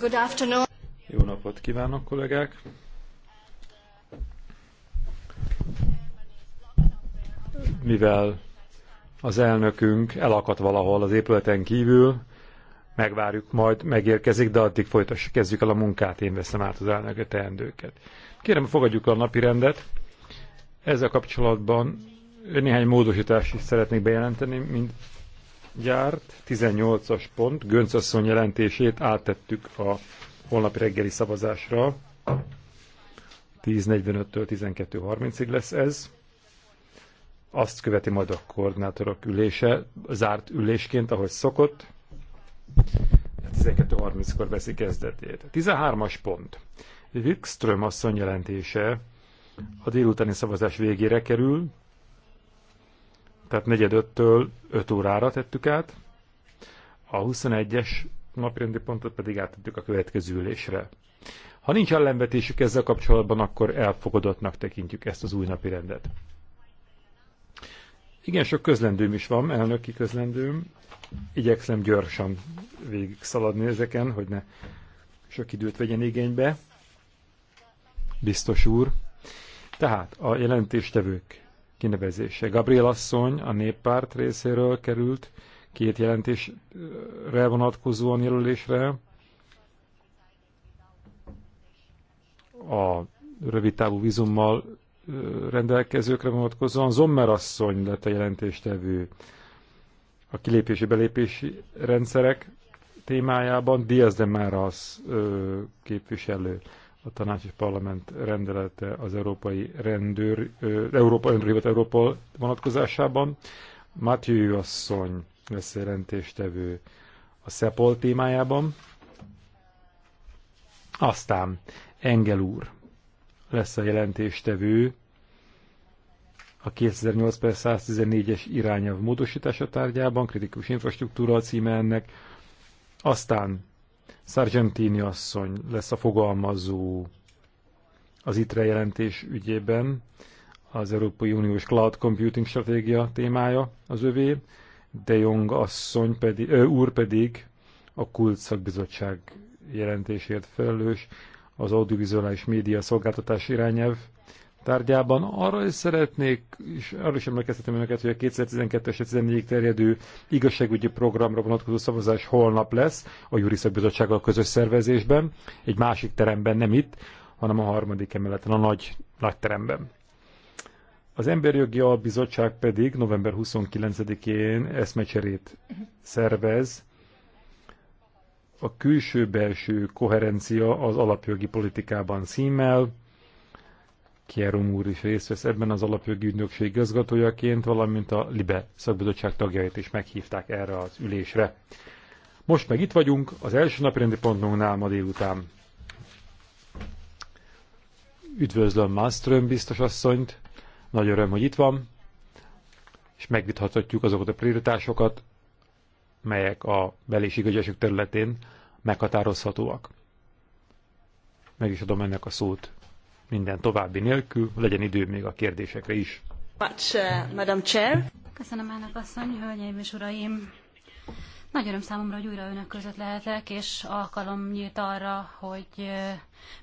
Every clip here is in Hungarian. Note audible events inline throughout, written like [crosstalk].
Good afternoon. Jó napot kívánok, kollégák! Mivel az elnökünk elakadt valahol az épületen kívül, megvárjuk, majd megérkezik, de addig folytassuk, kezdjük el a munkát, én veszem át az elnöke teendőket. Kérem, fogadjuk a napi rendet. Ezzel kapcsolatban néhány módosítást is szeretnék bejelenteni, mint gyárt. 18-as pont, Göncasszony jelentését áttettük a holnap reggeli szavazásra. 10.45-től 12.30-ig lesz ez. Azt követi majd a koordinátorok ülése, zárt ülésként, ahogy szokott. 12.30-kor veszi kezdetét. 13-as pont. Wikström asszony jelentése a délutáni szavazás végére kerül, tehát negyed öttől 5 órára tettük át, a 21-es napirendi pontot pedig átadtuk a következő ülésre. Ha nincs ellenvetésük ezzel kapcsolatban, akkor elfogadottnak tekintjük ezt az új napi rendet. Igen, sok közlendőm is van, elnöki közlendőm. Igyekszem gyorsan végig szaladni ezeken, hogy ne sok időt vegyen igénybe. Biztos úr. Tehát a jelentéstevők kinevezése. Gabriel asszony a néppárt részéről került két jelentésre vonatkozóan jelölésre. A távú vízummal rendelkezőkre vonatkozóan Zommer asszony lett a jelentéstevő a kilépési-belépési rendszerek témájában Diaz de Márasz képviselő a tanács és parlament rendelete az európai rendőr, Európa önrövet Európa vonatkozásában. Matthew asszony lesz jelentéstevő a Szepol témájában. Aztán Engel úr lesz a jelentéstevő a 2008 per 114-es irányelv módosítása tárgyában, kritikus infrastruktúra a címe ennek. Aztán Sargentini asszony lesz a fogalmazó az ITRE jelentés ügyében, az Európai Uniós Cloud Computing stratégia témája az övé, de Jong asszony pedig, ö, úr pedig a Kult Szakbizottság jelentésért felelős, az audiovizuális média szolgáltatás irányelv tárgyában. Arra is szeretnék, és arra is emlékeztetem önöket, hogy a 2012-es 14 terjedő igazságügyi programra vonatkozó szavazás holnap lesz a Júri Szakbizottsággal közös szervezésben, egy másik teremben, nem itt, hanem a harmadik emeleten, a nagy, nagy teremben. Az Emberjogi Albizottság pedig november 29-én eszmecserét szervez a külső-belső koherencia az alapjogi politikában címmel, Kierum úr is részt vesz ebben az alapjogi ügynökség igazgatójaként, valamint a LIBE szakbizottság tagjait is meghívták erre az ülésre. Most meg itt vagyunk, az első napirendi pontunknál ma délután. Üdvözlöm Malmström biztos asszonyt, nagy öröm, hogy itt van, és megvithatjuk azokat a prioritásokat, melyek a belési területén meghatározhatóak. Meg is adom ennek a szót minden további nélkül, legyen idő még a kérdésekre is. Much, uh, Madam Chair. Köszönöm elnök asszony, hölgyeim és uraim! Nagy öröm számomra, hogy újra önök között lehetek, és alkalom nyílt arra, hogy uh,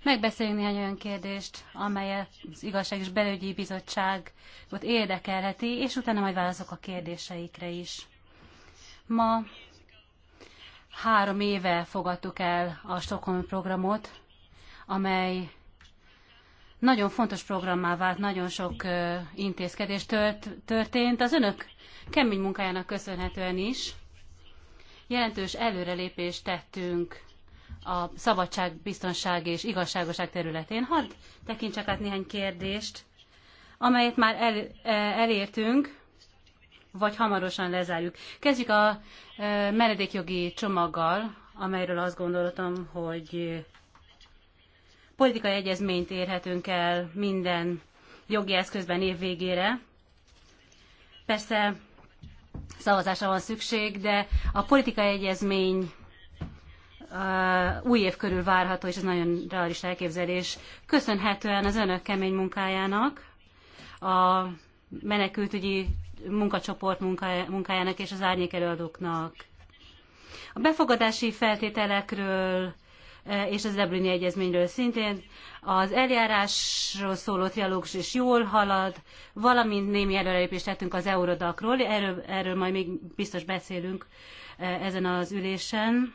megbeszéljünk néhány olyan kérdést, amelyet az Igazság és Belügyi Bizottság ott érdekelheti, és utána majd válaszok a kérdéseikre is. Ma három éve fogadtuk el a Stockholm programot, amely nagyon fontos programmá vált, nagyon sok intézkedés tört, történt. Az önök kemény munkájának köszönhetően is jelentős előrelépést tettünk a szabadság, biztonság és igazságoság területén. Hadd tekintsek át néhány kérdést, amelyet már el, elértünk, vagy hamarosan lezárjuk. Kezdjük a menedékjogi csomaggal, amelyről azt gondoltam, hogy politikai egyezményt érhetünk el minden jogi eszközben év végére. Persze szavazásra van szükség, de a politikai egyezmény uh, új év körül várható, és ez nagyon realista elképzelés. Köszönhetően az önök kemény munkájának, a menekültügyi munkacsoport munkájának és az árnyék előadóknak. A befogadási feltételekről Eh, és az Dublini Egyezményről szintén. Az eljárásról szóló trialógus is jól halad, valamint némi előrelépést tettünk az Eurodakról, erről, erről majd még biztos beszélünk eh, ezen az ülésen.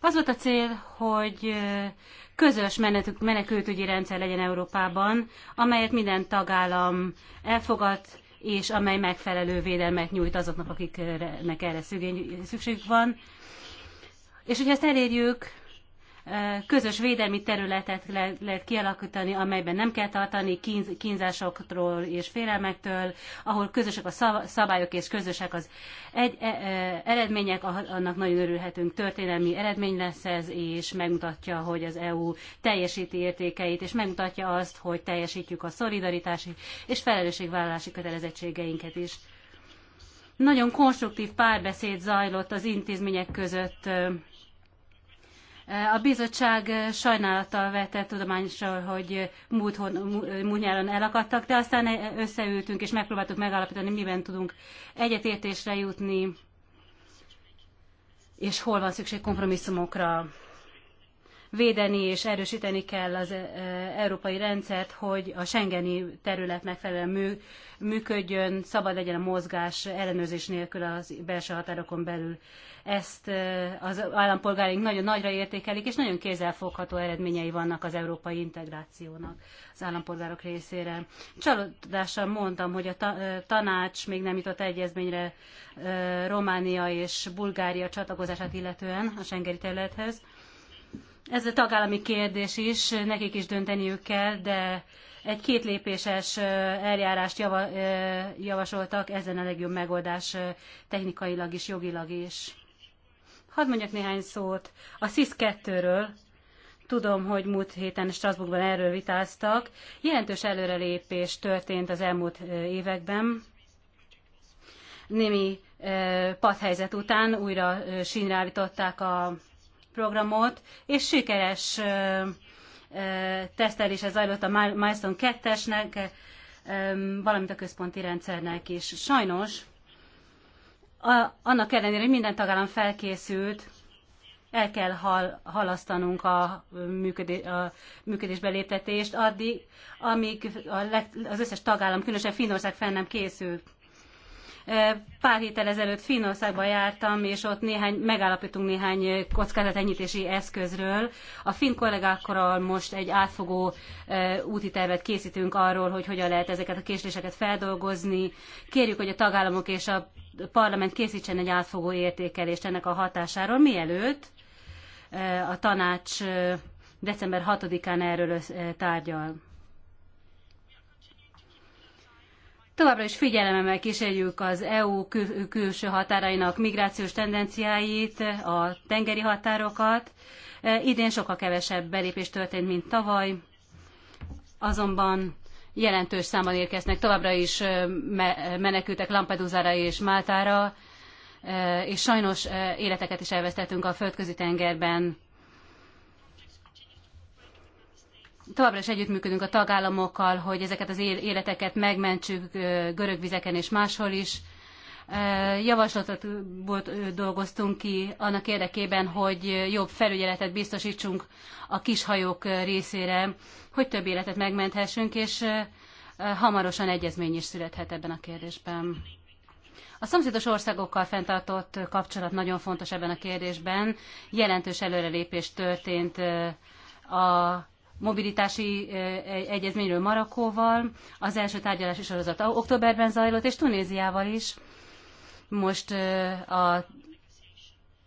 Az volt a cél, hogy eh, közös menekültügyi rendszer legyen Európában, amelyet minden tagállam elfogad, és amely megfelelő védelmet nyújt azoknak, akiknek erre szükségük van. És hogyha ezt elérjük, közös védelmi területet lehet kialakítani, amelyben nem kell tartani kínzásoktól és félelmektől, ahol közösek a szabályok és közösek az egy, e, e, eredmények, ah, annak nagyon örülhetünk. Történelmi eredmény lesz ez, és megmutatja, hogy az EU teljesíti értékeit, és megmutatja azt, hogy teljesítjük a szolidaritási és felelősségvállalási kötelezettségeinket is. Nagyon konstruktív párbeszéd zajlott az intézmények között a bizottság sajnálattal vette tudományosról, hogy múlt, nyáron elakadtak, de aztán összeültünk és megpróbáltuk megállapítani, miben tudunk egyetértésre jutni, és hol van szükség kompromisszumokra védeni és erősíteni kell az e, európai rendszert, hogy a Schengeni terület megfelelően működjön, szabad legyen a mozgás ellenőrzés nélkül az belső határokon belül. Ezt e, az állampolgáraink nagyon nagyra értékelik, és nagyon kézzelfogható eredményei vannak az európai integrációnak az állampolgárok részére. Csalódással mondtam, hogy a e, tanács még nem jutott egyezményre Románia és Bulgária csatlakozását illetően a Schengeni területhez ez a tagállami kérdés is, nekik is dönteniük kell, de egy két lépéses eljárást java, javasoltak, ezen a legjobb megoldás technikailag is, jogilag is. Hadd mondjak néhány szót a SZIS-2-ről. Tudom, hogy múlt héten Strasbourgban erről vitáztak. Jelentős előrelépés történt az elmúlt években. Némi padhelyzet után újra sínre állították a programot, és sikeres tesztelése zajlott a Milestone 2-esnek, valamint a központi rendszernek is. Sajnos, a, annak ellenére, hogy minden tagállam felkészült, el kell hal, halasztanunk a, működé, a működésbe léptetést addig, amíg a leg, az összes tagállam, különösen Finnország fel nem készült. Pár héttel ezelőtt Finnországba jártam, és ott néhány, megállapítunk néhány kockázatenyítési eszközről. A finn kollégákkal most egy átfogó úti tervet készítünk arról, hogy hogyan lehet ezeket a késléseket feldolgozni. Kérjük, hogy a tagállamok és a parlament készítsen egy átfogó értékelést ennek a hatásáról, mielőtt a tanács december 6-án erről tárgyal. Továbbra is figyelemmel kísérjük az EU kül- külső határainak migrációs tendenciáit, a tengeri határokat. E, idén sokkal kevesebb belépés történt, mint tavaly, azonban jelentős számban érkeznek továbbra is e, menekültek Lampedusa-ra és Máltára, e, és sajnos életeket is elvesztettünk a földközi tengerben Továbbra is együttműködünk a tagállamokkal, hogy ezeket az életeket megmentsük görög vizeken és máshol is. Javaslatot dolgoztunk ki annak érdekében, hogy jobb felügyeletet biztosítsunk a kishajók részére, hogy több életet megmenthessünk, és hamarosan egyezmény is születhet ebben a kérdésben. A szomszédos országokkal fenntartott kapcsolat nagyon fontos ebben a kérdésben. Jelentős előrelépés történt a mobilitási egyezményről Marokkóval, az első tárgyalási sorozat októberben zajlott, és Tunéziával is. Most a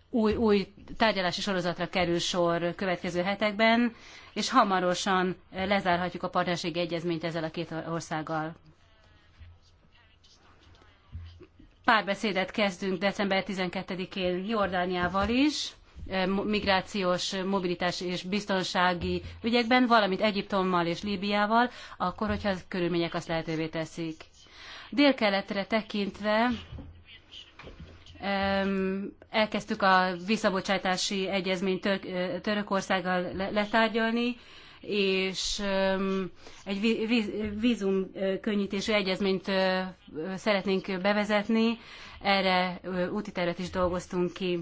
új, új tárgyalási sorozatra kerül sor következő hetekben, és hamarosan lezárhatjuk a partnerségi egyezményt ezzel a két országgal. Párbeszédet kezdünk december 12-én Jordániával is Eh, migrációs, mobilitás és biztonsági ügyekben, valamint Egyiptommal és Líbiával, akkor, hogyha a körülmények azt lehetővé teszik. Délkeletre tekintve elkezdtük a visszabocsátási egyezményt eh, Törökországgal letárgyalni, és egy vízum eh, könnyítésű egyezményt szeretnénk bevezetni, erre úti tervet is dolgoztunk ki.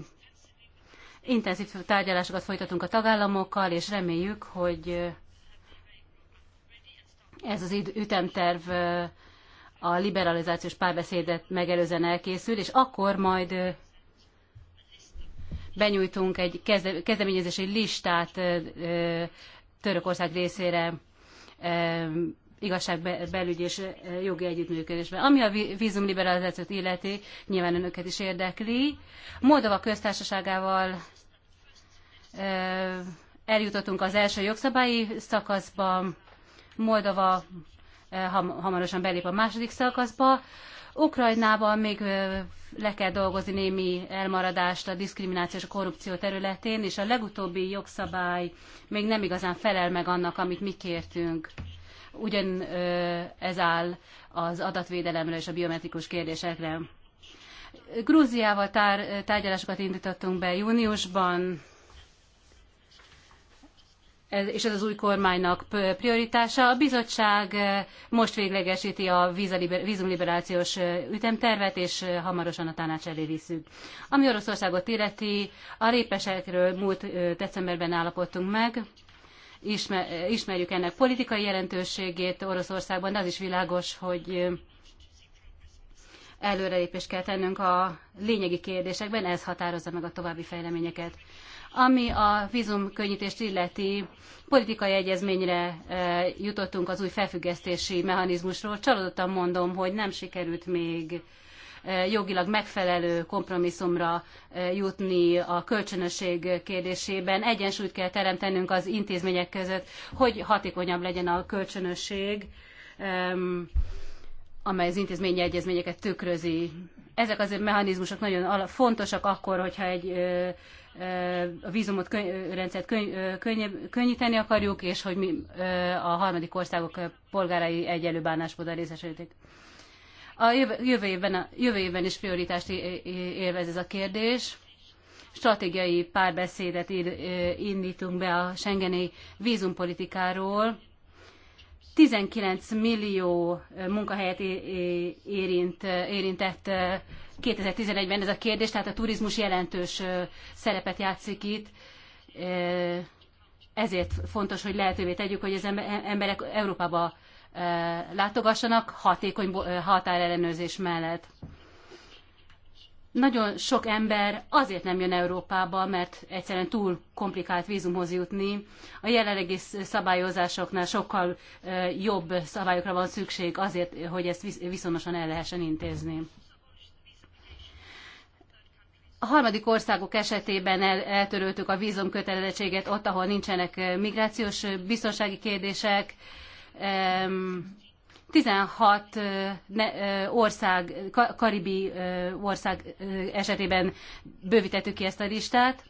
Intenzív tárgyalásokat folytatunk a tagállamokkal, és reméljük, hogy eh, ez az ütemterv eh, a liberalizációs párbeszédet megelőzen elkészül, és akkor majd eh, benyújtunk egy kezdeményezési listát Törökország részére igazságbelügy és e, jogi együttműködésben. Ami a vízumliberalizációt illeti, nyilván önöket is érdekli. Moldova köztársaságával e, eljutottunk az első jogszabályi szakaszba, Moldova e, hamarosan belép a második szakaszba. Ukrajnában még le kell dolgozni némi elmaradást a diszkrimináció és a korrupció területén, és a legutóbbi jogszabály még nem igazán felel meg annak, amit mi kértünk ugyan ez áll az adatvédelemre és a biometrikus kérdésekre. Grúziával tár, tárgyalásokat indítottunk be júniusban, ez, és ez az új kormánynak prioritása. A bizottság most véglegesíti a vízumliberációs ütemtervet, és hamarosan a tanács elé visszük. Ami Oroszországot illeti, a répesekről múlt decemberben állapodtunk meg ismer, ismerjük ennek politikai jelentőségét Oroszországban, de az is világos, hogy előrelépést kell tennünk a lényegi kérdésekben, ez határozza meg a további fejleményeket. Ami a vízumkönnyítést illeti, politikai egyezményre jutottunk az új felfüggesztési mechanizmusról. Csalódottan mondom, hogy nem sikerült még jogilag megfelelő kompromisszumra jutni a kölcsönösség kérdésében. Egyensúlyt kell teremtenünk az intézmények között, hogy hatékonyabb legyen a kölcsönösség, amely az intézményi egyezményeket tükrözi. Ezek az mechanizmusok nagyon fontosak akkor, hogyha egy a vízumot köny- rendszert köny- könnyíteni akarjuk, és hogy mi a harmadik országok polgárai egyelő bánásmódon részesültek. A jövő évben, a jövő évben is prioritást élvez ez a kérdés. Stratégiai párbeszédet indítunk be a Schengeni vízumpolitikáról. 19 millió munkahelyet érint, érintett 2011-ben ez a kérdés, tehát a turizmus jelentős szerepet játszik itt. Ezért fontos, hogy lehetővé tegyük, hogy az emberek Európába látogassanak hatékony határellenőrzés mellett. Nagyon sok ember azért nem jön Európába, mert egyszerűen túl komplikált vízumhoz jutni. A jelenlegi szabályozásoknál sokkal jobb szabályokra van szükség azért, hogy ezt viszonosan el lehessen intézni. A harmadik országok esetében el, eltöröltük a vízumkötelezettséget ott, ahol nincsenek migrációs biztonsági kérdések, 16 ország, karibi ország esetében bővítettük ki ezt a listát.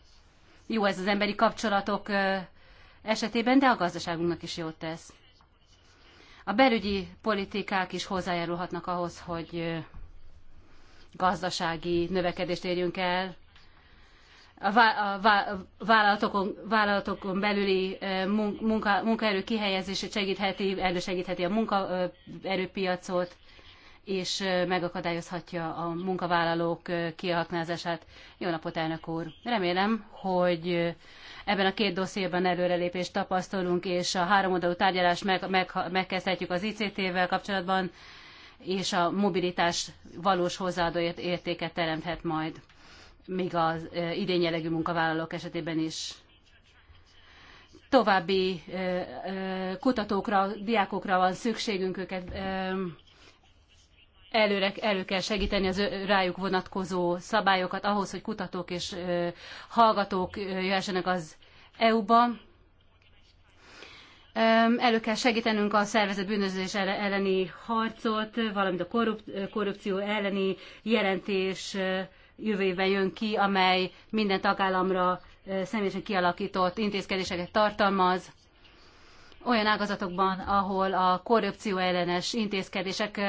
Jó ez az emberi kapcsolatok esetében, de a gazdaságunknak is jót tesz. A belügyi politikák is hozzájárulhatnak ahhoz, hogy gazdasági növekedést érjünk el, a vállalatokon, vállalatokon belüli munka, munkaerő kihelyezését segítheti, elősegítheti a munkaerőpiacot, és megakadályozhatja a munkavállalók kiaknázását. Jó napot, elnök úr! Remélem, hogy ebben a két dossziéban előrelépést tapasztalunk, és a oldalú tárgyalást meg, meg, megkezdhetjük az ICT-vel kapcsolatban, és a mobilitás valós hozzáadó értéket teremthet majd még az idényelegű munkavállalók esetében is. További kutatókra, diákokra van szükségünk őket előre, elő kell segíteni az rájuk vonatkozó szabályokat ahhoz, hogy kutatók és hallgatók jöhessenek az EU-ba. Elő kell segítenünk a szervezet bűnözés elleni harcot, valamint a korrupció elleni jelentés jövő évben jön ki, amely minden tagállamra személyesen kialakított intézkedéseket tartalmaz, olyan ágazatokban, ahol a korrupció ellenes intézkedések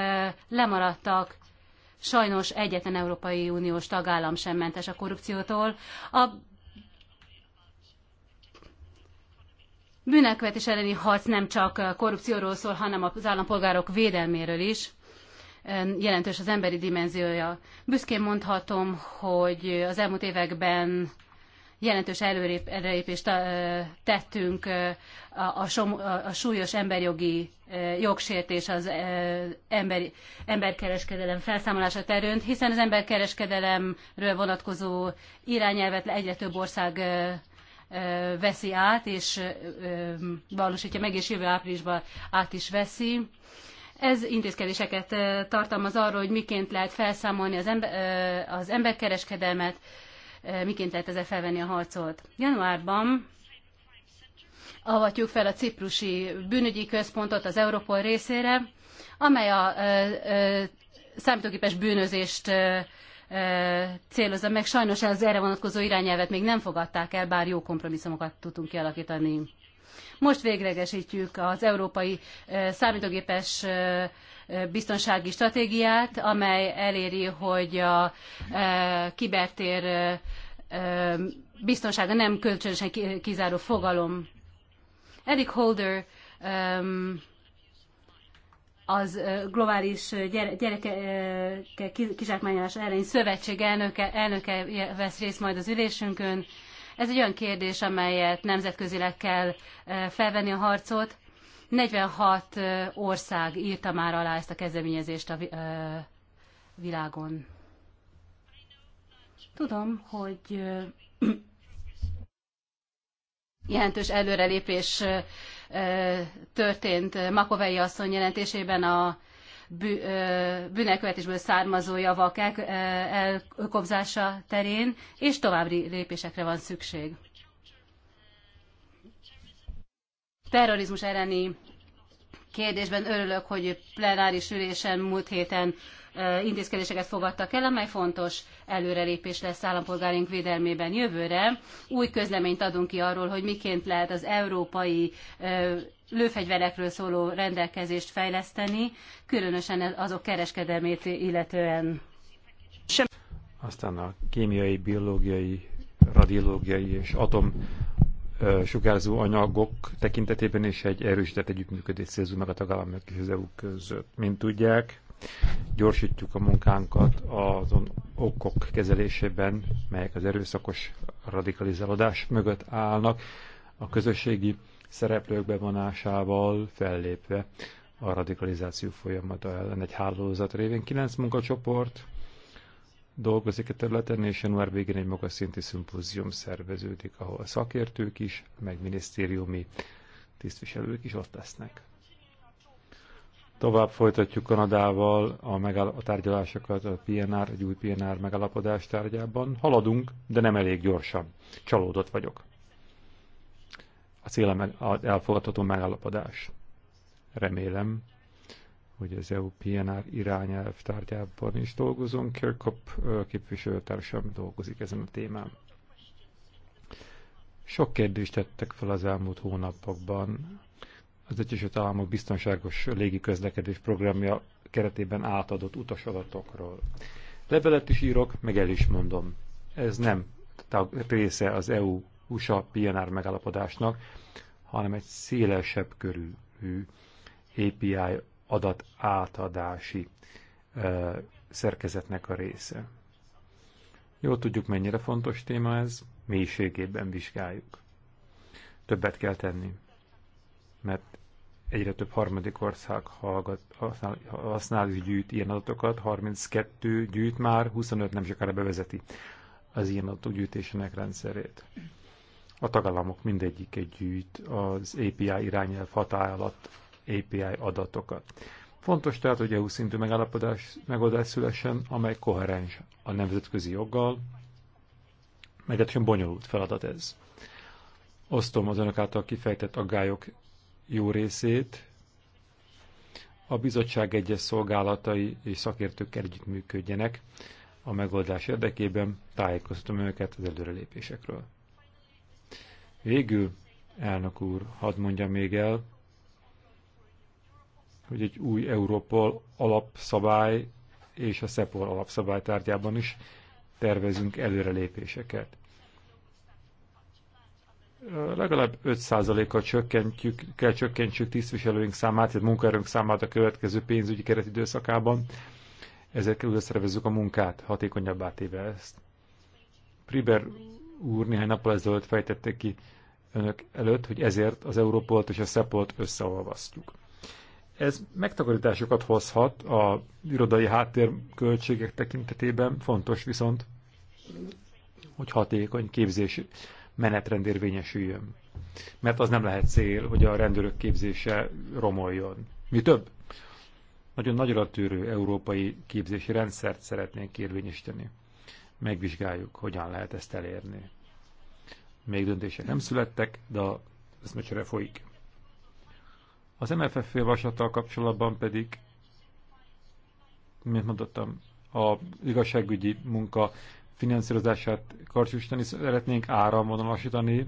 lemaradtak, sajnos egyetlen Európai Uniós tagállam sem mentes a korrupciótól. A bűnelkövetés elleni harc nem csak korrupcióról szól, hanem az állampolgárok védelméről is jelentős az emberi dimenziója. Büszkén mondhatom, hogy az elmúlt években jelentős előrépést tettünk a, som, a súlyos emberjogi jogsértés az ember, emberkereskedelem felszámolása terén, hiszen az emberkereskedelemről vonatkozó irányelvet egyre több ország veszi át, és valósítja meg, és jövő áprilisban át is veszi. Ez intézkedéseket tartalmaz arról, hogy miként lehet felszámolni az, ember, az emberkereskedelmet, miként lehet ezzel felvenni a harcot. Januárban avatjuk fel a ciprusi bűnügyi központot az Europol részére, amely a számítógépes bűnözést célozza meg. Sajnos az erre vonatkozó irányelvet még nem fogadták el, bár jó kompromisszumokat tudtunk kialakítani. Most véglegesítjük az európai számítógépes biztonsági stratégiát, amely eléri, hogy a kibertér biztonsága nem kölcsönösen kizáró fogalom. Eric Holder az globális gyerekek gyereke kizsákmányolás elleni szövetség elnöke, elnöke vesz részt majd az ülésünkön, ez egy olyan kérdés, amelyet nemzetközileg kell e, felvenni a harcot. 46 e, ország írta már alá ezt a kezdeményezést a e, világon. Tudom, hogy [clears throat] jelentős előrelépés történt Makovei asszony jelentésében a bűnelkövetésből származó javak elkobzása terén, és további lépésekre van szükség. Terrorizmus elleni kérdésben örülök, hogy plenáris ülésen múlt héten intézkedéseket fogadtak el, amely fontos előrelépés lesz állampolgárink védelmében jövőre. Új közleményt adunk ki arról, hogy miként lehet az európai lőfegyverekről szóló rendelkezést fejleszteni, különösen azok kereskedelmét illetően. Aztán a kémiai, biológiai, radiológiai és atom sugárzó anyagok tekintetében is egy erősített együttműködés célzó meg a tagállamok és az EU között. Mint tudják, gyorsítjuk a munkánkat azon okok kezelésében, melyek az erőszakos radikalizálódás mögött állnak, a közösségi szereplők bevonásával fellépve a radikalizáció folyamata ellen egy hálózat révén. Kilenc munkacsoport dolgozik a területen, és január végén egy magas szintű szimpózium szerveződik, ahol szakértők is, meg minisztériumi tisztviselők is ott lesznek. Tovább folytatjuk Kanadával a, megáll- a tárgyalásokat a PNR, egy új PNR megalapodás tárgyában. Haladunk, de nem elég gyorsan. Csalódott vagyok a cél az elfogadható megállapodás. Remélem, hogy az EU PNR irányelv tárgyában is dolgozunk. Kirkop képviselőtársam dolgozik ezen a témán. Sok kérdést tettek fel az elmúlt hónapokban. Az Egyesült Államok biztonságos közlekedés programja keretében átadott utasadatokról. Levelet is írok, meg el is mondom. Ez nem része az EU USA-PNR megállapodásnak, hanem egy szélesebb körű API adat átadási szerkezetnek a része. Jól tudjuk, mennyire fontos téma ez, mélységében vizsgáljuk. Többet kell tenni, mert egyre több harmadik ország hallgat, használ, használ és gyűjt ilyen adatokat, 32 gyűjt már, 25 nem sokára bevezeti az ilyen adatok gyűjtésének rendszerét. A tagállamok mindegyike gyűjt az API irányelv hatály alatt API adatokat. Fontos tehát, hogy EU szintű megállapodás, megoldás szülessen, amely koherens a nemzetközi joggal, meglehetősen bonyolult feladat ez. Osztom az önök által kifejtett aggályok jó részét. A bizottság egyes szolgálatai és szakértők együttműködjenek a megoldás érdekében, tájékoztatom őket az előrelépésekről. Végül, elnök úr, hadd mondja még el, hogy egy új Európol alapszabály és a SEPOL alapszabály tárgyában is tervezünk előrelépéseket. Legalább 5%-kal csökkentjük, kell csökkentsük tisztviselőink számát, tehát munkaerőnk számát a következő pénzügyi keretidőszakában. Ezért kell szervezzük a munkát, hatékonyabbá téve ezt. Priber úr néhány nappal ezelőtt fejtette ki, önök előtt, hogy ezért az Európolt és a Szepolt összeolvasztjuk. Ez megtakarításokat hozhat a irodai háttérköltségek tekintetében, fontos viszont, hogy hatékony képzési menetrend érvényesüljön. Mert az nem lehet cél, hogy a rendőrök képzése romoljon. Mi több? Nagyon nagyra tűrő európai képzési rendszert szeretnénk érvényesíteni. Megvizsgáljuk, hogyan lehet ezt elérni még döntések nem születtek, de ez mecsere folyik. Az MFF félvasattal kapcsolatban pedig, mint mondottam, a igazságügyi munka finanszírozását karcsúsítani szeretnénk, áramvonalasítani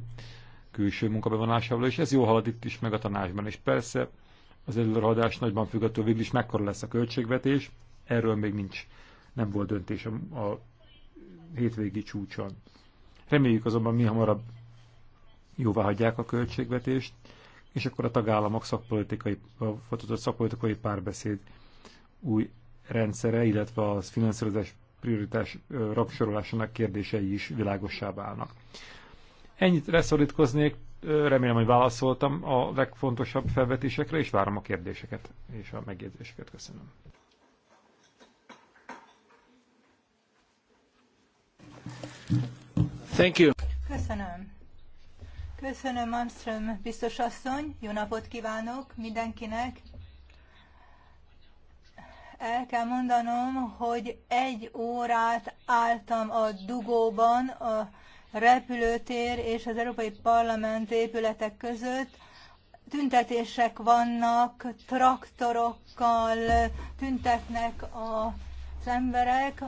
külső munkabevonásával, és ez jó halad itt is, meg a tanácsban. És persze az előadás nagyban függ attól végül is mekkora lesz a költségvetés, erről még nincs, nem volt döntés a, a hétvégi csúcson. Reméljük azonban mi hamarabb jóvá hagyják a költségvetést, és akkor a tagállamok szakpolitikai, folytatott szakpolitikai párbeszéd új rendszere, illetve a finanszírozás prioritás rapsorolásának kérdései is világossá válnak. Ennyit reszorítkoznék, remélem, hogy válaszoltam a legfontosabb felvetésekre, és várom a kérdéseket és a megjegyzéseket. Köszönöm. Köszönöm. Köszönöm, Armström biztos asszony. Jó napot kívánok mindenkinek. El kell mondanom, hogy egy órát álltam a dugóban a repülőtér és az Európai Parlament épületek között. Tüntetések vannak, traktorokkal tüntetnek az emberek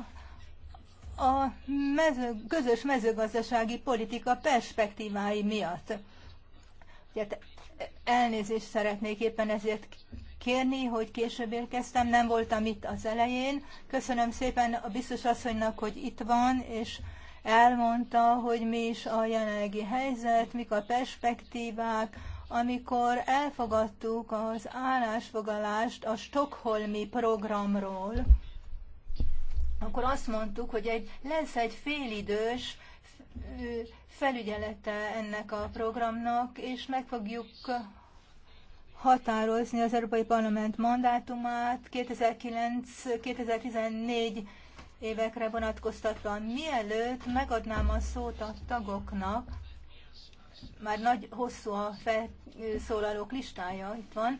a mező, közös mezőgazdasági politika perspektívái miatt. Ugye, elnézést szeretnék éppen ezért kérni, hogy később érkeztem, nem voltam itt az elején. Köszönöm szépen a biztos asszonynak, hogy itt van, és elmondta, hogy mi is a jelenlegi helyzet, mik a perspektívák, amikor elfogadtuk az állásfogalást a Stockholmi programról akkor azt mondtuk, hogy egy, lesz egy félidős felügyelete ennek a programnak, és meg fogjuk határozni az Európai Parlament mandátumát 2009-2014 évekre vonatkoztatva. Mielőtt megadnám a szót a tagoknak, már nagy, hosszú a felszólalók listája, itt van,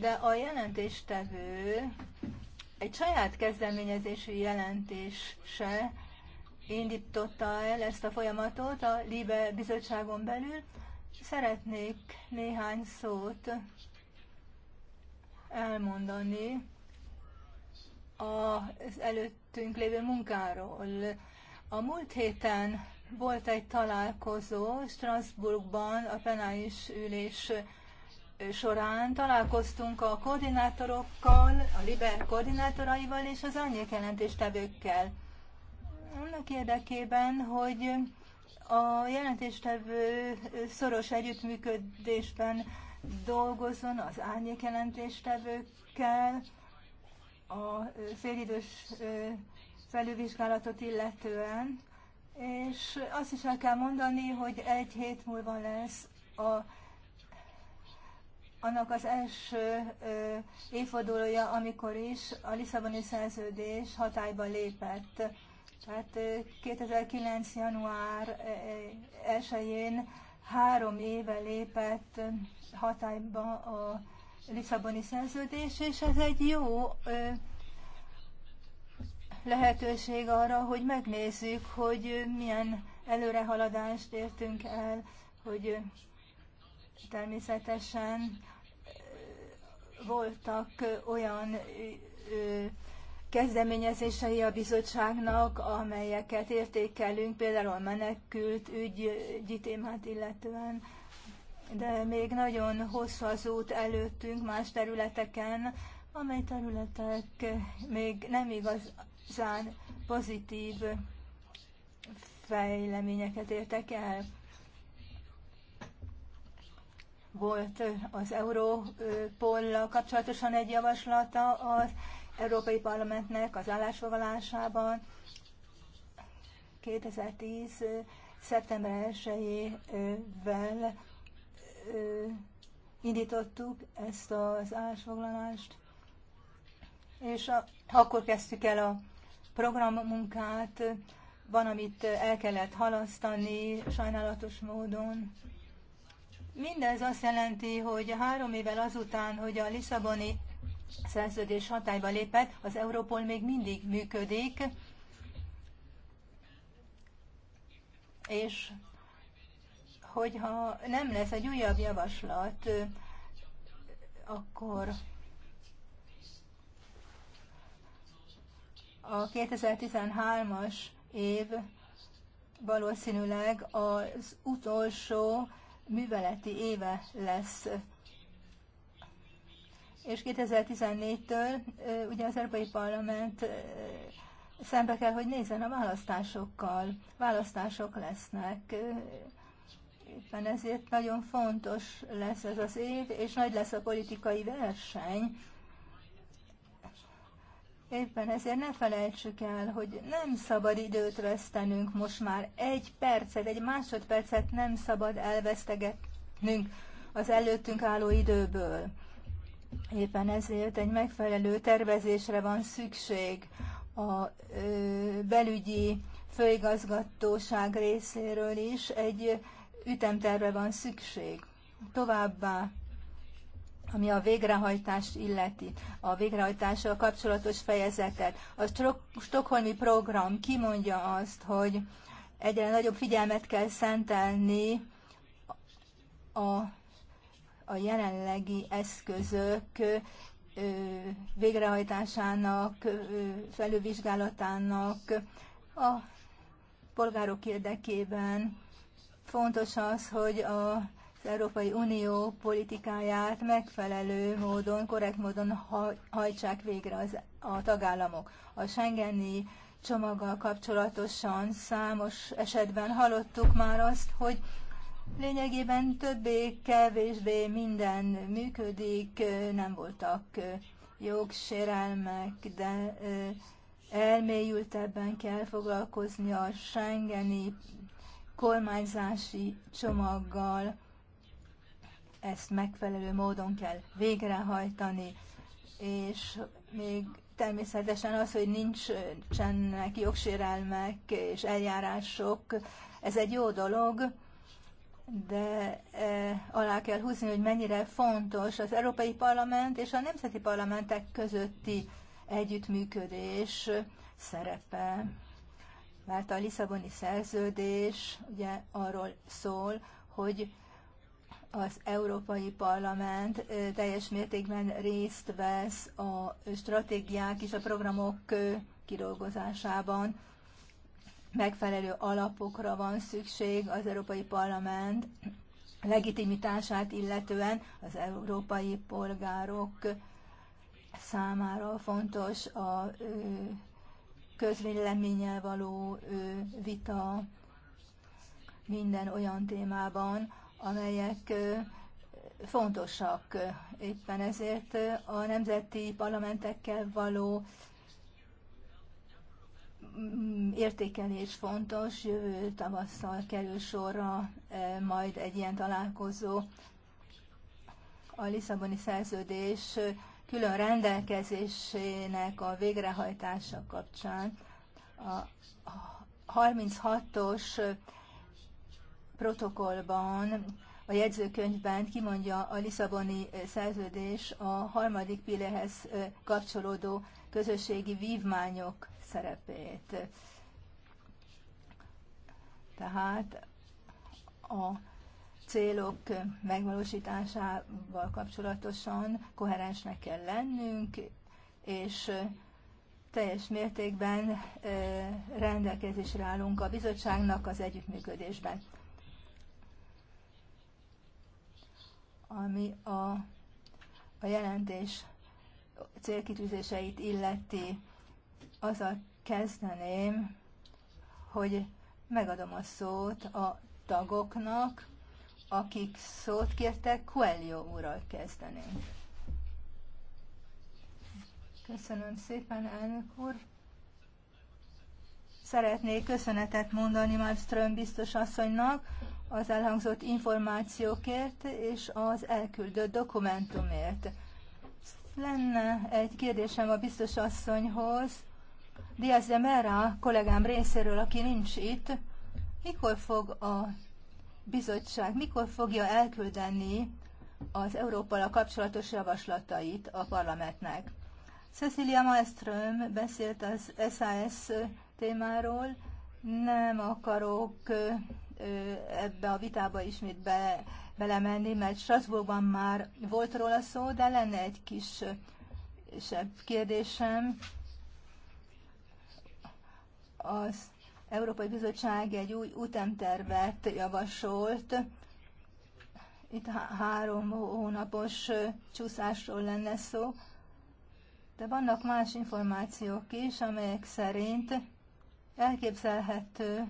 de a jelentéstevő egy saját kezdeményezésű jelentése indította el ezt a folyamatot a Libe bizottságon belül. Szeretnék néhány szót elmondani az előttünk lévő munkáról. A múlt héten volt egy találkozó Strasbourgban a penális ülés során találkoztunk a koordinátorokkal, a Liber koordinátoraival és az árnyék jelentéstevőkkel. Annak érdekében, hogy a jelentéstevő szoros együttműködésben dolgozzon az árnyékjelentéstevőkkel, a félidős felülvizsgálatot illetően, és azt is el kell mondani, hogy egy hét múlva lesz a annak az első évfordulója, amikor is a Lisszaboni szerződés hatályba lépett. Tehát 2009. január 1-én három éve lépett hatályba a Lisszaboni szerződés, és ez egy jó lehetőség arra, hogy megnézzük, hogy milyen előrehaladást értünk el, hogy természetesen voltak olyan kezdeményezései a bizottságnak, amelyeket értékelünk, például a menekült ügyi témát illetően. De még nagyon hosszú az út előttünk más területeken, amely területek még nem igazán pozitív fejleményeket értek el. Volt az Európollal kapcsolatosan egy javaslata az Európai Parlamentnek az állásfoglalásában 2010. szeptember 1-ével indítottuk ezt az állásfoglalást, és a, akkor kezdtük el a programmunkát, van, amit el kellett halasztani sajnálatos módon, Mindez azt jelenti, hogy három évvel azután, hogy a Lisszaboni szerződés hatályba lépett, az Európol még mindig működik, és hogyha nem lesz egy újabb javaslat, akkor a 2013-as év valószínűleg az utolsó műveleti éve lesz. És 2014-től ugye az Európai Parlament szembe kell, hogy nézzen a választásokkal. Választások lesznek. Éppen ezért nagyon fontos lesz ez az év, és nagy lesz a politikai verseny Éppen ezért ne felejtsük el, hogy nem szabad időt vesztenünk most már. Egy percet, egy másodpercet nem szabad elvesztegetnünk az előttünk álló időből. Éppen ezért egy megfelelő tervezésre van szükség a ö, belügyi főigazgatóság részéről is egy ütemterve van szükség. Továbbá ami a végrehajtást illeti, a végrehajtással kapcsolatos fejezetet. A Stockholmi program kimondja azt, hogy egyre nagyobb figyelmet kell szentelni a, a jelenlegi eszközök végrehajtásának, felülvizsgálatának a polgárok érdekében. Fontos az, hogy a Európai Unió politikáját megfelelő módon, korrekt módon hajtsák végre az, a tagállamok. A Schengeni csomaggal kapcsolatosan számos esetben hallottuk már azt, hogy lényegében többé-kevésbé minden működik, nem voltak jogsérelmek, de elmélyültebben kell foglalkozni a Schengeni kormányzási csomaggal ezt megfelelő módon kell végrehajtani, és még természetesen az, hogy nincsenek jogsérelmek és eljárások, ez egy jó dolog, de e, alá kell húzni, hogy mennyire fontos az Európai Parlament és a nemzeti parlamentek közötti együttműködés szerepe. Mert a Lisszaboni szerződés ugye arról szól, hogy az Európai Parlament teljes mértékben részt vesz a stratégiák és a programok kidolgozásában. Megfelelő alapokra van szükség az Európai Parlament legitimitását illetően az európai polgárok számára fontos a közvéleménnyel való vita minden olyan témában, amelyek fontosak. Éppen ezért a nemzeti parlamentekkel való mm, értékelés fontos. Jövő tavasszal kerül sorra majd egy ilyen találkozó. A Lisszaboni szerződés külön rendelkezésének a végrehajtása kapcsán a 36-os protokollban, a jegyzőkönyvben kimondja a Lisszaboni eh, szerződés a harmadik pillehez eh, kapcsolódó közösségi vívmányok szerepét. Tehát a célok megvalósításával kapcsolatosan koherensnek kell lennünk, és eh, teljes mértékben rendelkezésre állunk a bizottságnak az együttműködésben. ami a, a jelentés célkitűzéseit illeti. az a kezdeném, hogy megadom a szót a tagoknak, akik szót kértek, Coelho úrral kezdeném. Köszönöm szépen, elnök úr. Szeretnék köszönetet mondani Márström biztos asszonynak az elhangzott információkért és az elküldött dokumentumért. Lenne egy kérdésem a biztos asszonyhoz, Diaz de Mera kollégám részéről, aki nincs itt, mikor fog a bizottság, mikor fogja elküldeni az Európala kapcsolatos javaslatait a parlamentnek? Cecilia Maestrom beszélt az SAS témáról, nem akarok ebbe a vitába ismét be, belemenni, mert Strasbourgban már volt róla szó, de lenne egy kis kérdésem. Az Európai Bizottság egy új utemtervet javasolt. Itt három hónapos csúszásról lenne szó, de vannak más információk is, amelyek szerint elképzelhető,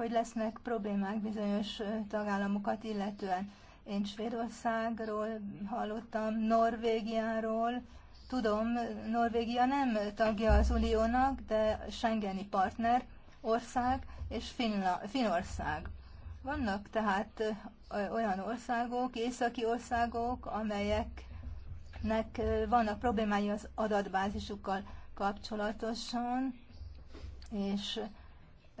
hogy lesznek problémák bizonyos tagállamokat illetően. Én Svédországról hallottam, Norvégiáról, tudom, Norvégia nem tagja az Uniónak, de Schengeni partner ország és Finla, Finország. Vannak tehát olyan országok, északi országok, amelyeknek vannak problémái az adatbázisukkal kapcsolatosan, és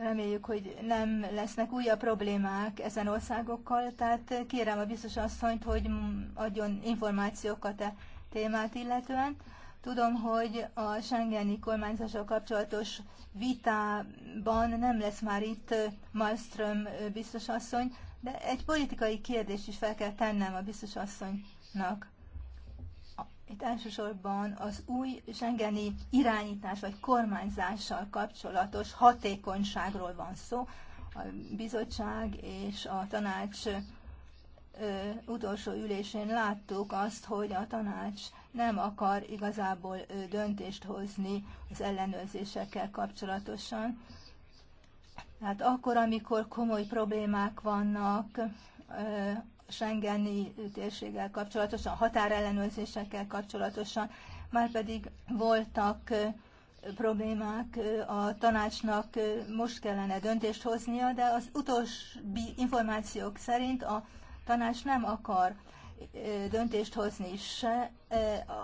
Reméljük, hogy nem lesznek újabb problémák ezen országokkal, tehát kérem a biztos asszonyt, hogy adjon információkat a e témát illetően. Tudom, hogy a Schengeni kormányzással kapcsolatos vitában nem lesz már itt Malmström biztos asszony, de egy politikai kérdést is fel kell tennem a biztos asszonynak. Itt elsősorban az új zsengeni irányítás vagy kormányzással kapcsolatos hatékonyságról van szó. A bizottság és a tanács utolsó ülésén láttuk azt, hogy a tanács nem akar igazából döntést hozni az ellenőrzésekkel kapcsolatosan. Tehát akkor, amikor komoly problémák vannak, Schengeni térséggel kapcsolatosan, határellenőrzésekkel kapcsolatosan, már pedig voltak problémák, a tanácsnak most kellene döntést hoznia, de az utolsó információk szerint a tanács nem akar döntést hozni se,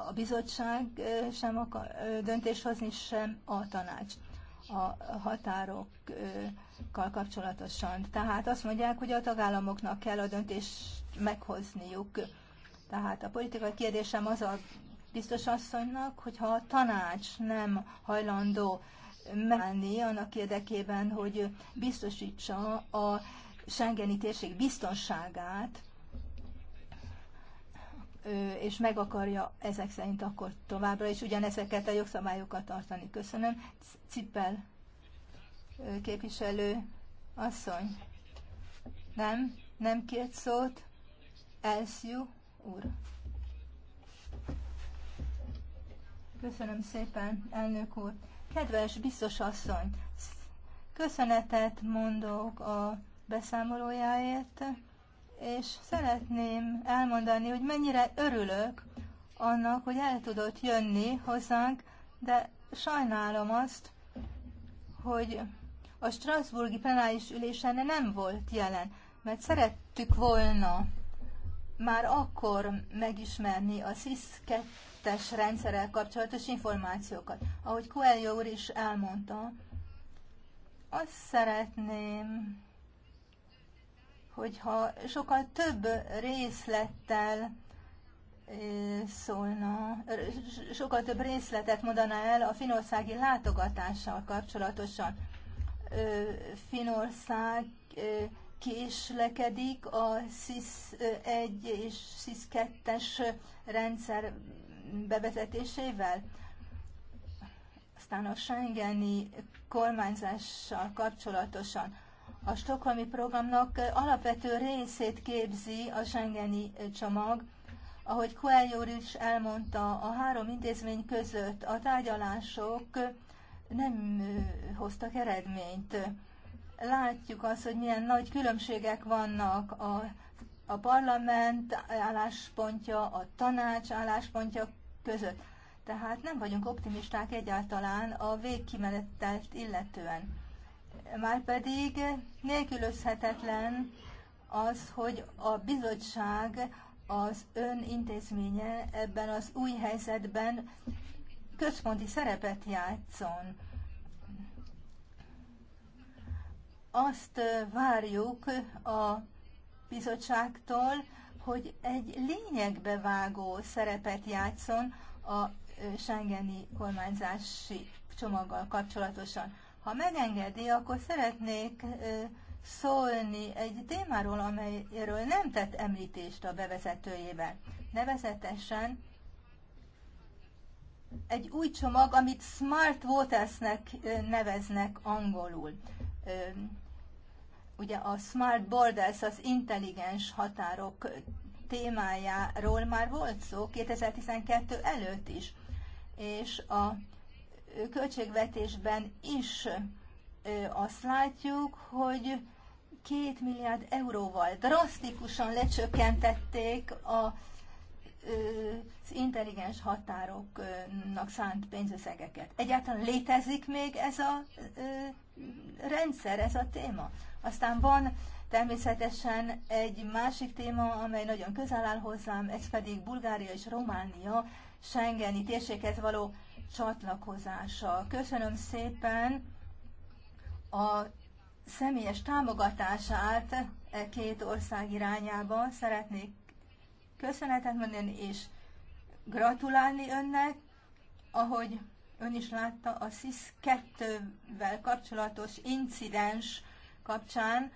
a bizottság sem akar döntést hozni, sem a tanács a határokkal kapcsolatosan. Tehát azt mondják, hogy a tagállamoknak kell a döntést meghozniuk. Tehát a politikai kérdésem az a biztos asszonynak, hogyha a tanács nem hajlandó menni annak érdekében, hogy biztosítsa a Schengeni térség biztonságát, és meg akarja ezek szerint akkor továbbra is ugyanezeket a jogszabályokat tartani. Köszönöm. Cipel képviselő asszony. Nem? Nem két szót? Elszjú úr. Köszönöm szépen, elnök úr. Kedves biztos asszony, köszönetet mondok a beszámolójáért és szeretném elmondani, hogy mennyire örülök annak, hogy el tudott jönni hozzánk, de sajnálom azt, hogy a Strasburgi plenáris ülésen nem volt jelen, mert szerettük volna már akkor megismerni a SIS 2-es rendszerrel kapcsolatos információkat. Ahogy Coelho úr is elmondta, azt szeretném hogyha sokkal több részlettel szólna, sokkal több részletet mondaná el a finországi látogatással kapcsolatosan. Finország késlekedik a SIS-1 és SIS-2-es rendszer bevezetésével, aztán a Schengeni kormányzással kapcsolatosan a stokholmi programnak alapvető részét képzi a Schengeni csomag. Ahogy Coelho is elmondta, a három intézmény között a tárgyalások nem hoztak eredményt. Látjuk azt, hogy milyen nagy különbségek vannak a, a parlament álláspontja, a tanács álláspontja között. Tehát nem vagyunk optimisták egyáltalán a végkimenetelt illetően Márpedig nélkülözhetetlen az, hogy a bizottság az ön intézménye ebben az új helyzetben központi szerepet játszon. Azt várjuk a bizottságtól, hogy egy lényegbe vágó szerepet játszon a Schengeni kormányzási csomaggal kapcsolatosan. Ha megengedi, akkor szeretnék szólni egy témáról, amelyről nem tett említést a bevezetőjében. Nevezetesen egy új csomag, amit Smart Watersnek neveznek angolul. Ugye a Smart Borders, az intelligens határok témájáról már volt szó 2012 előtt is, és a költségvetésben is azt látjuk, hogy két milliárd euróval drasztikusan lecsökkentették a az intelligens határoknak szánt pénzösszegeket. Egyáltalán létezik még ez a rendszer, ez a téma. Aztán van természetesen egy másik téma, amely nagyon közel áll hozzám, ez pedig Bulgária és Románia Schengeni térséghez való csatlakozása. Köszönöm szépen a személyes támogatását e két ország irányába. Szeretnék köszönetet mondani, és gratulálni önnek, ahogy ön is látta a SIS 2-vel kapcsolatos incidens kapcsán,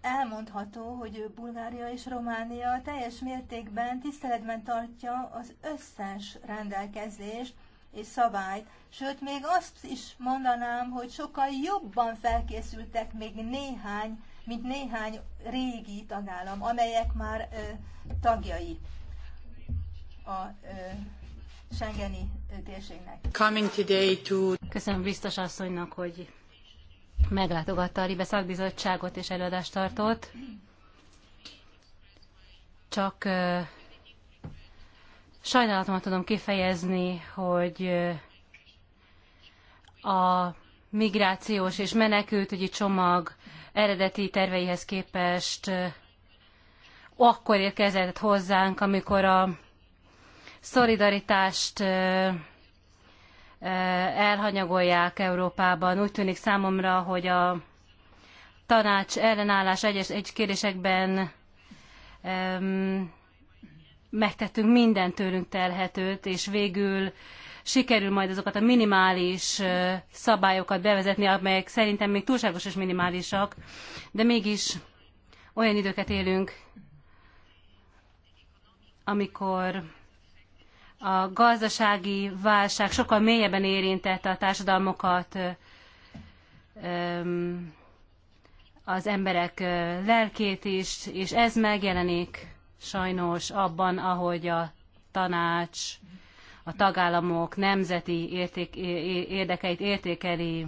elmondható, hogy Bulgária és Románia teljes mértékben tiszteletben tartja az összes rendelkezést, és szabályt, sőt még azt is mondanám, hogy sokkal jobban felkészültek még néhány, mint néhány régi tagállam, amelyek már ö, tagjai a ö, Schengeni térségnek. Coming today to... Köszönöm biztos asszonynak, hogy meglátogatta a Ribe szakbizottságot és előadást tartott. Csak ö, Sajnálatomat tudom kifejezni, hogy a migrációs és menekültügyi csomag eredeti terveihez képest akkor érkezett hozzánk, amikor a szolidaritást elhanyagolják Európában. Úgy tűnik számomra, hogy a tanács ellenállás egyes egy kérdésekben megtettünk minden tőlünk telhetőt, és végül sikerül majd azokat a minimális szabályokat bevezetni, amelyek szerintem még túlságos és minimálisak, de mégis olyan időket élünk, amikor a gazdasági válság sokkal mélyebben érintette a társadalmokat, az emberek lelkét is, és ez megjelenik sajnos abban, ahogy a tanács, a tagállamok nemzeti érték, érdekeit értékeli.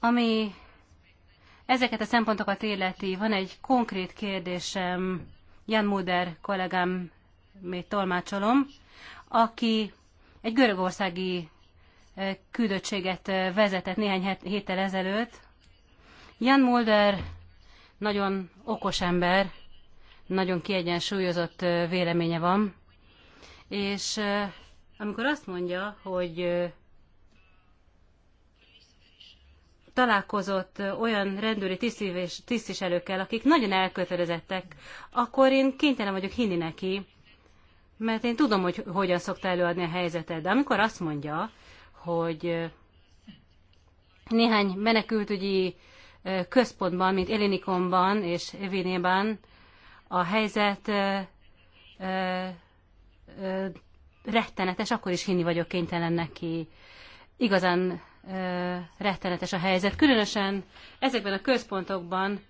Ami ezeket a szempontokat illeti, van egy konkrét kérdésem, Jan Muder kollégám, még tolmácsolom, aki egy görögországi eh, küldöttséget eh, vezetett néhány héttel ezelőtt, Jan Mulder nagyon okos ember, nagyon kiegyensúlyozott véleménye van, és amikor azt mondja, hogy találkozott olyan rendőri tisztviselőkkel, akik nagyon elkötelezettek, akkor én kénytelen vagyok hinni neki, mert én tudom, hogy hogyan szokta előadni a helyzetet. De amikor azt mondja, hogy néhány menekültügyi központban, mint Elinikomban és Evinében a helyzet rettenetes, akkor is hinni vagyok kénytelen neki. Igazán ö, rettenetes a helyzet. Különösen ezekben a központokban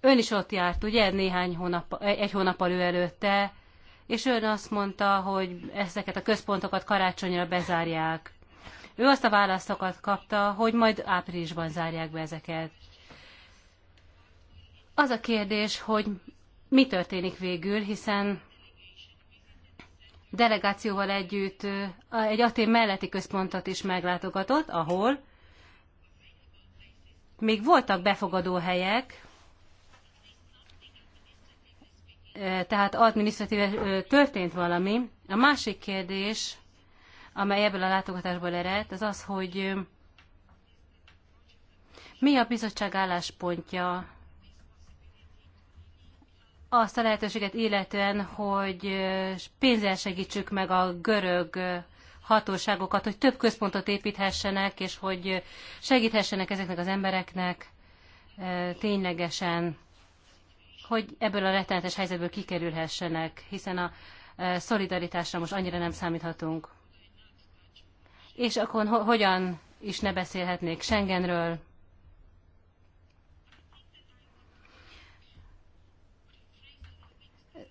ön is ott járt, ugye, néhány hónap, egy hónappal ő előtte, és ön azt mondta, hogy ezeket a központokat karácsonyra bezárják. Ő azt a választokat kapta, hogy majd áprilisban zárják be ezeket. Az a kérdés, hogy mi történik végül, hiszen delegációval együtt egy Atén melletti központot is meglátogatott, ahol még voltak befogadó helyek, tehát administratíve történt valami. A másik kérdés, amely ebből a látogatásból ered, az az, hogy mi a bizottság álláspontja azt a lehetőséget illetően, hogy pénzzel segítsük meg a görög hatóságokat, hogy több központot építhessenek, és hogy segíthessenek ezeknek az embereknek ténylegesen, hogy ebből a rettenetes helyzetből kikerülhessenek, hiszen a szolidaritásra most annyira nem számíthatunk és akkor ho hogyan is ne beszélhetnék Schengenről.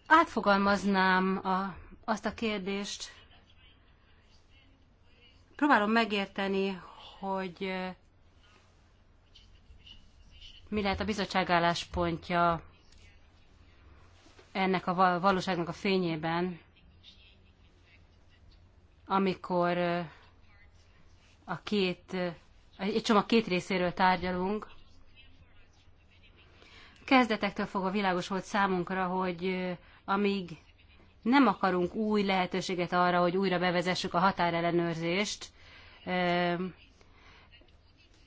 Átfogalmaznám a, azt a kérdést, próbálom megérteni, hogy mi lehet a bizottság álláspontja ennek a valóságnak a fényében, amikor a két, egy csomag két részéről tárgyalunk. Kezdetektől fogva világos volt számunkra, hogy amíg nem akarunk új lehetőséget arra, hogy újra bevezessük a határellenőrzést,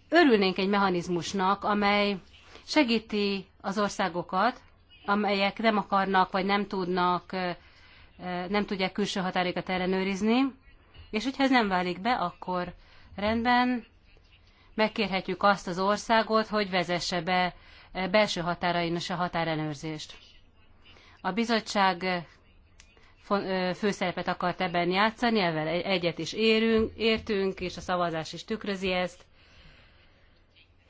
örülnénk egy mechanizmusnak, amely segíti az országokat, amelyek nem akarnak vagy nem tudnak, nem tudják külső határokat ellenőrizni, és hogyha ez nem válik be, akkor Rendben, megkérhetjük azt az országot, hogy vezesse be eh, belső határain is a határellenőrzést. A bizottság eh, eh, főszerepet akart ebben játszani, ebben egyet is érünk, értünk, és a szavazás is tükrözi ezt,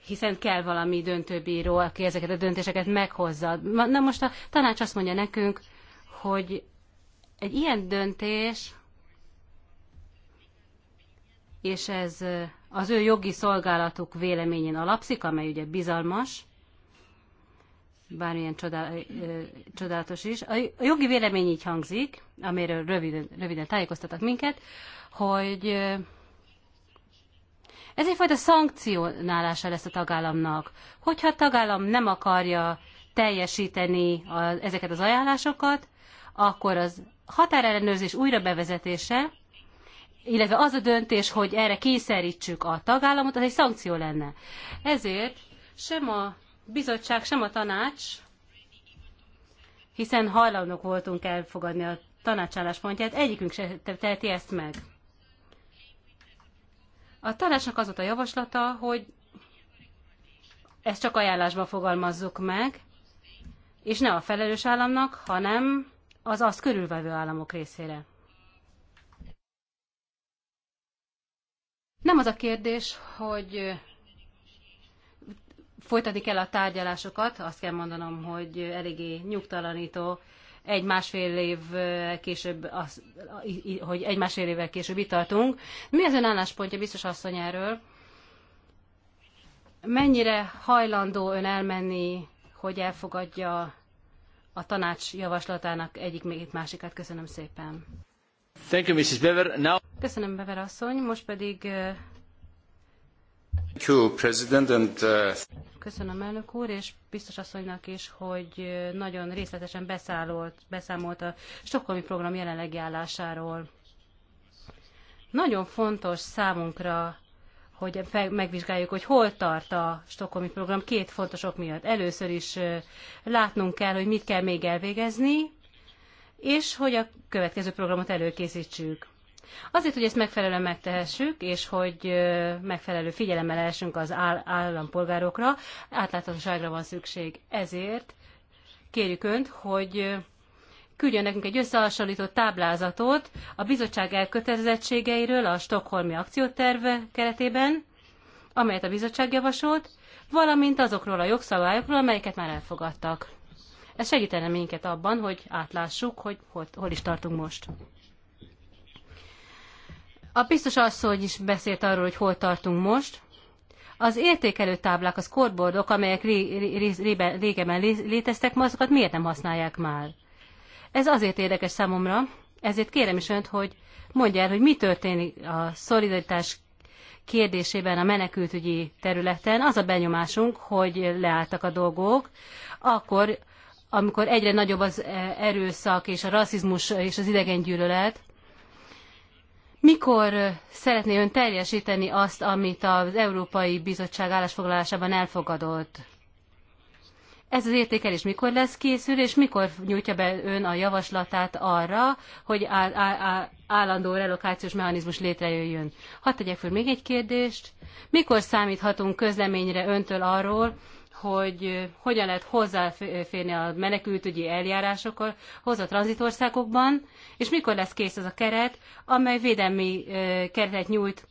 hiszen kell valami döntőbíró, aki ezeket a döntéseket meghozza. Na most a tanács azt mondja nekünk, hogy egy ilyen döntés és ez az ő jogi szolgálatuk véleményén alapszik, amely ugye bizalmas, bármilyen csodál, ö, csodálatos is. A jogi vélemény így hangzik, amiről röviden, röviden tájékoztatok minket, hogy ez egyfajta szankcionálása lesz a tagállamnak. Hogyha a tagállam nem akarja teljesíteni a, ezeket az ajánlásokat, akkor az határellenőrzés újra bevezetése illetve az a döntés, hogy erre kényszerítsük a tagállamot, az egy szankció lenne. Ezért sem a bizottság, sem a tanács, hiszen hajlandók voltunk elfogadni a tanácsálláspontját, egyikünk se teheti ezt meg. A tanácsnak az volt a javaslata, hogy ezt csak ajánlásban fogalmazzuk meg, és ne a felelős államnak, hanem az azt körülvevő államok részére. Nem az a kérdés, hogy folytatik el a tárgyalásokat, azt kell mondanom, hogy eléggé nyugtalanító egy-másfél év később, az, hogy egy-másfél évvel később itt tartunk. Mi az ön álláspontja biztos asszony erről? Mennyire hajlandó ön elmenni, hogy elfogadja a tanács javaslatának egyik még itt másikát? Köszönöm szépen. Köszönöm, Bever asszony. Most pedig... Uh, köszönöm, elnök úr, és biztos asszonynak is, hogy nagyon részletesen beszámolt, beszámolt a Stockholmi Program jelenlegi állásáról. Nagyon fontos számunkra hogy megvizsgáljuk, hogy hol tart a stokholmi program két fontos ok miatt. Először is látnunk kell, hogy mit kell még elvégezni, és hogy a következő programot előkészítsük. Azért, hogy ezt megfelelően megtehessük, és hogy megfelelő figyelemmel lehessünk az állampolgárokra, átláthatóságra van szükség. Ezért kérjük Önt, hogy küldjön nekünk egy összehasonlított táblázatot a bizottság elkötelezettségeiről a Stockholmi akcióterv keretében, amelyet a bizottság javasolt, valamint azokról a jogszabályokról, amelyeket már elfogadtak. Ez segítene minket abban, hogy átlássuk, hogy hol, hol is tartunk most. A biztos asszony is beszélt arról, hogy hol tartunk most. Az értékelő táblák, a scoreboardok, amelyek ré, ré, ré, ré, léteztek, ma azokat miért nem használják már? Ez azért érdekes számomra, ezért kérem is önt, hogy mondja el, hogy mi történik a szolidaritás kérdésében a menekültügyi területen. Az a benyomásunk, hogy leálltak a dolgok, akkor amikor egyre nagyobb az e, erőszak és a rasszizmus és az idegengyűlölet, mikor e, szeretné ön teljesíteni azt, amit az Európai Bizottság állásfoglalásában elfogadott? Ez az értékelés mikor lesz készül, és mikor nyújtja be ön a javaslatát arra, hogy á, á, á, állandó relokációs mechanizmus létrejöjjön? Hadd tegyek föl még egy kérdést. Mikor számíthatunk közleményre öntől arról, hogy hogyan lehet hozzáférni a menekültügyi eljárásokhoz a tranzitországokban, és mikor lesz kész az a keret, amely védelmi keretet nyújt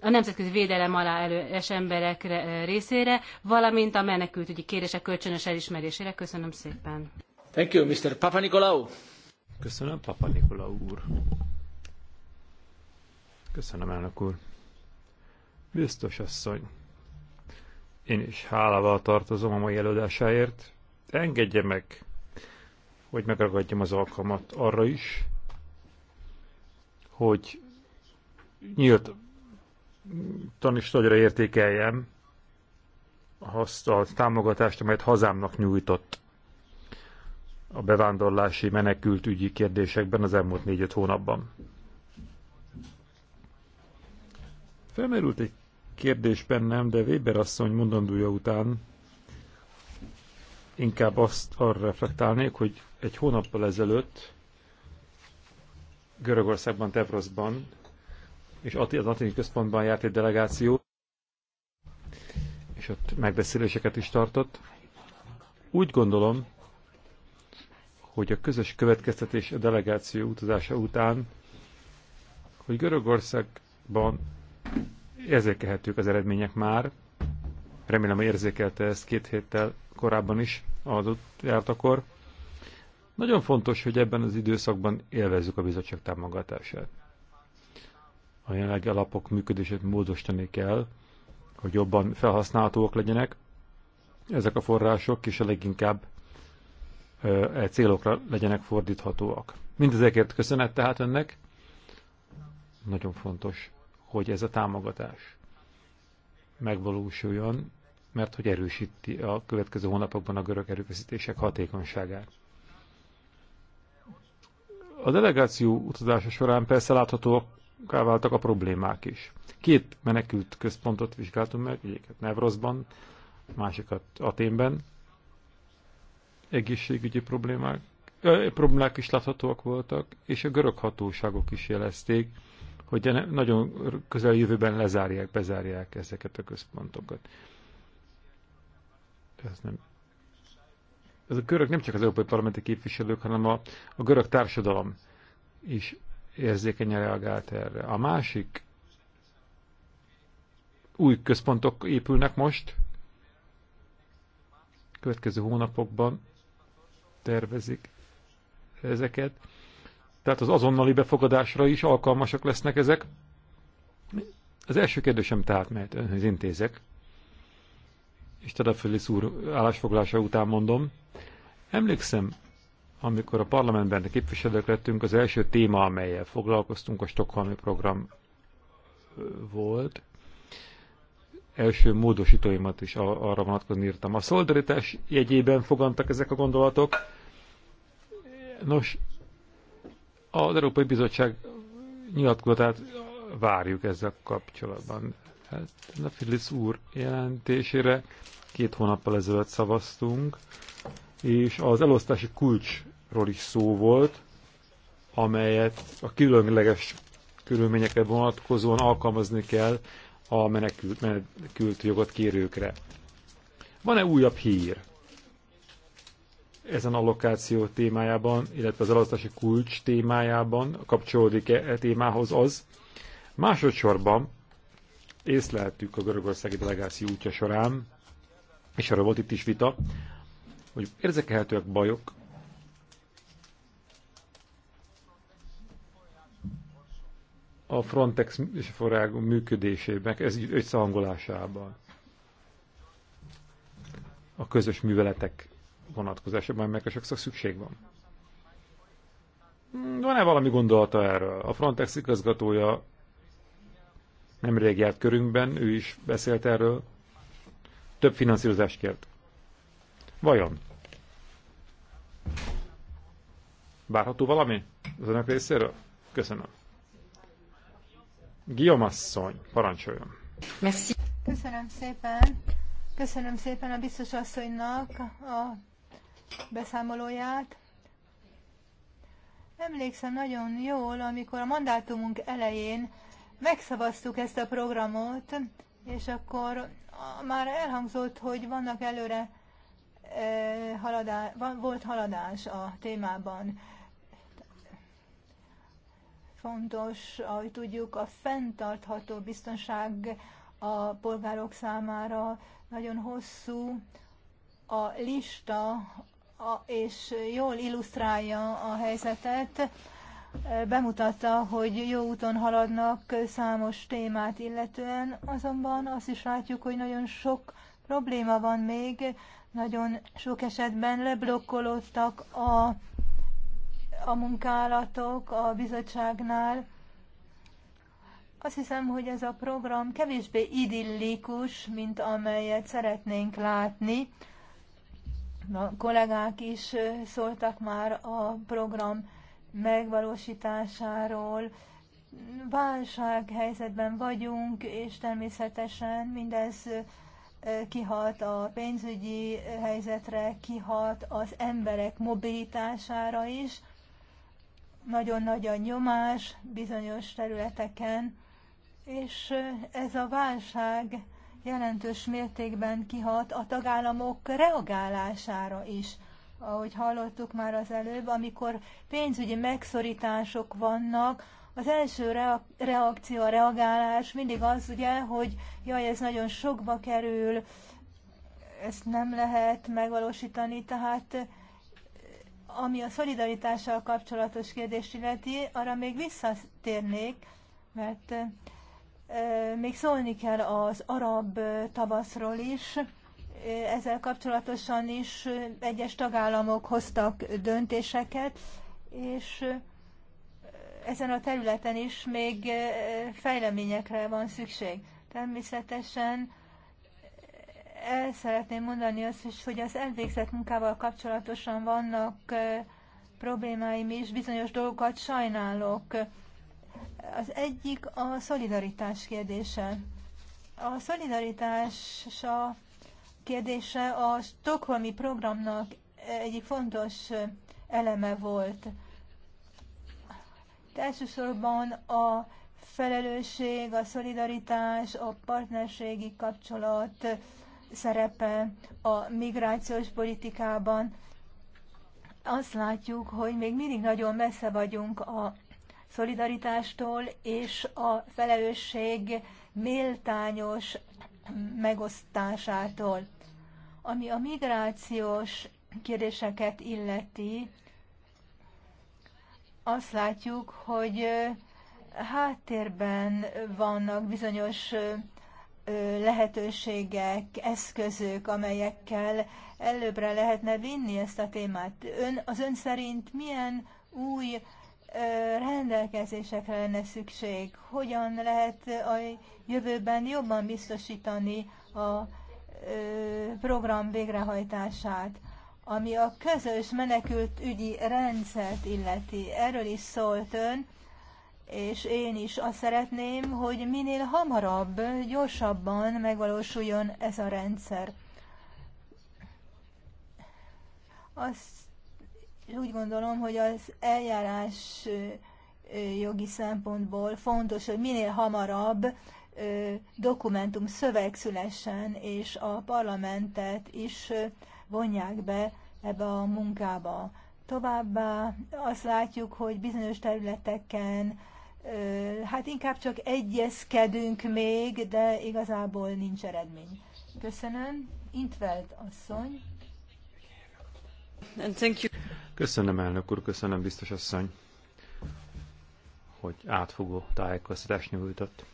a nemzetközi védelem alá előes emberek részére, valamint a menekültügyi kérések kölcsönös elismerésére. Köszönöm szépen. Thank you, Mr. Papa Nikolaou. Köszönöm, Papa Nikolaou úr. Köszönöm, elnök úr. Biztos asszony. Én is hálával tartozom a mai előadásáért. Engedje meg, hogy megragadjam az alkalmat arra is, hogy nyílt tanistagyra értékeljem azt a támogatást, amelyet hazámnak nyújtott a bevándorlási menekült ügyi kérdésekben az elmúlt négy-öt hónapban. Felmerült egy kérdésben nem, de Weber asszony mondandója után inkább azt arra reflektálnék, hogy egy hónappal ezelőtt Görögországban, Tevroszban és az Atini Központban járt egy delegáció, és ott megbeszéléseket is tartott. Úgy gondolom, hogy a közös következtetés a delegáció utazása után, hogy Görögországban érzékelhetők az eredmények már. Remélem, érzékelte ezt két héttel korábban is az ott akkor. Nagyon fontos, hogy ebben az időszakban élvezzük a bizottság támogatását. A jelenlegi alapok működését módosítani kell, hogy jobban felhasználhatóak legyenek ezek a források, és a leginkább e célokra legyenek fordíthatóak. Mindezekért köszönet tehát önnek. Nagyon fontos hogy ez a támogatás megvalósuljon, mert hogy erősíti a következő hónapokban a görög erőfeszítések hatékonyságát. A delegáció utazása során persze láthatóak váltak a problémák is. Két menekült központot vizsgáltunk meg, egyiket Nevroszban, másikat Aténben. Egészségügyi problémák, problémák is láthatóak voltak, és a görög hatóságok is jelezték, hogy nagyon közel jövőben lezárják, bezárják ezeket a központokat. Ez nem. Ez a görög nem csak az európai parlamenti képviselők, hanem a, a görög társadalom is érzékenyen reagált erre. A másik új központok épülnek most, következő hónapokban tervezik ezeket tehát az azonnali befogadásra is alkalmasak lesznek ezek. Az első kérdésem tehát, mert önhöz intézek, és Tadafelisz úr állásfoglása után mondom, emlékszem, amikor a parlamentben képviselők lettünk, az első téma, amelyel foglalkoztunk, a Stockholmi program volt. Első módosítóimat is arra vonatkozni írtam. A szolidaritás jegyében fogantak ezek a gondolatok. Nos, az Európai Bizottság nyilatkozatát várjuk ezzel kapcsolatban. Hát, a Filic úr jelentésére két hónappal ezelőtt szavaztunk, és az elosztási kulcsról is szó volt, amelyet a különleges körülményekre vonatkozóan alkalmazni kell a menekült, menekült jogot kérőkre. Van-e újabb hír? ezen allokáció témájában, illetve az elosztási kulcs témájában kapcsolódik-e e témához az. Másodszorban észleltük a görögországi delegáció útja során, és arra volt itt is vita, hogy érzekelhetőek bajok, a Frontex és a forrág működésében, ez összehangolásában. A közös műveletek vonatkozásában, amelyekre sokszor szükség van. Hmm, van-e valami gondolata erről? A Frontex igazgatója nemrég járt körünkben, ő is beszélt erről. Több finanszírozást kért. Vajon? Várható valami az önök részéről? Köszönöm. Guillaume asszony, parancsoljon. Merci. Köszönöm szépen. Köszönöm szépen a biztos asszonynak a beszámolóját. Emlékszem nagyon jól, amikor a mandátumunk elején megszavaztuk ezt a programot, és akkor már elhangzott, hogy vannak előre e, haladás, volt haladás a témában. Fontos, ahogy tudjuk, a fenntartható biztonság a polgárok számára nagyon hosszú a lista és jól illusztrálja a helyzetet, bemutatta, hogy jó úton haladnak számos témát illetően, azonban azt is látjuk, hogy nagyon sok probléma van még, nagyon sok esetben leblokkolódtak a, a munkálatok a bizottságnál. Azt hiszem, hogy ez a program kevésbé idillikus, mint amelyet szeretnénk látni a kollégák is szóltak már a program megvalósításáról. Válsághelyzetben vagyunk, és természetesen mindez kihat a pénzügyi helyzetre, kihat az emberek mobilitására is. Nagyon nagy a nyomás bizonyos területeken, és ez a válság jelentős mértékben kihat a tagállamok reagálására is. Ahogy hallottuk már az előbb, amikor pénzügyi megszorítások vannak, az első reakció, a reagálás mindig az ugye, hogy jaj, ez nagyon sokba kerül, ezt nem lehet megvalósítani, tehát eh, ami a szolidaritással kapcsolatos kérdést illeti, arra még visszatérnék, mert eh, még szólni kell az arab tavaszról is. Ezzel kapcsolatosan is egyes tagállamok hoztak döntéseket, és ezen a területen is még fejleményekre van szükség. Természetesen el szeretném mondani azt is, hogy az elvégzett munkával kapcsolatosan vannak problémáim is, bizonyos dolgokat sajnálok. Az egyik a szolidaritás kérdése. A szolidaritás kérdése a stokholmi programnak egyik fontos eleme volt. De elsősorban a felelősség, a szolidaritás, a partnerségi kapcsolat szerepe a migrációs politikában. Azt látjuk, hogy még mindig nagyon messze vagyunk a szolidaritástól és a felelősség méltányos megosztásától. Ami a migrációs kérdéseket illeti, azt látjuk, hogy háttérben vannak bizonyos lehetőségek, eszközök, amelyekkel előbbre lehetne vinni ezt a témát. Ön, az ön szerint milyen új rendelkezésekre lenne szükség. Hogyan lehet a jövőben jobban biztosítani a program végrehajtását, ami a közös menekült ügyi rendszert illeti. Erről is szólt ön, és én is azt szeretném, hogy minél hamarabb, gyorsabban megvalósuljon ez a rendszer. Azt úgy gondolom, hogy az eljárás jogi szempontból fontos, hogy minél hamarabb dokumentum szöveg szülessen, és a parlamentet is vonják be ebbe a munkába. Továbbá azt látjuk, hogy bizonyos területeken hát inkább csak egyezkedünk még, de igazából nincs eredmény. Köszönöm. Intveld asszony. And thank you. Köszönöm, elnök úr, köszönöm, biztos asszony, hogy átfogó tájékoztatást nyújtott.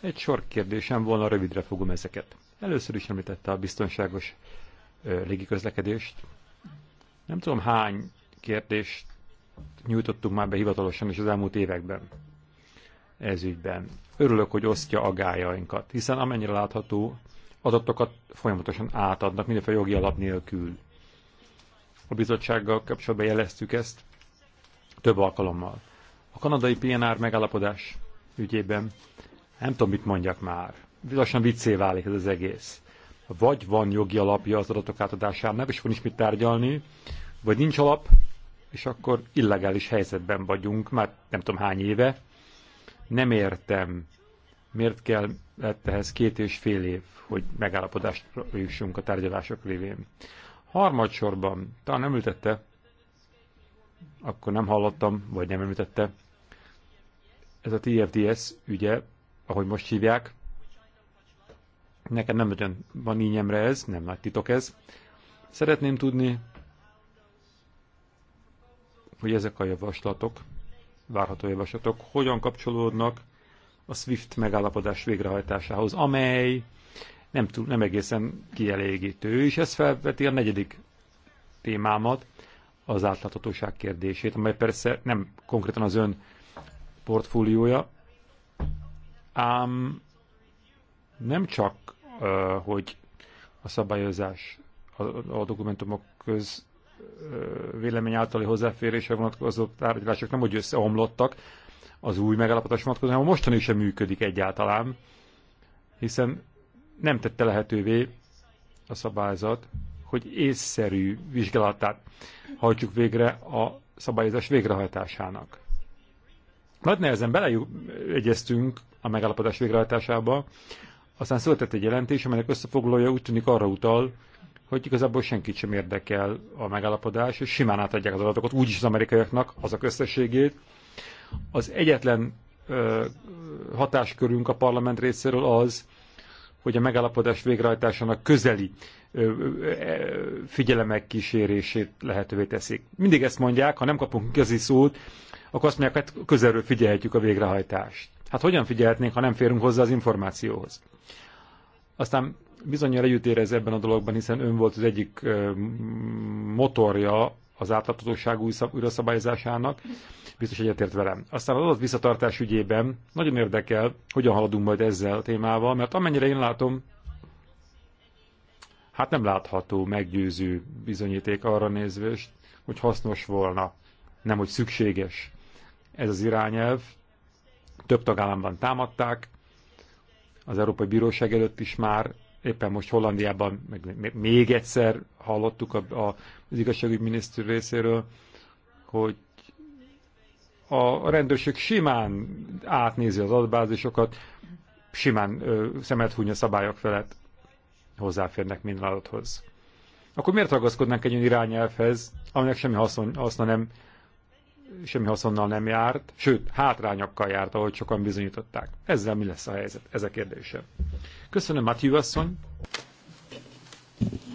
Egy sor kérdésem volna, rövidre fogom ezeket. Először is említette a biztonságos légiközlekedést. Nem tudom, hány kérdést nyújtottunk már be hivatalosan is az elmúlt években ez ügyben. Örülök, hogy osztja a gájainkat, hiszen amennyire látható, adatokat folyamatosan átadnak, mindenféle jogi alap nélkül. A bizottsággal kapcsolatban jeleztük ezt több alkalommal. A kanadai PNR megállapodás ügyében nem tudom, mit mondjak már. Lassan viccé válik ez az egész. Vagy van jogi alapja az adatok átadásának, és van is mit tárgyalni, vagy nincs alap, és akkor illegális helyzetben vagyunk, már nem tudom hány éve. Nem értem, miért kell lett ehhez két és fél év, hogy megállapodást jussunk a tárgyalások révén. Harmadsorban, talán nem ültette, akkor nem hallottam, vagy nem említette, ez a TFDS ügye, ahogy most hívják, nekem nem nagyon van ínyemre ez, nem nagy titok ez. Szeretném tudni, hogy ezek a javaslatok, várható javaslatok, hogyan kapcsolódnak a SWIFT megállapodás végrehajtásához, amely nem, túl, nem egészen kielégítő, és ez felveti a negyedik témámat, az átláthatóság kérdését, amely persze nem konkrétan az ön portfóliója, ám nem csak, hogy a szabályozás a dokumentumok köz vélemény általi hozzáférésre vonatkozó tárgyalások nem, úgy összeomlottak az új megállapodás vonatkozó, hanem a mostani sem működik egyáltalán, hiszen nem tette lehetővé a szabályzat, hogy észszerű vizsgálatát hajtsuk végre a szabályozás végrehajtásának. Nagy nehezen beleegyeztünk a megállapodás végrehajtásába, aztán született egy jelentés, amelynek összefoglalója úgy tűnik arra utal, hogy igazából senkit sem érdekel a megállapodás, és simán átadják az adatokat, úgyis az amerikaiaknak, azok összességét. Az egyetlen ö, hatáskörünk a parlament részéről az, hogy a megállapodás végrehajtásának közeli figyelemek kísérését lehetővé teszik. Mindig ezt mondják, ha nem kapunk igazi szót, akkor azt mondják, hogy hát közelről figyelhetjük a végrehajtást. Hát hogyan figyelhetnénk, ha nem férünk hozzá az információhoz? Aztán bizonyára együtt érez ebben a dologban, hiszen ön volt az egyik motorja az átláthatóság újra szabályozásának, biztos egyetért velem. Aztán az adat visszatartás ügyében nagyon érdekel, hogyan haladunk majd ezzel a témával, mert amennyire én látom, hát nem látható meggyőző bizonyíték arra nézve, hogy hasznos volna, nem hogy szükséges ez az irányelv. Több tagállamban támadták, az Európai Bíróság előtt is már, éppen most Hollandiában még egyszer hallottuk a, a az miniszter részéről, hogy a rendőrség simán átnézi az adatbázisokat, simán ö, szemet húny a szabályok felett hozzáférnek minden adathoz. Akkor miért ragaszkodnánk egy olyan irányelvhez, aminek semmi, haszon, haszna nem, semmi haszonnal nem járt, sőt, hátrányokkal járt, ahogy sokan bizonyították. Ezzel mi lesz a helyzet? Ez a kérdése. Köszönöm, Matthew asszony.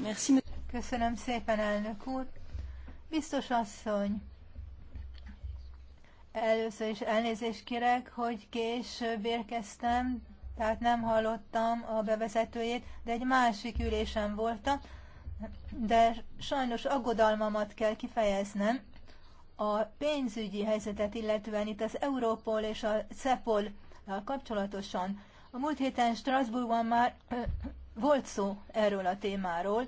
Merci. Köszönöm szépen, elnök úr. Biztos asszony, először is elnézést kérek, hogy később érkeztem, tehát nem hallottam a bevezetőjét, de egy másik ülésen voltam, de sajnos aggodalmamat kell kifejeznem a pénzügyi helyzetet, illetően itt az Európol és a CEPOL kapcsolatosan. A múlt héten Strasbourgban már volt szó erről a témáról,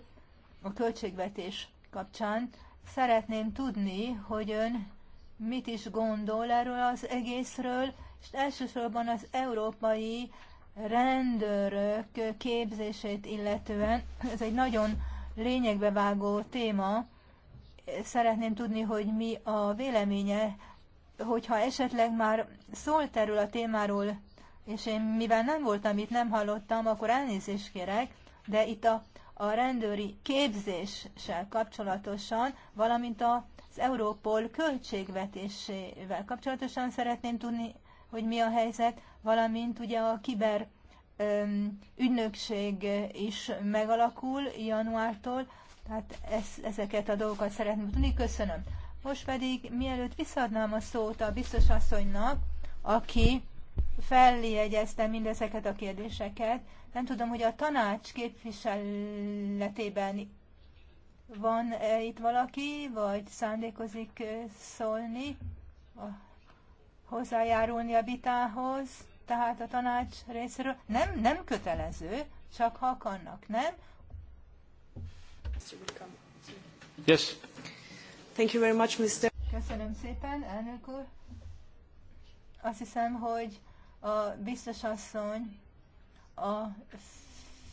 a költségvetés kapcsán. Szeretném tudni, hogy ön mit is gondol erről az egészről, és elsősorban az európai rendőrök képzését illetően. Ez egy nagyon lényegbe vágó téma. Szeretném tudni, hogy mi a véleménye, hogyha esetleg már szólt erről a témáról, és én mivel nem voltam itt, nem hallottam, akkor elnézést kérek, de itt a a rendőri képzéssel kapcsolatosan, valamint az Európol költségvetésével kapcsolatosan szeretném tudni, hogy mi a helyzet, valamint ugye a kiber ügynökség is megalakul januártól, tehát ez, ezeket a dolgokat szeretném tudni. Köszönöm. Most pedig, mielőtt visszaadnám a szót a biztos asszonynak, aki feljegyeztem mindezeket a kérdéseket. Nem tudom, hogy a tanács képviseletében van -e itt valaki, vagy szándékozik e, szólni, hozzájárulni a vitához, tehát a tanács részéről. Nem, nem kötelező, csak ha akarnak, nem? Yes. Thank you very much, Mr. Köszönöm szépen, elnök úr. Azt hiszem, hogy a biztos asszony a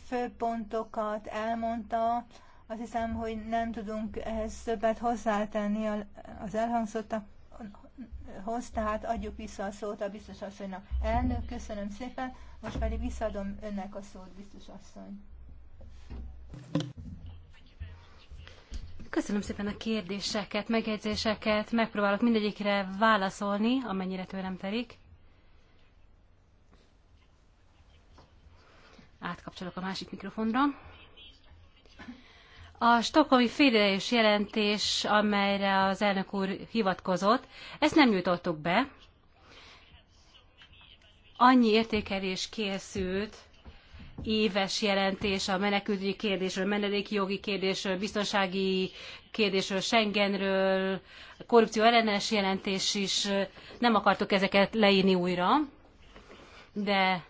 főpontokat elmondta, azt hiszem, hogy nem tudunk ehhez többet hozzátenni az elhangzottakhoz, tehát adjuk vissza a szót a biztos asszonynak. Elnök, köszönöm szépen, most pedig visszaadom önnek a szót, biztos asszony. Köszönöm szépen a kérdéseket, megjegyzéseket, megpróbálok mindegyikre válaszolni, amennyire tőlem telik. Átkapcsolok a másik mikrofonra. A stokholmi félidejés jelentés, amelyre az elnök úr hivatkozott, ezt nem nyújtottuk be. Annyi értékelés készült, éves jelentés a menekültügyi kérdésről, menedéki jogi kérdésről, biztonsági kérdésről, Schengenről, korrupció ellenes jelentés is. Nem akartuk ezeket leírni újra, de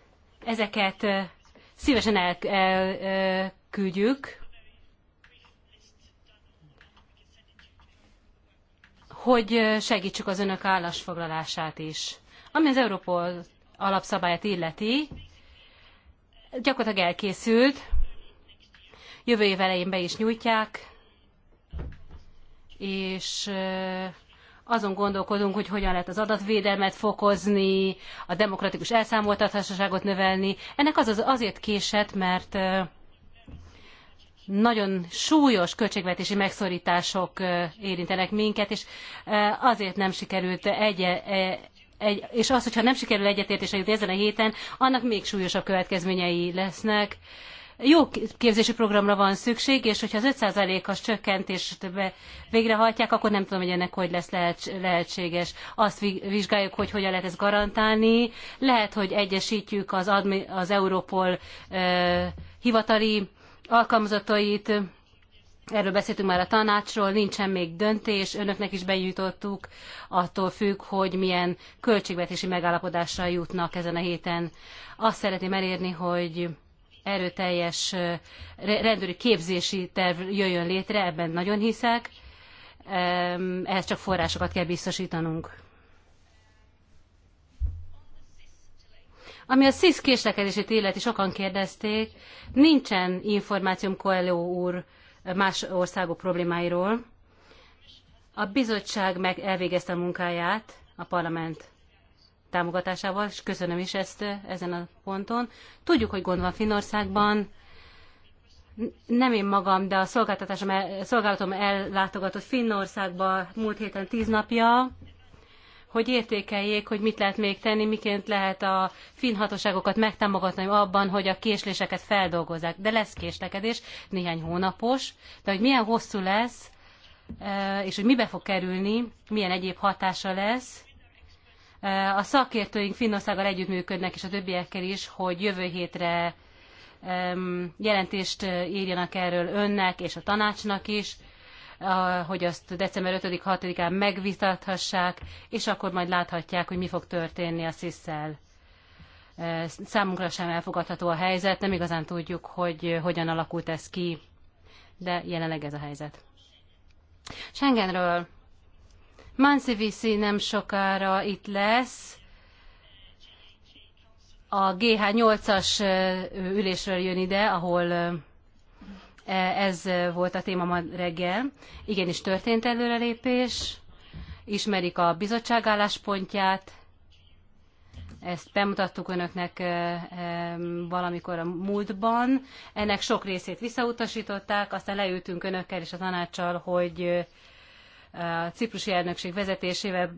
ezeket szívesen elküldjük, e, hogy segítsük az önök állásfoglalását is. Ami az Európol alapszabályát illeti, gyakorlatilag elkészült, jövő év elején be is nyújtják, és e, azon gondolkodunk, hogy hogyan lehet az adatvédelmet fokozni, a demokratikus elszámoltathatóságot növelni. Ennek az, az azért késett, mert nagyon súlyos költségvetési megszorítások érintenek minket, és azért nem sikerült egy, egy és az, hogyha nem sikerül egyetértésre jutni ezen a héten, annak még súlyosabb következményei lesznek jó képzési programra van szükség, és hogyha az 5%-as csökkentést végrehajtják, akkor nem tudom, hogy ennek hogy lesz lehetséges. Azt vizsgáljuk, hogy hogyan lehet ezt garantálni. Lehet, hogy egyesítjük az, admi, az Europol eh, hivatali alkalmazatait, Erről beszéltünk már a tanácsról, nincsen még döntés, önöknek is benyújtottuk, attól függ, hogy milyen költségvetési megállapodásra jutnak ezen a héten. Azt szeretném elérni, hogy erőteljes rendőri képzési terv jöjjön létre, ebben nagyon hiszek. Ehhez csak forrásokat kell biztosítanunk. Ami a SZISZ késlekedését illeti, sokan kérdezték, nincsen információm Coelho úr más országok problémáiról. A bizottság meg elvégezte a munkáját, a parlament támogatásával, és köszönöm is ezt eh, ezen a ponton. Tudjuk, hogy gond van Finnországban, nem én magam, de a szolgáltatásom, szolgálatom ellátogatott Finnországba múlt héten tíz napja, hogy értékeljék, hogy mit lehet még tenni, miként lehet a finn hatóságokat megtámogatni abban, hogy a késléseket feldolgozzák. De lesz késlekedés, néhány hónapos, de hogy milyen hosszú lesz, eh, és hogy mibe fog kerülni, milyen egyéb hatása lesz, a szakértőink Finnországgal együttműködnek, és a többiekkel is, hogy jövő hétre jelentést eh, írjanak erről önnek és a tanácsnak is, hogy azt december 5-6-án megvitathassák, és akkor majd láthatják, hogy mi fog történni a SZISZ-szel. Eh, számunkra sem elfogadható a helyzet, nem igazán tudjuk, hogy eh, hogyan alakult ez ki, de jelenleg ez a helyzet. Schengenről Mansiviszi nem sokára itt lesz, a GH8-as ülésről jön ide, ahol e, ez volt a téma ma reggel. Igenis történt előrelépés, ismerik a bizottság álláspontját, ezt bemutattuk önöknek valamikor a múltban. Ennek sok részét visszautasították, aztán leültünk önökkel és a tanácssal, hogy a ciprusi elnökség vezetésével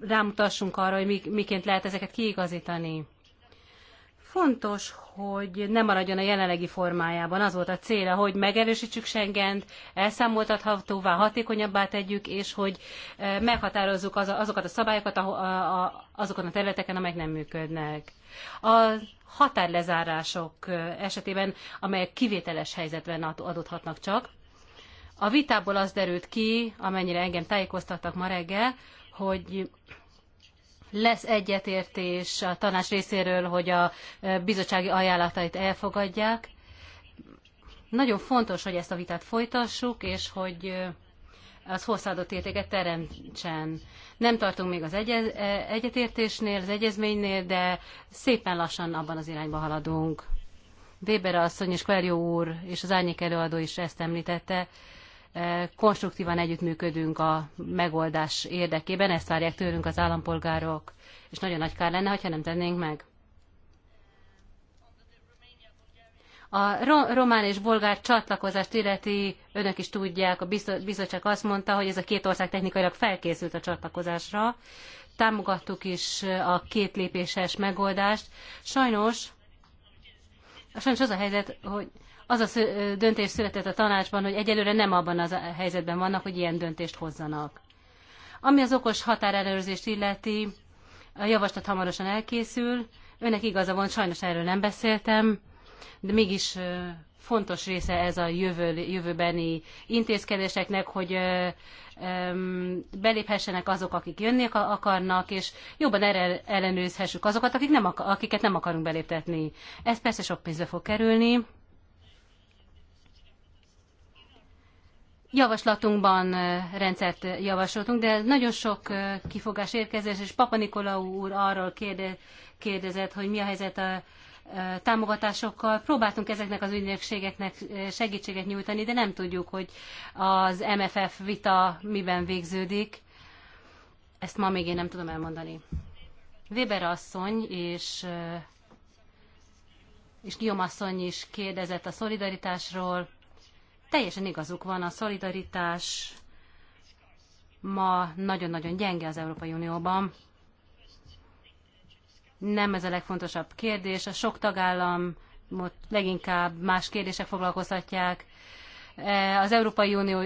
rámutassunk arra, hogy miként lehet ezeket kiigazítani. Fontos, hogy ne maradjon a jelenlegi formájában. Az volt a célja, hogy megerősítsük Schengent, elszámoltathatóvá, hatékonyabbá tegyük, és hogy e, meghatározzuk azokat a szabályokat azokon a területeken, amelyek nem működnek. A határlezárások e, esetében, amelyek kivételes helyzetben adódhatnak csak, a vitából az derült ki, amennyire engem tájékoztattak ma reggel, hogy lesz egyetértés a tanács részéről, hogy a bizottsági ajánlatait elfogadják. Nagyon fontos, hogy ezt a vitát folytassuk, és hogy az hozzáadott értéket teremtsen. Nem tartunk még az egye, e, egyetértésnél, az egyezménynél, de szépen lassan abban az irányba haladunk. Weber asszony és Kverjó úr és az árnyék előadó is ezt említette, konstruktívan együttműködünk a megoldás érdekében, ezt várják tőlünk az állampolgárok, és nagyon nagy kár lenne, ha nem tennénk meg. A román és bolgár csatlakozást illeti, önök is tudják, a bizottság azt mondta, hogy ez a két ország technikailag felkészült a csatlakozásra. Támogattuk is a két lépéses megoldást. Sajnos, sajnos az a helyzet, hogy az a döntés született a tanácsban, hogy egyelőre nem abban az a helyzetben vannak, hogy ilyen döntést hozzanak. Ami az okos határelőrzést illeti, a javaslat hamarosan elkészül. Önnek igaza van, sajnos erről nem beszéltem, de mégis fontos része ez a jövő, jövőbeni intézkedéseknek, hogy beléphessenek azok, akik jönni akarnak, és jobban ellenőrizhessük azokat, akik nem, akiket nem akarunk beléptetni. Ez persze sok pénzbe fog kerülni, Javaslatunkban rendszert javasoltunk, de nagyon sok kifogás érkezett, és Papa Nikolau úr arról kérdezett, hogy mi a helyzet a támogatásokkal. Próbáltunk ezeknek az ügynökségeknek segítséget nyújtani, de nem tudjuk, hogy az MFF vita miben végződik. Ezt ma még én nem tudom elmondani. Weber asszony és, és Guillaume asszony is kérdezett a szolidaritásról. Teljesen igazuk van, a szolidaritás ma nagyon-nagyon gyenge az Európai Unióban. Nem ez a legfontosabb kérdés. A sok tagállam leginkább más kérdések foglalkoztatják, az Európai Unió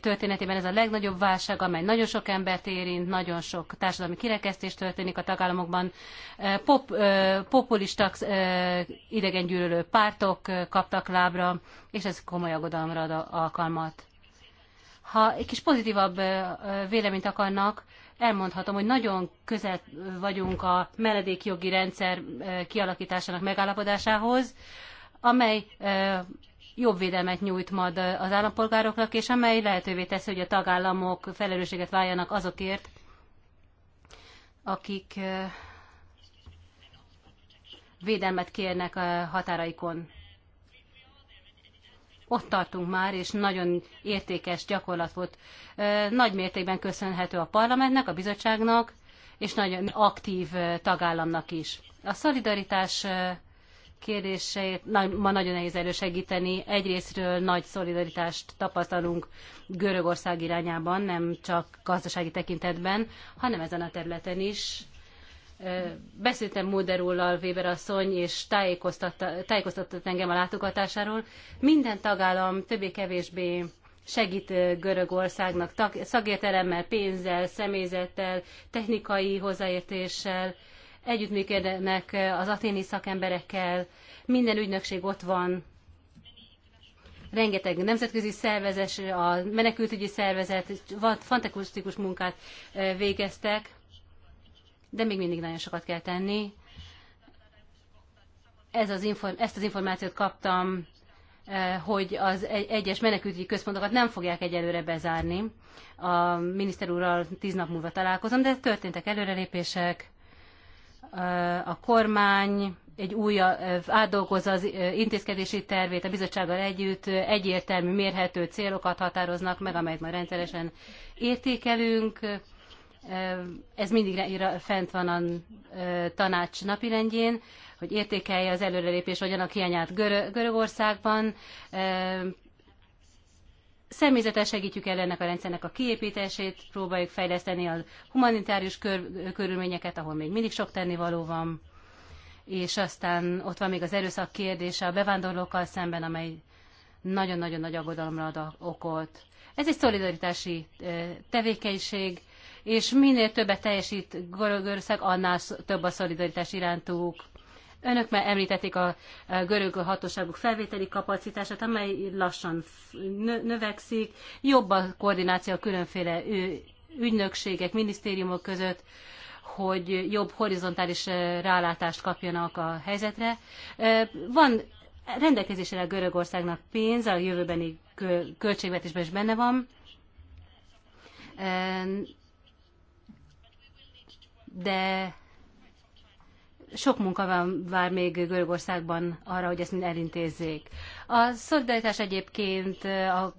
történetében ez a legnagyobb válság, amely nagyon sok embert érint, nagyon sok társadalmi kirekesztés történik a tagállamokban. Pop, populista idegengyűlölő pártok kaptak lábra, és ez komoly aggodalomra ad alkalmat. Ha egy kis pozitívabb véleményt akarnak, elmondhatom, hogy nagyon közel vagyunk a menedékjogi rendszer kialakításának megállapodásához, amely jobb védelmet nyújt majd az állampolgároknak, és amely lehetővé teszi, hogy a tagállamok felelősséget váljanak azokért, akik védelmet kérnek a határaikon. Ott tartunk már, és nagyon értékes gyakorlat volt. Nagy mértékben köszönhető a parlamentnek, a bizottságnak, és nagyon aktív tagállamnak is. A szolidaritás kérdéseit ma nagyon nehéz elősegíteni. Egyrésztről nagy szolidaritást tapasztalunk Görögország irányában, nem csak gazdasági tekintetben, hanem ezen a területen is. Beszéltem Móderullal, Weber asszony, és tájékoztatta, tájékoztatott engem a látogatásáról. Minden tagállam többé-kevésbé segít Görögországnak szakértelemmel, pénzzel, személyzettel, technikai hozzáértéssel, együttműködnek az aténi szakemberekkel, minden ügynökség ott van, rengeteg nemzetközi szervezés, a menekültügyi szervezet, fantasztikus munkát végeztek, de még mindig nagyon sokat kell tenni. Ez az inform- ezt az információt kaptam, hogy az egyes menekültügyi központokat nem fogják egyelőre bezárni. A miniszter úrral tíz nap múlva találkozom, de történtek előrelépések a kormány egy új, átdolgozza az intézkedési tervét a bizottsággal együtt, egyértelmű, mérhető célokat határoznak meg, amelyet majd rendszeresen értékelünk. Ez mindig fent van a tanács napirendjén, hogy értékelje az előrelépés, hogyan a hiányát Görögországban, személyzetel segítjük el ennek a rendszernek a kiépítését, próbáljuk fejleszteni a humanitárius kör, körülményeket, ahol még mindig sok tennivaló van, és aztán ott van még az erőszak kérdése a bevándorlókkal szemben, amely nagyon-nagyon nagy aggodalomra ad okot. Ez egy szolidaritási tevékenység, és minél többet teljesít Görögország, annál több a szolidaritás irántuk. Önök már említették a görög hatóságok felvételi kapacitását, amely lassan növekszik, jobb a koordináció a különféle ügynökségek, minisztériumok között, hogy jobb horizontális rálátást kapjanak a helyzetre. Van rendelkezésre a Görögországnak pénz, a jövőbeni költségvetésben is benne van, de sok munka van, vár még Görögországban arra, hogy ezt mind elintézzék. A szolidaritás egyébként a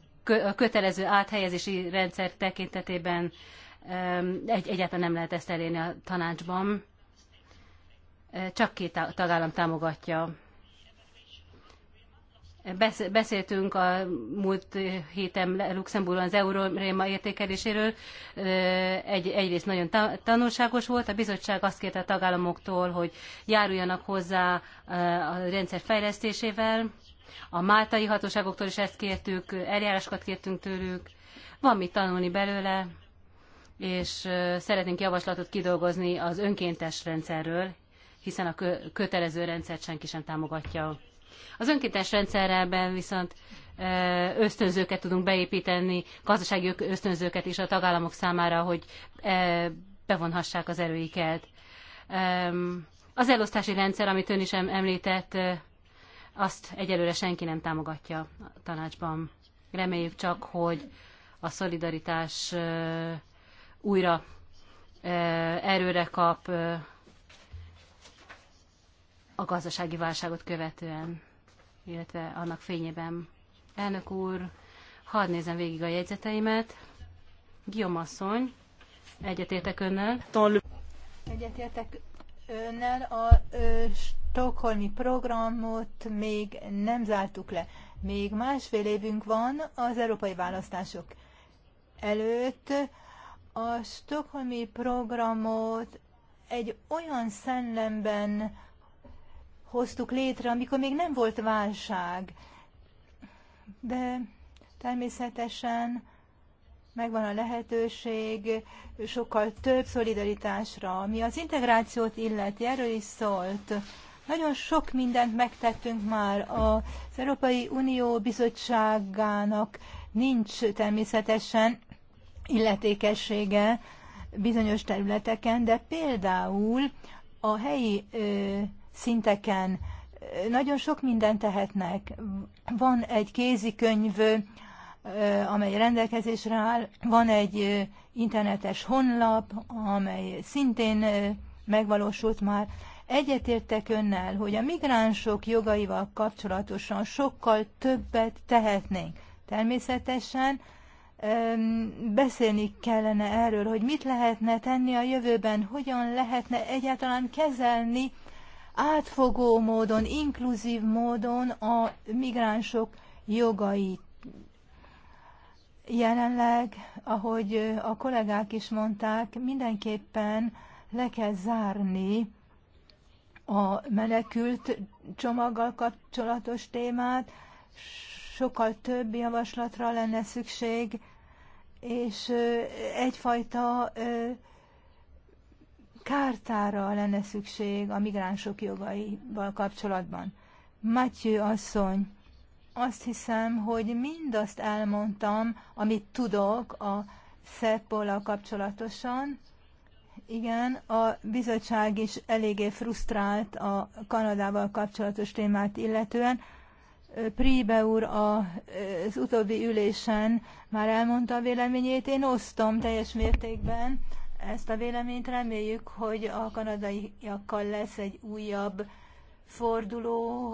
kötelező áthelyezési rendszer tekintetében egy, egyáltalán nem lehet ezt elérni a tanácsban. Csak két tagállam támogatja Beszéltünk a múlt héten Luxemburgon az euróréma értékeléséről. Egy, egyrészt nagyon tanulságos volt. A bizottság azt kérte a tagállamoktól, hogy járuljanak hozzá a rendszer fejlesztésével. A máltai hatóságoktól is ezt kértük, eljárásokat kértünk tőlük. Van mit tanulni belőle, és szeretnénk javaslatot kidolgozni az önkéntes rendszerről, hiszen a kötelező rendszert senki sem támogatja. Az önkéntes rendszerben viszont ösztönzőket tudunk beépíteni, gazdasági ösztönzőket is a tagállamok számára, hogy bevonhassák az erőiket. Az elosztási rendszer, amit ön is említett, azt egyelőre senki nem támogatja a tanácsban. Reméljük csak, hogy a szolidaritás újra erőre kap a gazdasági válságot követően illetve annak fényében. Elnök úr, hadd nézem végig a jegyzeteimet. Guillaume asszony, egyetértek önnel. Egyetértek önnel a ö, stokholmi programot még nem zártuk le. Még másfél évünk van az európai választások előtt. A stokholmi programot egy olyan szellemben hoztuk létre, amikor még nem volt válság. De természetesen megvan a lehetőség sokkal több szolidaritásra, ami az integrációt illeti, erről is szólt. Nagyon sok mindent megtettünk már. Az Európai Unió Bizottságának nincs természetesen illetékessége bizonyos területeken, de például a helyi szinteken. Nagyon sok mindent tehetnek. Van egy kézikönyv, amely rendelkezésre áll, van egy internetes honlap, amely szintén megvalósult már. Egyetértek önnel, hogy a migránsok jogaival kapcsolatosan sokkal többet tehetnénk. Természetesen beszélni kellene erről, hogy mit lehetne tenni a jövőben, hogyan lehetne egyáltalán kezelni átfogó módon, inkluzív módon a migránsok jogait. Jelenleg, ahogy a kollégák is mondták, mindenképpen le kell zárni a menekült csomaggal kapcsolatos témát, sokkal több javaslatra lenne szükség, és egyfajta kártára lenne szükség a migránsok jogaival kapcsolatban. Matyő asszony, azt hiszem, hogy mindazt elmondtam, amit tudok a szeppol kapcsolatosan. Igen, a bizottság is eléggé frusztrált a Kanadával kapcsolatos témát illetően. Príbe úr az utóbbi ülésen már elmondta a véleményét, én osztom teljes mértékben ezt a véleményt. Reméljük, hogy a kanadaiakkal lesz egy újabb forduló,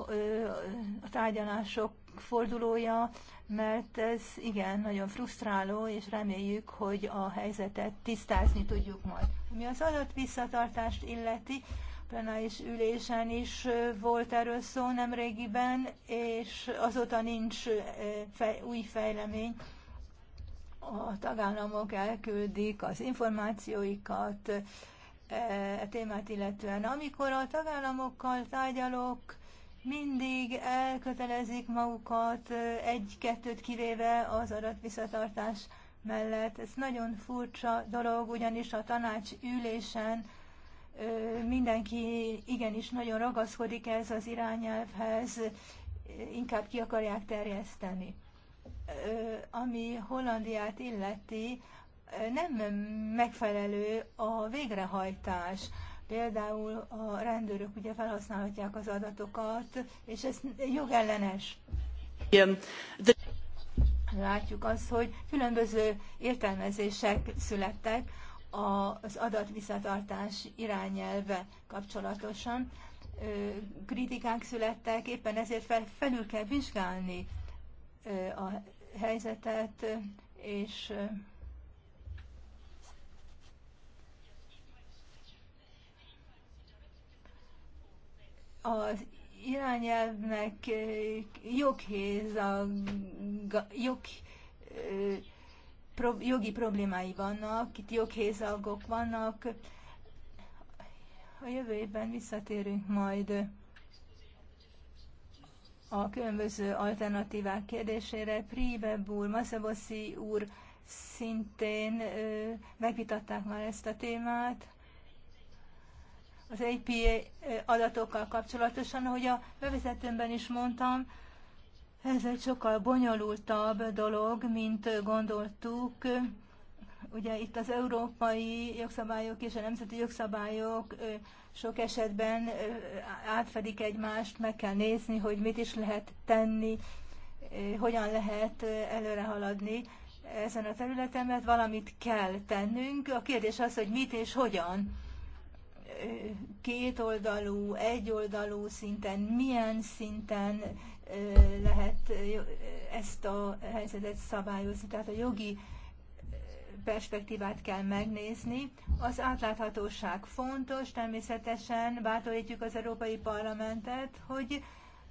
a tárgyalások fordulója, mert ez igen, nagyon frusztráló, és reméljük, hogy a helyzetet tisztázni tudjuk majd. Ami az adott visszatartást illeti, plenáris ülésen is volt erről szó nemrégiben, és azóta nincs fej, új fejlemény a tagállamok elküldik az információikat e, e témát illetően. Amikor a tagállamokkal tárgyalok, mindig elkötelezik magukat e, egy-kettőt kivéve az adatvisszatartás mellett. Ez nagyon furcsa dolog, ugyanis a tanács ülésen e, mindenki igenis nagyon ragaszkodik ez az irányelvhez, inkább ki akarják terjeszteni ami Hollandiát illeti, nem megfelelő a végrehajtás. Például a rendőrök ugye felhasználhatják az adatokat, és ez jogellenes. Látjuk azt, hogy különböző értelmezések születtek az adatvisszatartás irányelve kapcsolatosan. Kritikák születtek, éppen ezért fel, felül kell vizsgálni a helyzetet, és az irányelvnek joghéz a jog, jogi problémái vannak, itt joghézagok vannak. A jövő évben visszatérünk majd a különböző alternatívák kérdésére. Príve úr, Maszaboszi úr szintén ö, megvitatták már ezt a témát az APA adatokkal kapcsolatosan, ahogy a bevezetőmben is mondtam, ez egy sokkal bonyolultabb dolog, mint gondoltuk. Ugye itt az európai jogszabályok és a nemzeti jogszabályok sok esetben átfedik egymást, meg kell nézni, hogy mit is lehet tenni, hogyan lehet előre haladni ezen a területen, mert valamit kell tennünk. A kérdés az, hogy mit és hogyan. Kétoldalú, egyoldalú szinten, milyen szinten lehet ezt a helyzetet szabályozni. Tehát a jogi perspektívát kell megnézni. Az átláthatóság fontos, természetesen bátorítjuk az Európai Parlamentet, hogy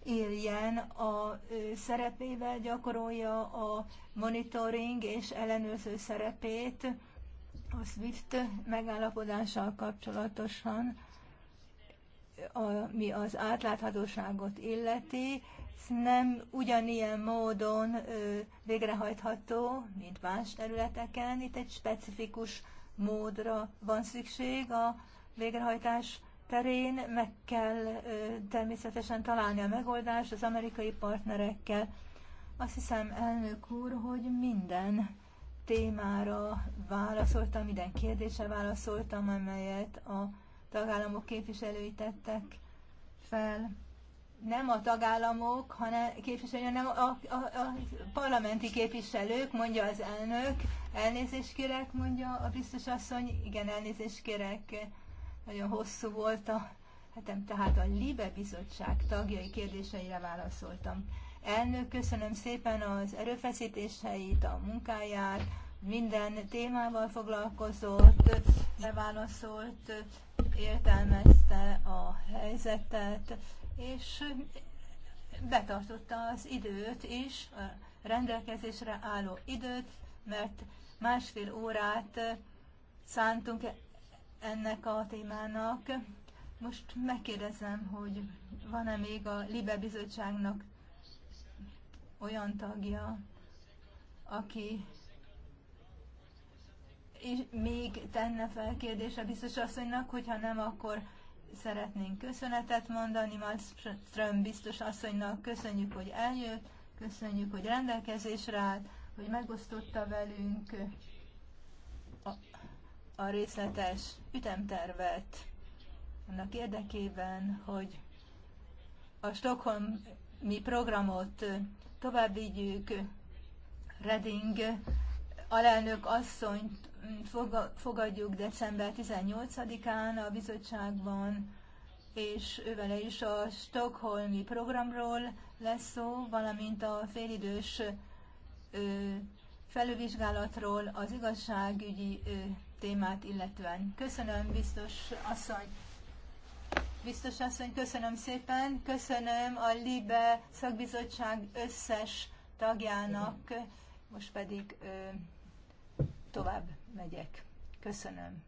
éljen a szerepével, gyakorolja a monitoring és ellenőrző szerepét a SWIFT megállapodással kapcsolatosan, ami az átláthatóságot illeti nem ugyanilyen módon végrehajtható, mint más területeken. Itt egy specifikus módra van szükség a végrehajtás terén. Meg kell természetesen találni a megoldást az amerikai partnerekkel. Azt hiszem, elnök úr, hogy minden témára válaszoltam, minden kérdésre válaszoltam, amelyet a tagállamok képviselői tettek fel nem a tagállamok, hanem képviselő, nem a, a, a parlamenti képviselők, mondja az elnök. Elnézést kérek, mondja a biztos asszony. Igen, elnézést kérek. Nagyon hosszú volt a hetem, tehát a LIBE bizottság tagjai kérdéseire válaszoltam. Elnök, köszönöm szépen az erőfeszítéseit, a munkáját, minden témával foglalkozott, beválaszolt, értelmezte a helyzetet, és betartotta az időt is, a rendelkezésre álló időt, mert másfél órát szántunk e-, ennek a témának. Most megkérdezem, hogy van-e még a Libe Bizottságnak olyan tagja, aki és még tenne fel kérdése biztos asszonynak, hogyha nem, akkor szeretnénk köszönetet mondani Malmström biztos asszonynak. Köszönjük, hogy eljött, köszönjük, hogy rendelkezésre állt, hogy megosztotta velünk a, a részletes ütemtervet annak érdekében, hogy a Stockholmi programot tovább vigyük, Reding alelnök asszonyt fogadjuk december 18-án a bizottságban, és ővele is a Stockholmi programról lesz szó, valamint a félidős felülvizsgálatról az igazságügyi témát illetően. Köszönöm, biztos asszony! Biztos asszony, köszönöm szépen. Köszönöm a LIBE szakbizottság összes tagjának. Most pedig tovább megyek. Köszönöm.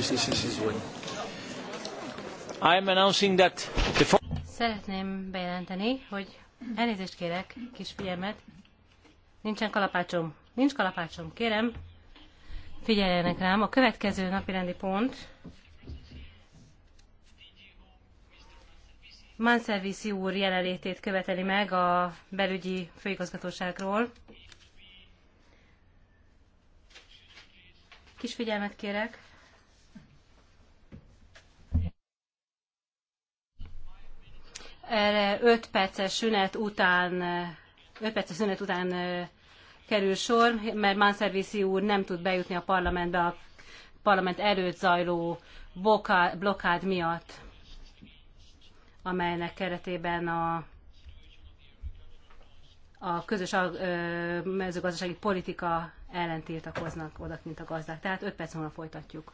Sí, sí, sí, sí, sí, sí Szeretném bejelenteni, hogy elnézést kérek, figyelmet. Nincsen kalapácsom. Nincs kalapácsom, kérem. Figyeljenek rám. A következő napirendi pont Manservisi úr jelenlétét követeli meg a belügyi főigazgatóságról. Kis figyelmet kérek. erre 5 perces szünet után 5 perces szünet után kerül sor, mert Manservisi úr nem tud bejutni a parlamentbe a parlament előtt zajló blokkád miatt, amelynek keretében a a közös mezőgazdasági politika ellen tiltakoznak odakint a gazdák. Tehát 5 perc múlva folytatjuk.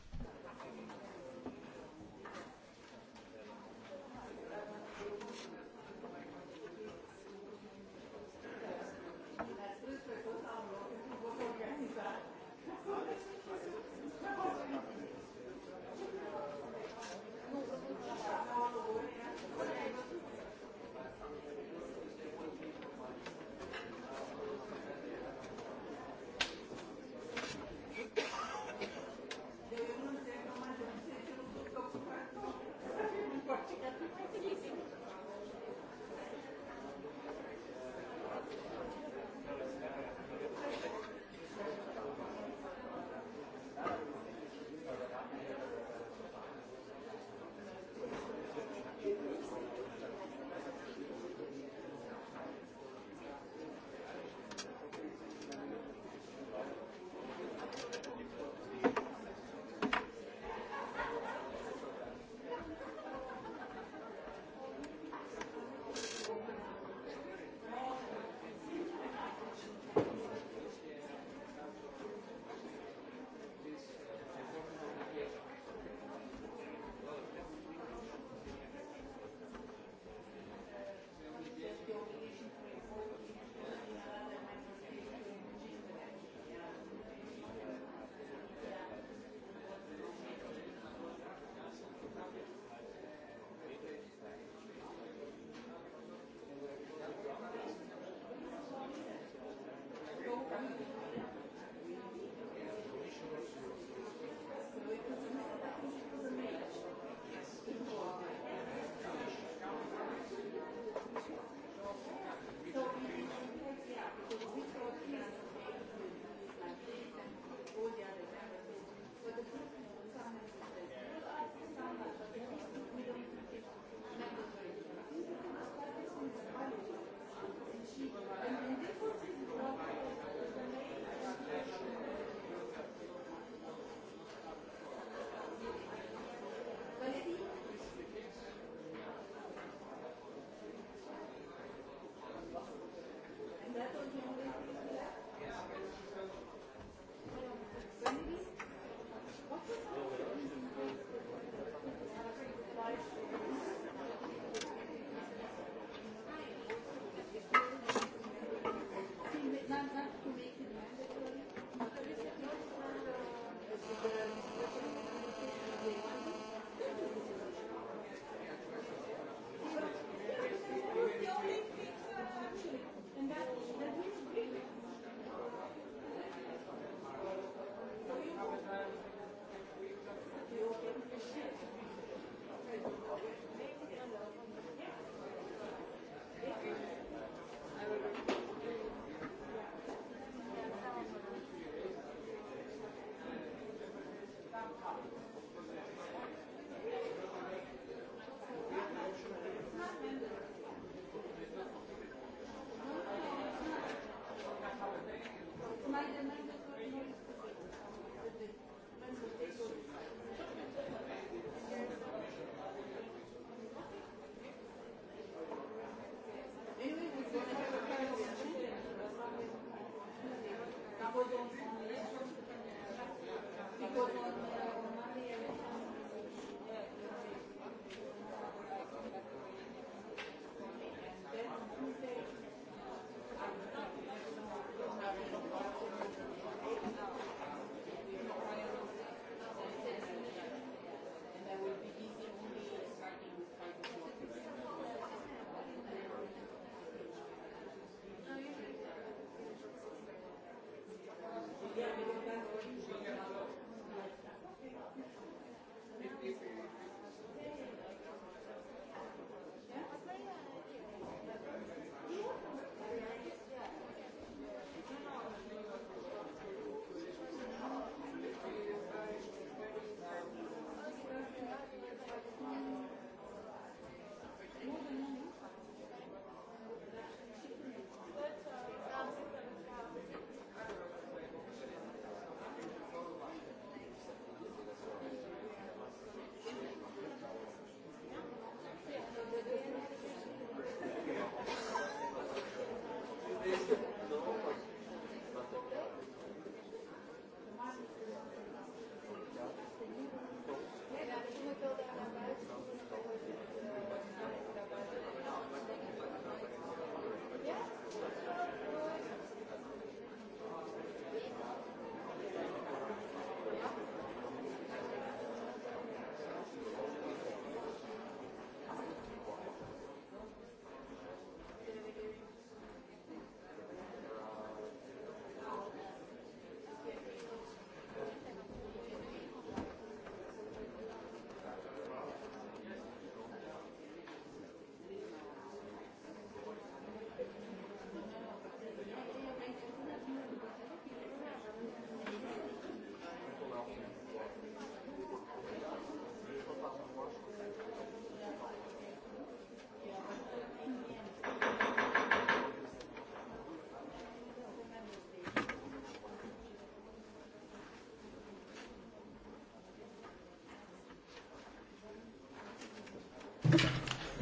mindig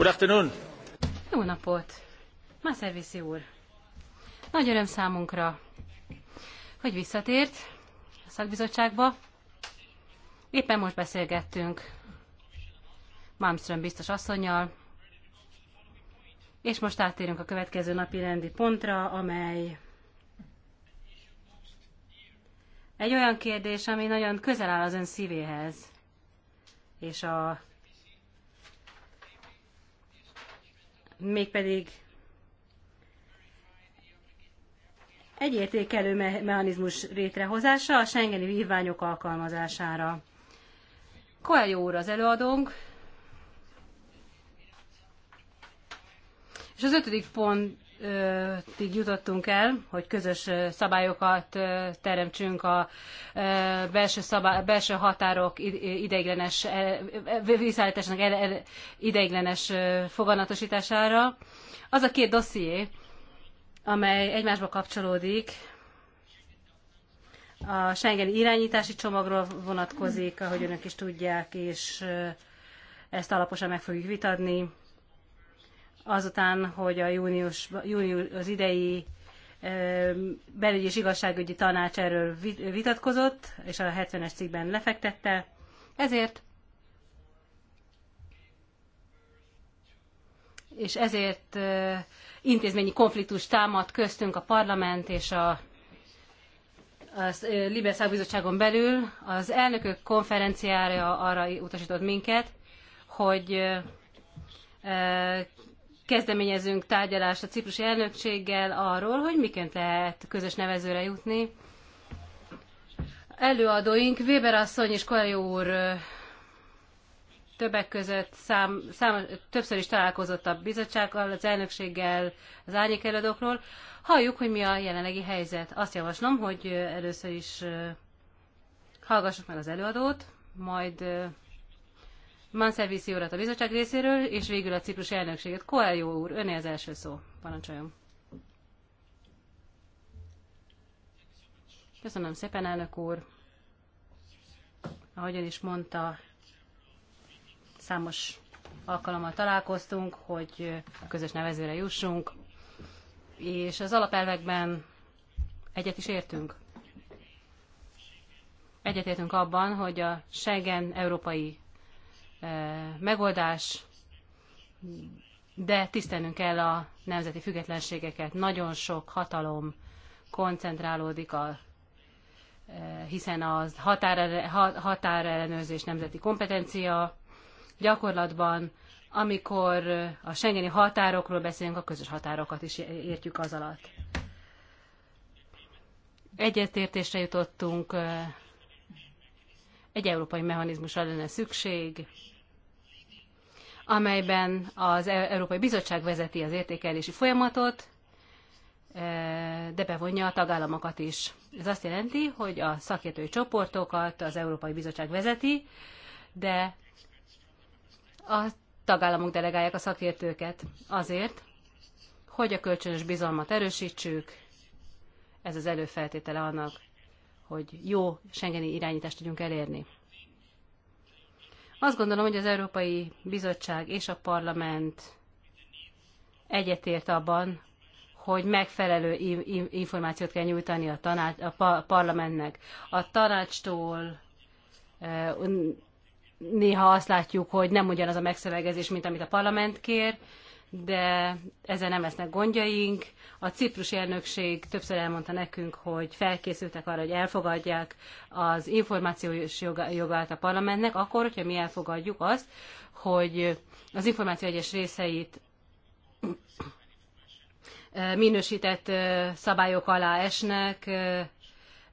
Good afternoon. Jó napot! Maszervisi úr! Nagy öröm számunkra, hogy visszatért a szakbizottságba. Éppen most beszélgettünk Malmström biztos asszonyjal, és most áttérünk a következő napi rendi pontra, amely egy olyan kérdés, ami nagyon közel áll az ön szívéhez, és a mégpedig egy értékelő mechanizmus létrehozása a Schengeni vívványok alkalmazására. jó úr az előadónk, és az ötödik pont jutottunk el, hogy közös szabályokat teremtsünk a belső, szabály, belső határok ideiglenes, e, visszállításnak e, e, ideiglenes foganatosítására. Az a két dosszié, amely egymásba kapcsolódik, a Schengen irányítási csomagról vonatkozik, ahogy önök is tudják, és ezt alaposan meg fogjuk vitatni azután, hogy a június, június az idei belügyi és igazságügyi tanács erről vitatkozott, és a 70-es cikkben lefektette. Ezért és ezért intézményi konfliktus támad köztünk a parlament és a, a Libe Bizottságon belül. Az elnökök konferenciája arra utasított minket, hogy kezdeményezünk tárgyalást a ciprusi elnökséggel arról, hogy miként lehet közös nevezőre jutni. Előadóink Weber asszony és Koelyó úr többek között szám, szám, többször is találkozott a bizottsággal, az elnökséggel, az árnyék előadókról. Halljuk, hogy mi a jelenlegi helyzet. Azt javaslom, hogy először is hallgassuk meg az előadót, majd Manszervisi urat a bizottság részéről, és végül a ciprus elnökséget. Koeljó úr, öné az első szó. Parancsoljon. Köszönöm szépen, elnök úr. Ahogyan is mondta, számos alkalommal találkoztunk, hogy a közös nevezőre jussunk, és az alapelvekben egyet is értünk. Egyetértünk abban, hogy a Schengen európai megoldás, de tisztelnünk kell a nemzeti függetlenségeket. Nagyon sok hatalom koncentrálódik a hiszen a határele, határellenőrzés nemzeti kompetencia. Gyakorlatban, amikor a Schengeni határokról beszélünk, a közös határokat is értjük az alatt. Egyetértésre jutottunk egy európai mechanizmusra lenne szükség, amelyben az e- Európai Bizottság vezeti az értékelési folyamatot, e, de bevonja a tagállamokat is. Ez azt jelenti, hogy a szakértői csoportokat az Európai Bizottság vezeti, de a tagállamok delegálják a szakértőket azért, hogy a kölcsönös bizalmat erősítsük, ez az előfeltétele annak, hogy jó Schengeni irányítást tudjunk elérni. Azt gondolom, hogy az Európai Bizottság és a Parlament egyetért abban, hogy megfelelő információt kell nyújtani a, tanács, a parlamentnek. A tanácstól e, néha azt látjuk, hogy nem ugyanaz a megszövegezés, mint amit a parlament kér, de ezzel nem lesznek gondjaink. A ciprusi elnökség többször elmondta nekünk, hogy felkészültek arra, hogy elfogadják az információs jogát a parlamentnek, akkor, hogyha mi elfogadjuk azt, hogy az információ egyes részeit minősített szabályok alá esnek,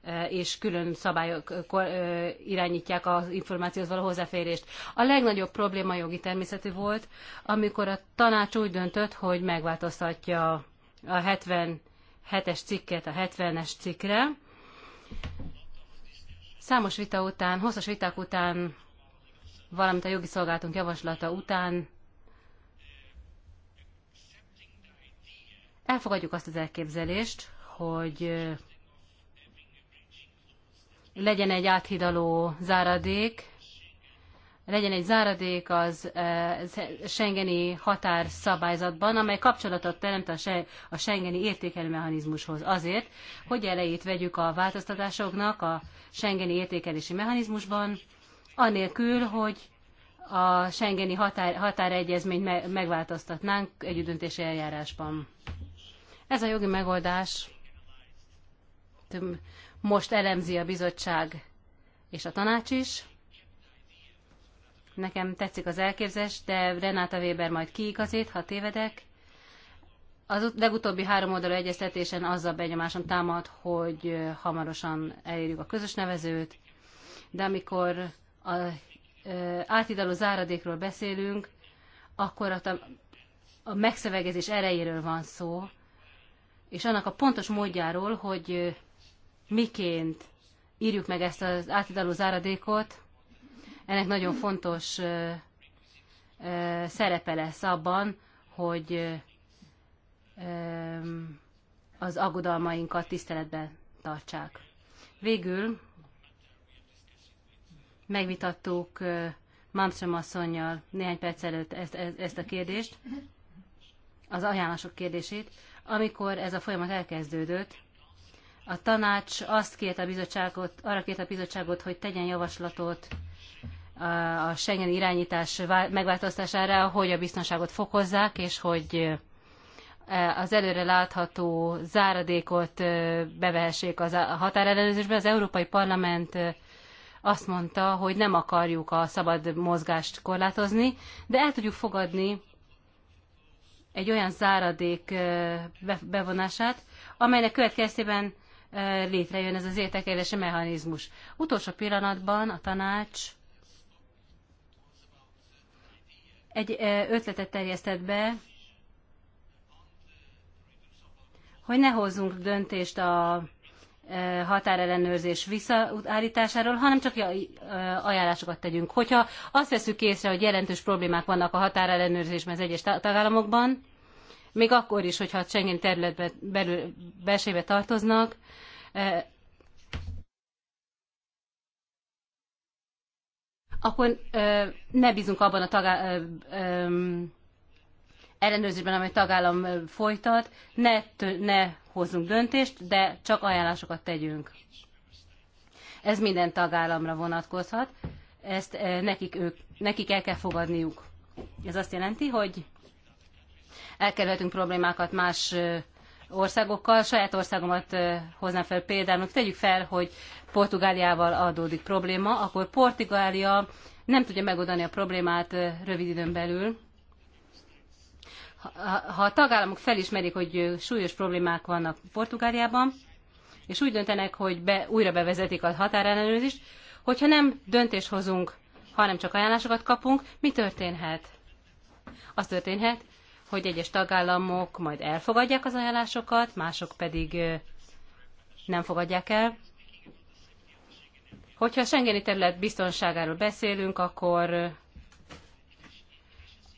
Eh, és külön szabályok eh, eh, irányítják az információhoz való hozzáférést. A legnagyobb probléma jogi természetű volt, amikor a tanács úgy döntött, hogy megváltoztatja a 77-es cikket a 70-es cikkre. Számos vita után, hosszas viták után, valamint a jogi szolgálatunk javaslata után elfogadjuk azt az elképzelést, hogy legyen egy áthidaló záradék, legyen egy záradék az e, Schengeni határszabályzatban, amely kapcsolatot teremt a Schengeni értékelő mechanizmushoz azért, hogy elejét vegyük a változtatásoknak a Schengeni értékelési mechanizmusban, anélkül, hogy a Schengeni határ, határegyezményt megváltoztatnánk együttdöntési eljárásban. Ez a jogi megoldás most elemzi a bizottság és a tanács is. Nekem tetszik az elképzelés, de Renáta Weber majd kiigazít, ha tévedek. Az legutóbbi három oldalú egyeztetésen az a benyomásom támad, hogy hamarosan elérjük a közös nevezőt, de amikor a átidaló záradékról beszélünk, akkor a, a megszövegezés erejéről van szó, és annak a pontos módjáról, hogy miként írjuk meg ezt az átidaló záradékot, ennek nagyon fontos szerepe lesz abban, hogy az aggodalmainkat tiszteletben tartsák. Végül megvitattuk Malmström asszonynal néhány perc előtt ezt, ezt a kérdést, az ajánlások kérdését. Amikor ez a folyamat elkezdődött, a tanács azt kérte a bizottságot, arra kérte a bizottságot, hogy tegyen javaslatot a Schengen irányítás megváltoztására, hogy a biztonságot fokozzák, és hogy e, az előre látható záradékot e, bevehessék az a határellenőrzésbe. Az Európai Parlament e, azt mondta, hogy nem akarjuk a szabad mozgást korlátozni, de el tudjuk fogadni egy olyan záradék bevonását, amelynek következtében létrejön ez az értekelési mechanizmus. Utolsó pillanatban a tanács egy ötletet terjesztett be, hogy ne hozzunk döntést a határellenőrzés visszaállításáról, hanem csak ajánlásokat tegyünk. Hogyha azt veszük észre, hogy jelentős problémák vannak a határellenőrzésben az egyes tagállamokban, még akkor is, hogyha a Schengen területbe belül, belsébe tartoznak, eh, akkor eh, ne bízunk abban a tagá, eh, ellenőrzésben, amely tagállam folytat, ne, ne hozzunk döntést, de csak ajánlásokat tegyünk. Ez minden tagállamra vonatkozhat, ezt nekik, ők, nekik el kell fogadniuk. Ez azt jelenti, hogy elkerülhetünk problémákat más országokkal. Saját országomat hoznám fel például, tegyük fel, hogy Portugáliával adódik probléma, akkor Portugália nem tudja megoldani a problémát rövid időn belül. Ha a tagállamok felismerik, hogy súlyos problémák vannak Portugáliában, és úgy döntenek, hogy be, újra bevezetik a határellenőrzést, hogyha nem döntés hozunk, hanem csak ajánlásokat kapunk, mi történhet? Az történhet, hogy egyes tagállamok majd elfogadják az ajánlásokat, mások pedig nem fogadják el. Hogyha a Schengeni terület biztonságáról beszélünk, akkor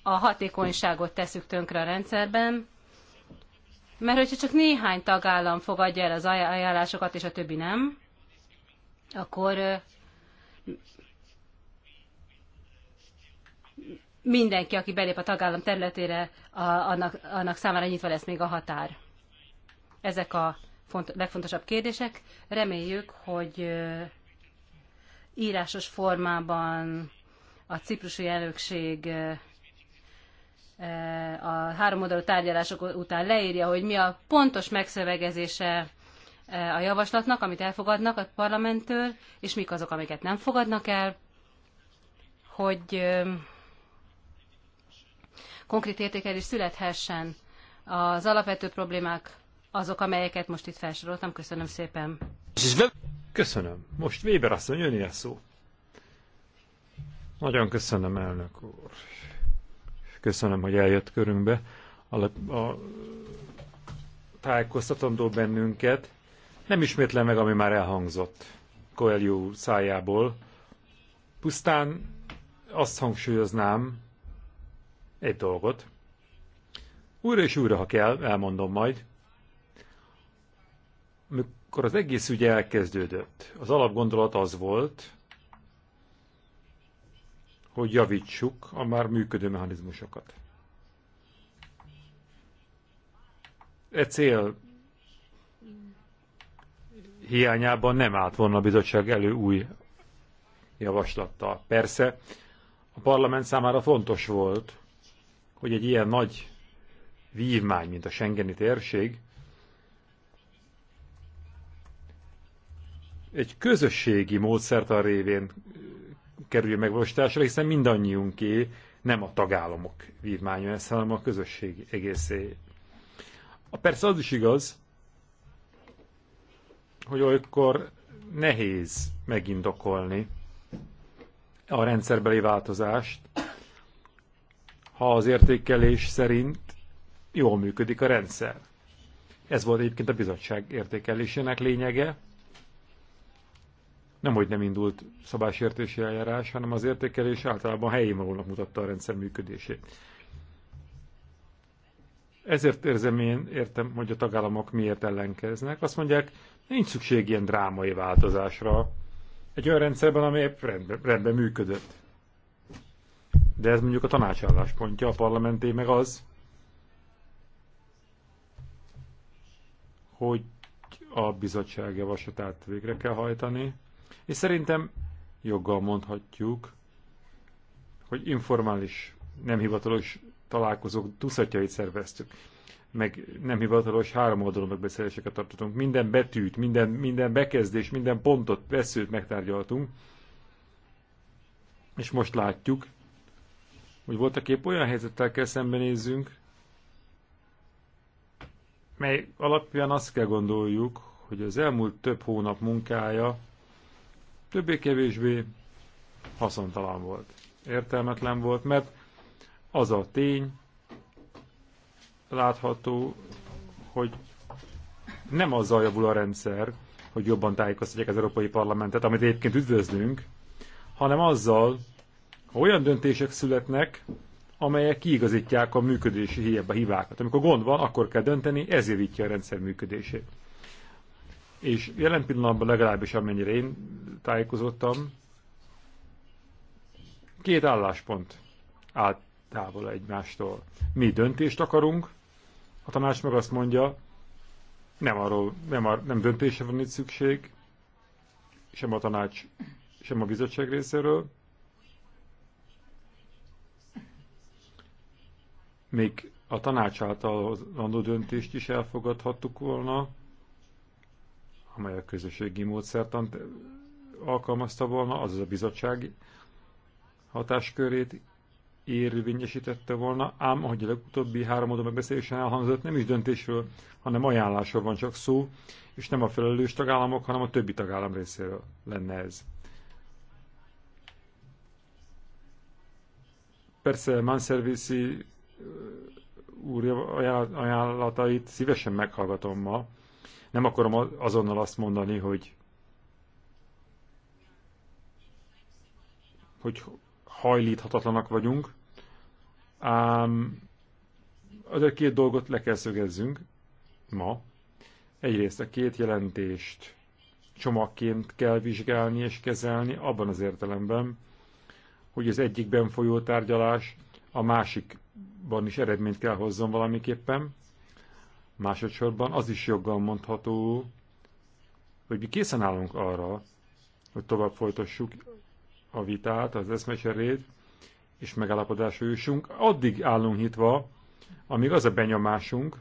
a hatékonyságot tesszük tönkre a rendszerben, mert hogyha csak néhány tagállam fogadja el az ajánlásokat, és a többi nem, akkor mindenki, aki belép a tagállam területére, annak, annak számára nyitva lesz még a határ. Ezek a font, legfontosabb kérdések. Reméljük, hogy írásos formában a ciprusi elnökség a három oldalú tárgyalások után leírja, hogy mi a pontos megszövegezése a javaslatnak, amit elfogadnak a parlamenttől, és mik azok, amiket nem fogadnak el, hogy konkrét értékelés születhessen. Az alapvető problémák azok, amelyeket most itt felsoroltam. Köszönöm szépen. Köszönöm. Most Weber asszony, jönni a szó. Nagyon köszönöm, elnök úr. Köszönöm, hogy eljött körünkbe. A, a tájékoztatandó bennünket. Nem ismétlem meg, ami már elhangzott Coelho szájából. Pusztán azt hangsúlyoznám, egy dolgot. Újra és újra, ha kell, elmondom majd. Amikor az egész ügy elkezdődött, az alapgondolat az volt, hogy javítsuk a már működő mechanizmusokat. E cél hiányában nem állt volna a bizottság elő új javaslattal. Persze a parlament számára fontos volt, hogy egy ilyen nagy vívmány, mint a Schengeni térség, egy közösségi módszertan révén kerüljön megvalósításra, hiszen mindannyiunké nem a tagállamok vívmánya ez, hanem a közösség egészé. A persze az is igaz, hogy olykor nehéz megindokolni a rendszerbeli változást, ha az értékelés szerint jól működik a rendszer. Ez volt egyébként a bizottság értékelésének lényege. Nem, hogy nem indult szabásértési eljárás, hanem az értékelés általában helyi magónak mutatta a rendszer működését. Ezért érzem én, értem, hogy a tagállamok miért ellenkeznek. Azt mondják, nincs szükség ilyen drámai változásra egy olyan rendszerben, ami rendben, rendben működött. De ez mondjuk a tanács álláspontja, a parlamenté meg az, hogy a bizottság javaslatát végre kell hajtani, és szerintem joggal mondhatjuk, hogy informális, nem hivatalos találkozók duszatjait szerveztük, meg nem hivatalos három oldalon megbeszéléseket tartottunk, minden betűt, minden, minden bekezdés, minden pontot, veszőt megtárgyaltunk, és most látjuk, hogy voltak épp olyan helyzettel kell szembenézzünk, mely alapján azt kell gondoljuk, hogy az elmúlt több hónap munkája többé-kevésbé haszontalan volt, értelmetlen volt, mert az a tény látható, hogy nem azzal javul a rendszer, hogy jobban tájékoztatják az Európai Parlamentet, amit egyébként üdvözlünk, hanem azzal, ha olyan döntések születnek, amelyek kiigazítják a működési hiába hibákat. Amikor gond van, akkor kell dönteni, ez javítja a rendszer működését. És jelen pillanatban legalábbis amennyire én tájékozottam, két álláspont állt távol egymástól. Mi döntést akarunk, a tanács meg azt mondja, nem, arról, nem, ar, nem döntése van itt szükség, sem a tanács, sem a bizottság részéről, még a tanács által adó döntést is elfogadhattuk volna, amely a közösségi módszertant alkalmazta volna, azaz a bizottság hatáskörét érvényesítette volna, ám ahogy a legutóbbi három oda megbeszélésen elhangzott, nem is döntésről, hanem ajánlásról van csak szó, és nem a felelős tagállamok, hanem a többi tagállam részéről lenne ez. Persze Manservisi úr ajánlatait szívesen meghallgatom ma. Nem akarom azonnal azt mondani, hogy hogy hajlíthatatlanak vagyunk, ám azért két dolgot le kell szögezzünk ma. Egyrészt a két jelentést csomagként kell vizsgálni és kezelni, abban az értelemben, hogy az egyikben folyó tárgyalás a másik van is eredményt kell hozzon valamiképpen. Másodszorban az is joggal mondható, hogy mi készen állunk arra, hogy tovább folytassuk a vitát, az eszmecserét, és megállapodásra jussunk. Addig állunk hitva, amíg az a benyomásunk,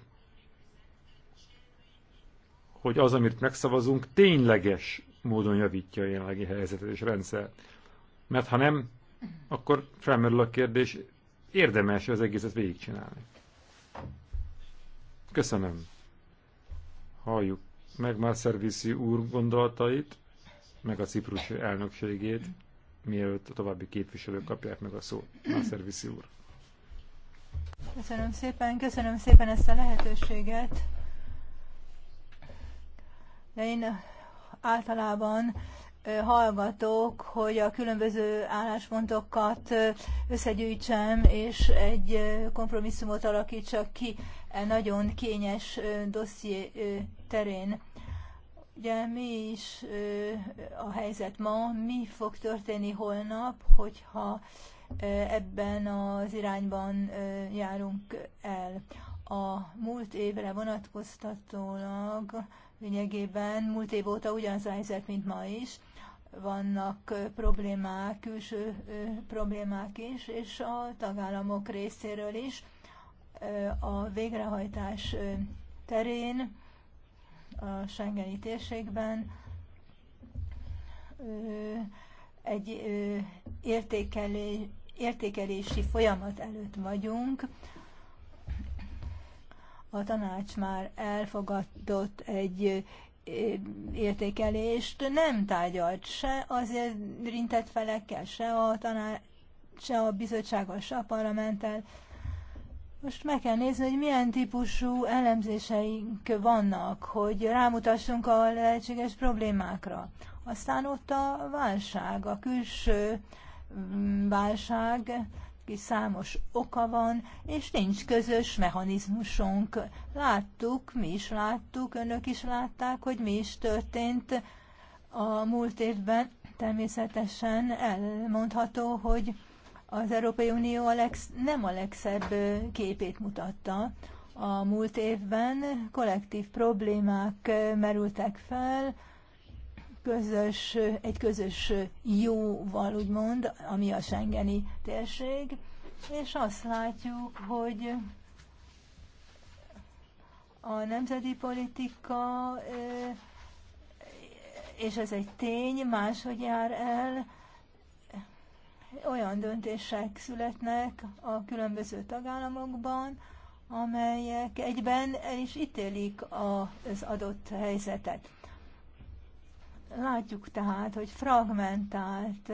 hogy az, amit megszavazunk, tényleges módon javítja a jelenlegi helyzetet és rendszert. Mert ha nem, akkor felmerül a kérdés, érdemes az egészet végigcsinálni. Köszönöm. Halljuk meg már Szerviszi úr gondolatait, meg a Ciprus elnökségét, mielőtt a további képviselők kapják meg a szót. Már Szerviszi úr. Köszönöm szépen, köszönöm szépen ezt a lehetőséget. De én általában hallgatók, hogy a különböző álláspontokat összegyűjtsem, és egy kompromisszumot alakítsak ki e nagyon kényes dosszié terén. Ugye mi is a helyzet ma, mi fog történni holnap, hogyha ebben az irányban járunk el. A múlt évre vonatkoztatólag lényegében múlt év óta ugyanaz a helyzet, mint ma is vannak problémák, külső problémák is, és a tagállamok részéről is a végrehajtás terén, a Schengeni térségben egy értékelési folyamat előtt vagyunk. A tanács már elfogadott egy értékelést nem tárgyalt se az érintett felekkel, se a tanár, se a bizottsággal, se a parlamenttel. Most meg kell nézni, hogy milyen típusú elemzéseink vannak, hogy rámutassunk a lehetséges problémákra. Aztán ott a válság, a külső mm, válság, számos oka van, és nincs közös mechanizmusunk. Láttuk, mi is láttuk, önök is látták, hogy mi is történt a múlt évben. Természetesen elmondható, hogy az Európai Unió a leg, nem a legszebb képét mutatta. A múlt évben kollektív problémák merültek fel, közös, egy közös jóval, úgymond, ami a Schengeni térség, és azt látjuk, hogy a nemzeti politika, és ez egy tény, máshogy jár el, olyan döntések születnek a különböző tagállamokban, amelyek egyben el is ítélik az adott helyzetet. Látjuk tehát, hogy fragmentált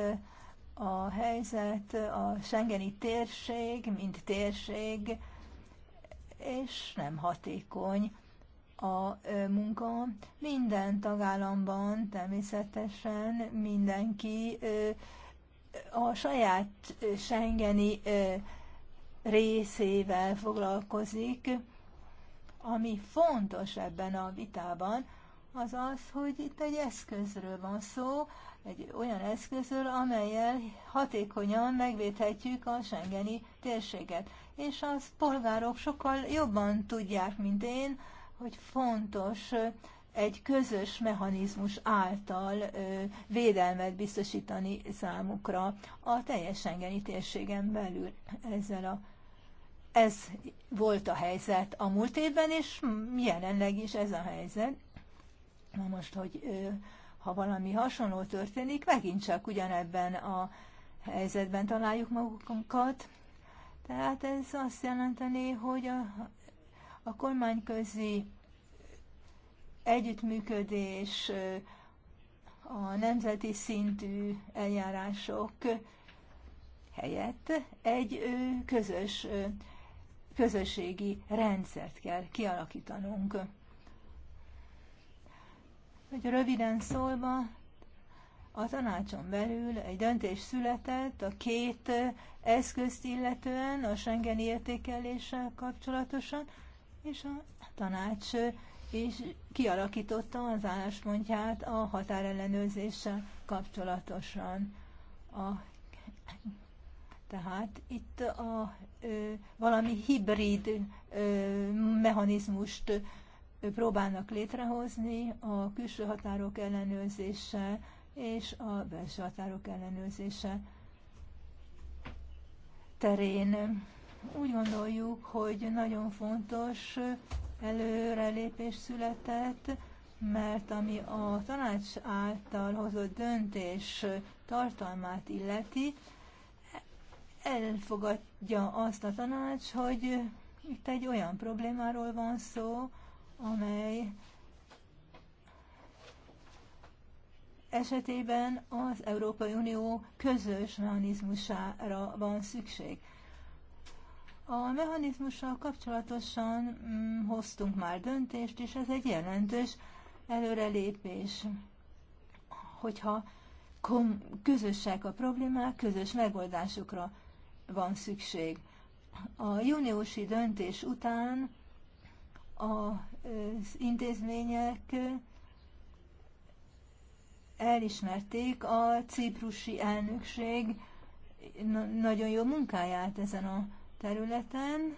a helyzet, a Schengeni térség, mint térség, és nem hatékony a munka. Minden tagállamban természetesen mindenki a saját Schengeni részével foglalkozik, ami fontos ebben a vitában, az az, hogy itt egy eszközről van szó, egy olyan eszközről, amelyel hatékonyan megvédhetjük a Schengeni térséget. És az polgárok sokkal jobban tudják, mint én, hogy fontos egy közös mechanizmus által védelmet biztosítani számukra a teljes Schengeni térségen belül ezzel a ez volt a helyzet a múlt évben, és jelenleg is ez a helyzet. Na most, hogy ha valami hasonló történik, megint csak ugyanebben a helyzetben találjuk magunkat. Tehát ez azt jelenteni, hogy a, a kormányközi együttműködés, a nemzeti szintű eljárások helyett egy közös, közösségi rendszert kell kialakítanunk. Hogy röviden szólva, a tanácson belül egy döntés született a két eszközt illetően, a Schengeni értékeléssel kapcsolatosan, és a tanács és kialakította az álláspontját a határellenőrzéssel kapcsolatosan. A, tehát itt a, ö, valami hibrid ö, mechanizmust próbálnak létrehozni a külső határok ellenőrzése és a belső határok ellenőrzése terén. Úgy gondoljuk, hogy nagyon fontos előrelépés született, mert ami a tanács által hozott döntés tartalmát illeti, elfogadja azt a tanács, hogy itt egy olyan problémáról van szó, amely esetében az Európai Unió közös mechanizmusára van szükség. A mechanizmussal kapcsolatosan mm, hoztunk már döntést, és ez egy jelentős előrelépés. Hogyha közösség a problémák, közös megoldásokra van szükség. A júniusi döntés után a intézmények elismerték a ciprusi elnökség nagyon jó munkáját ezen a területen,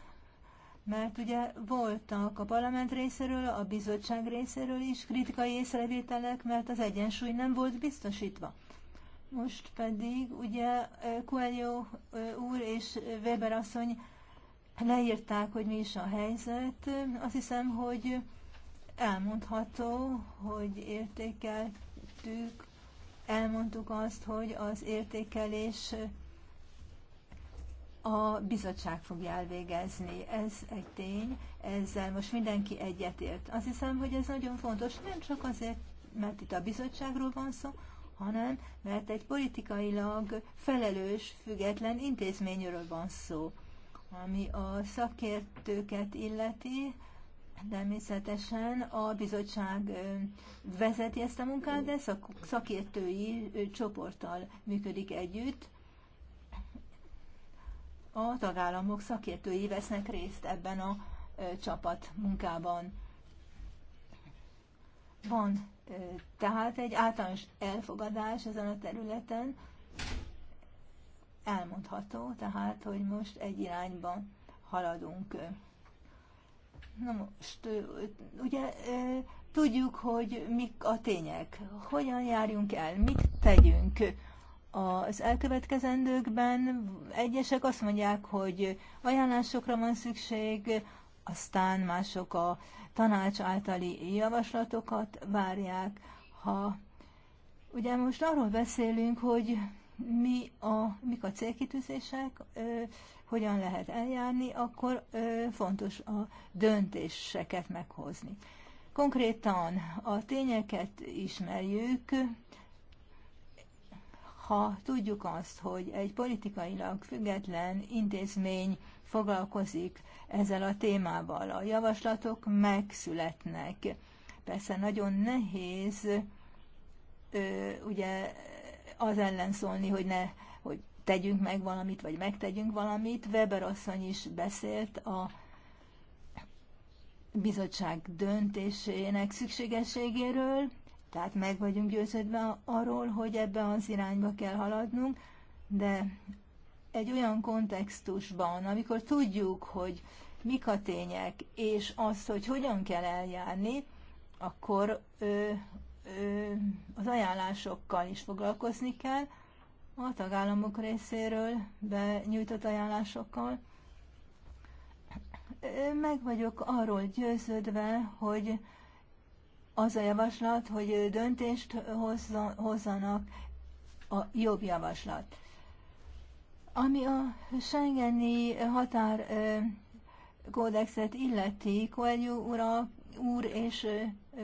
mert ugye voltak a parlament részéről, a bizottság részéről is kritikai észrevételek, mert az egyensúly nem volt biztosítva. Most pedig ugye Coelho úr és Weber asszony leírták, hogy mi is a helyzet. Azt hiszem, hogy elmondható, hogy értékeltük, elmondtuk azt, hogy az értékelés a bizottság fogja elvégezni. Ez egy tény, ezzel most mindenki egyetért. Azt hiszem, hogy ez nagyon fontos, nem csak azért, mert itt a bizottságról van szó, hanem mert egy politikailag felelős, független intézményről van szó. Ami a szakértőket illeti, természetesen a bizottság vezeti ezt a munkát, de szak, szakértői csoporttal működik együtt. A tagállamok szakértői vesznek részt ebben a csapat munkában. Van tehát egy általános elfogadás ezen a területen, elmondható, tehát, hogy most egy irányban haladunk. Na most, ugye tudjuk, hogy mik a tények, hogyan járjunk el, mit tegyünk. Az elkövetkezendőkben egyesek azt mondják, hogy ajánlásokra van szükség, aztán mások a tanács általi javaslatokat várják. Ha ugye most arról beszélünk, hogy mi a, mik a célkitűzések, hogyan lehet eljárni, akkor fontos a döntéseket meghozni. Konkrétan a tényeket ismerjük, ha tudjuk azt, hogy egy politikailag független intézmény foglalkozik ezzel a témával, a javaslatok megszületnek. Persze nagyon nehéz ugye az ellen szólni, hogy ne, hogy tegyünk meg valamit, vagy megtegyünk valamit. Weber asszony is beszélt a bizottság döntésének szükségességéről, tehát meg vagyunk győződve arról, hogy ebbe az irányba kell haladnunk, de egy olyan kontextusban, amikor tudjuk, hogy mik a tények, és az, hogy hogyan kell eljárni, akkor ö, az ajánlásokkal is foglalkozni kell, a tagállamok részéről benyújtott ajánlásokkal. Meg vagyok arról győződve, hogy az a javaslat, hogy döntést hozzanak, a jobb javaslat. Ami a Schengeni határ kódexet illeti, Koelyó ura úr és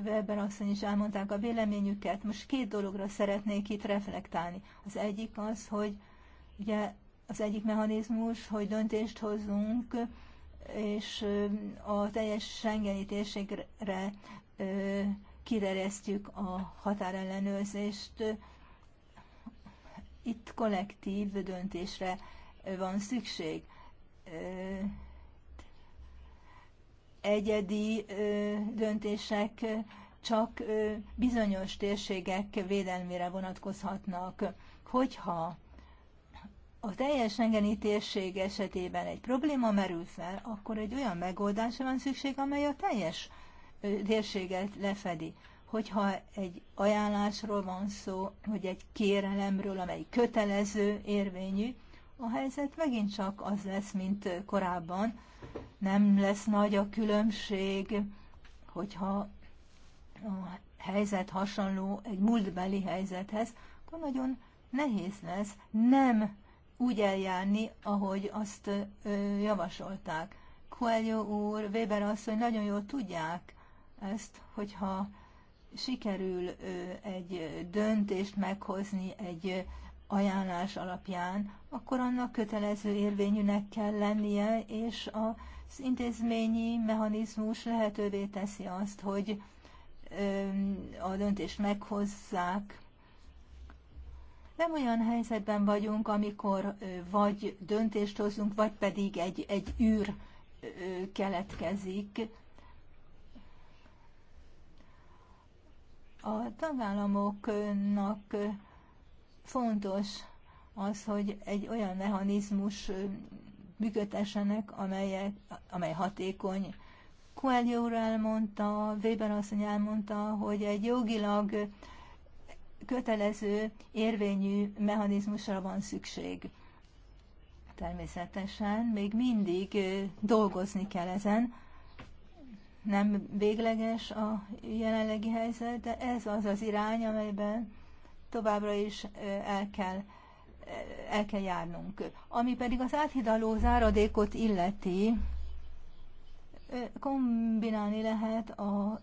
Weber asszony is elmondták a véleményüket. Most két dologra szeretnék itt reflektálni. Az egyik az, hogy ugye az egyik mechanizmus, hogy döntést hozzunk, és a teljes Schengeni térségre kiderjesztjük a határellenőrzést. Itt kollektív döntésre van szükség egyedi döntések csak bizonyos térségek védelmére vonatkozhatnak. Hogyha a teljes engeni térség esetében egy probléma merül fel, akkor egy olyan megoldásra van szükség, amely a teljes térséget lefedi. Hogyha egy ajánlásról van szó, hogy egy kérelemről, amely kötelező, érvényű, a helyzet megint csak az lesz, mint korábban, nem lesz nagy a különbség, hogyha a helyzet hasonló egy múltbeli helyzethez, akkor nagyon nehéz lesz nem úgy eljárni, ahogy azt ö, javasolták. Coelho úr, Weber asszony nagyon jól tudják ezt, hogyha sikerül egy döntést meghozni egy ajánlás alapján, akkor annak kötelező érvényűnek kell lennie, és a az intézményi mechanizmus lehetővé teszi azt, hogy a döntést meghozzák. Nem olyan helyzetben vagyunk, amikor vagy döntést hozunk, vagy pedig egy, egy űr keletkezik. A tagállamoknak fontos az, hogy egy olyan mechanizmus működtessenek, amelyek, amely hatékony. Coelho úr elmondta, Weber asszony elmondta, hogy egy jogilag kötelező, érvényű mechanizmusra van szükség. Természetesen még mindig dolgozni kell ezen. Nem végleges a jelenlegi helyzet, de ez az az irány, amelyben továbbra is el kell el kell járnunk. Ami pedig az áthidaló záradékot illeti, kombinálni lehet a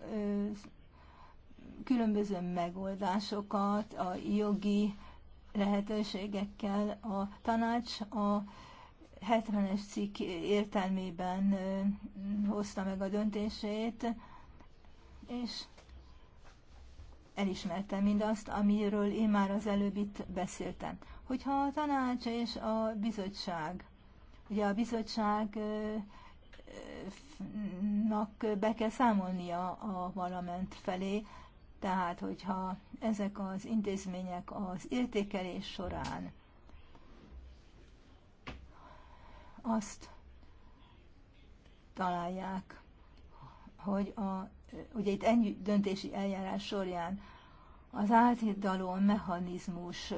különböző megoldásokat, a jogi lehetőségekkel a tanács a 70-es cikk értelmében hozta meg a döntését, és elismerte mindazt, amiről én már az előbb itt beszéltem. Hogyha a tanács és a bizottság, ugye a bizottságnak be kell számolnia a parlament felé, tehát hogyha ezek az intézmények az értékelés során azt találják, hogy a, ugye itt ennyi döntési eljárás során az átidaló mechanizmus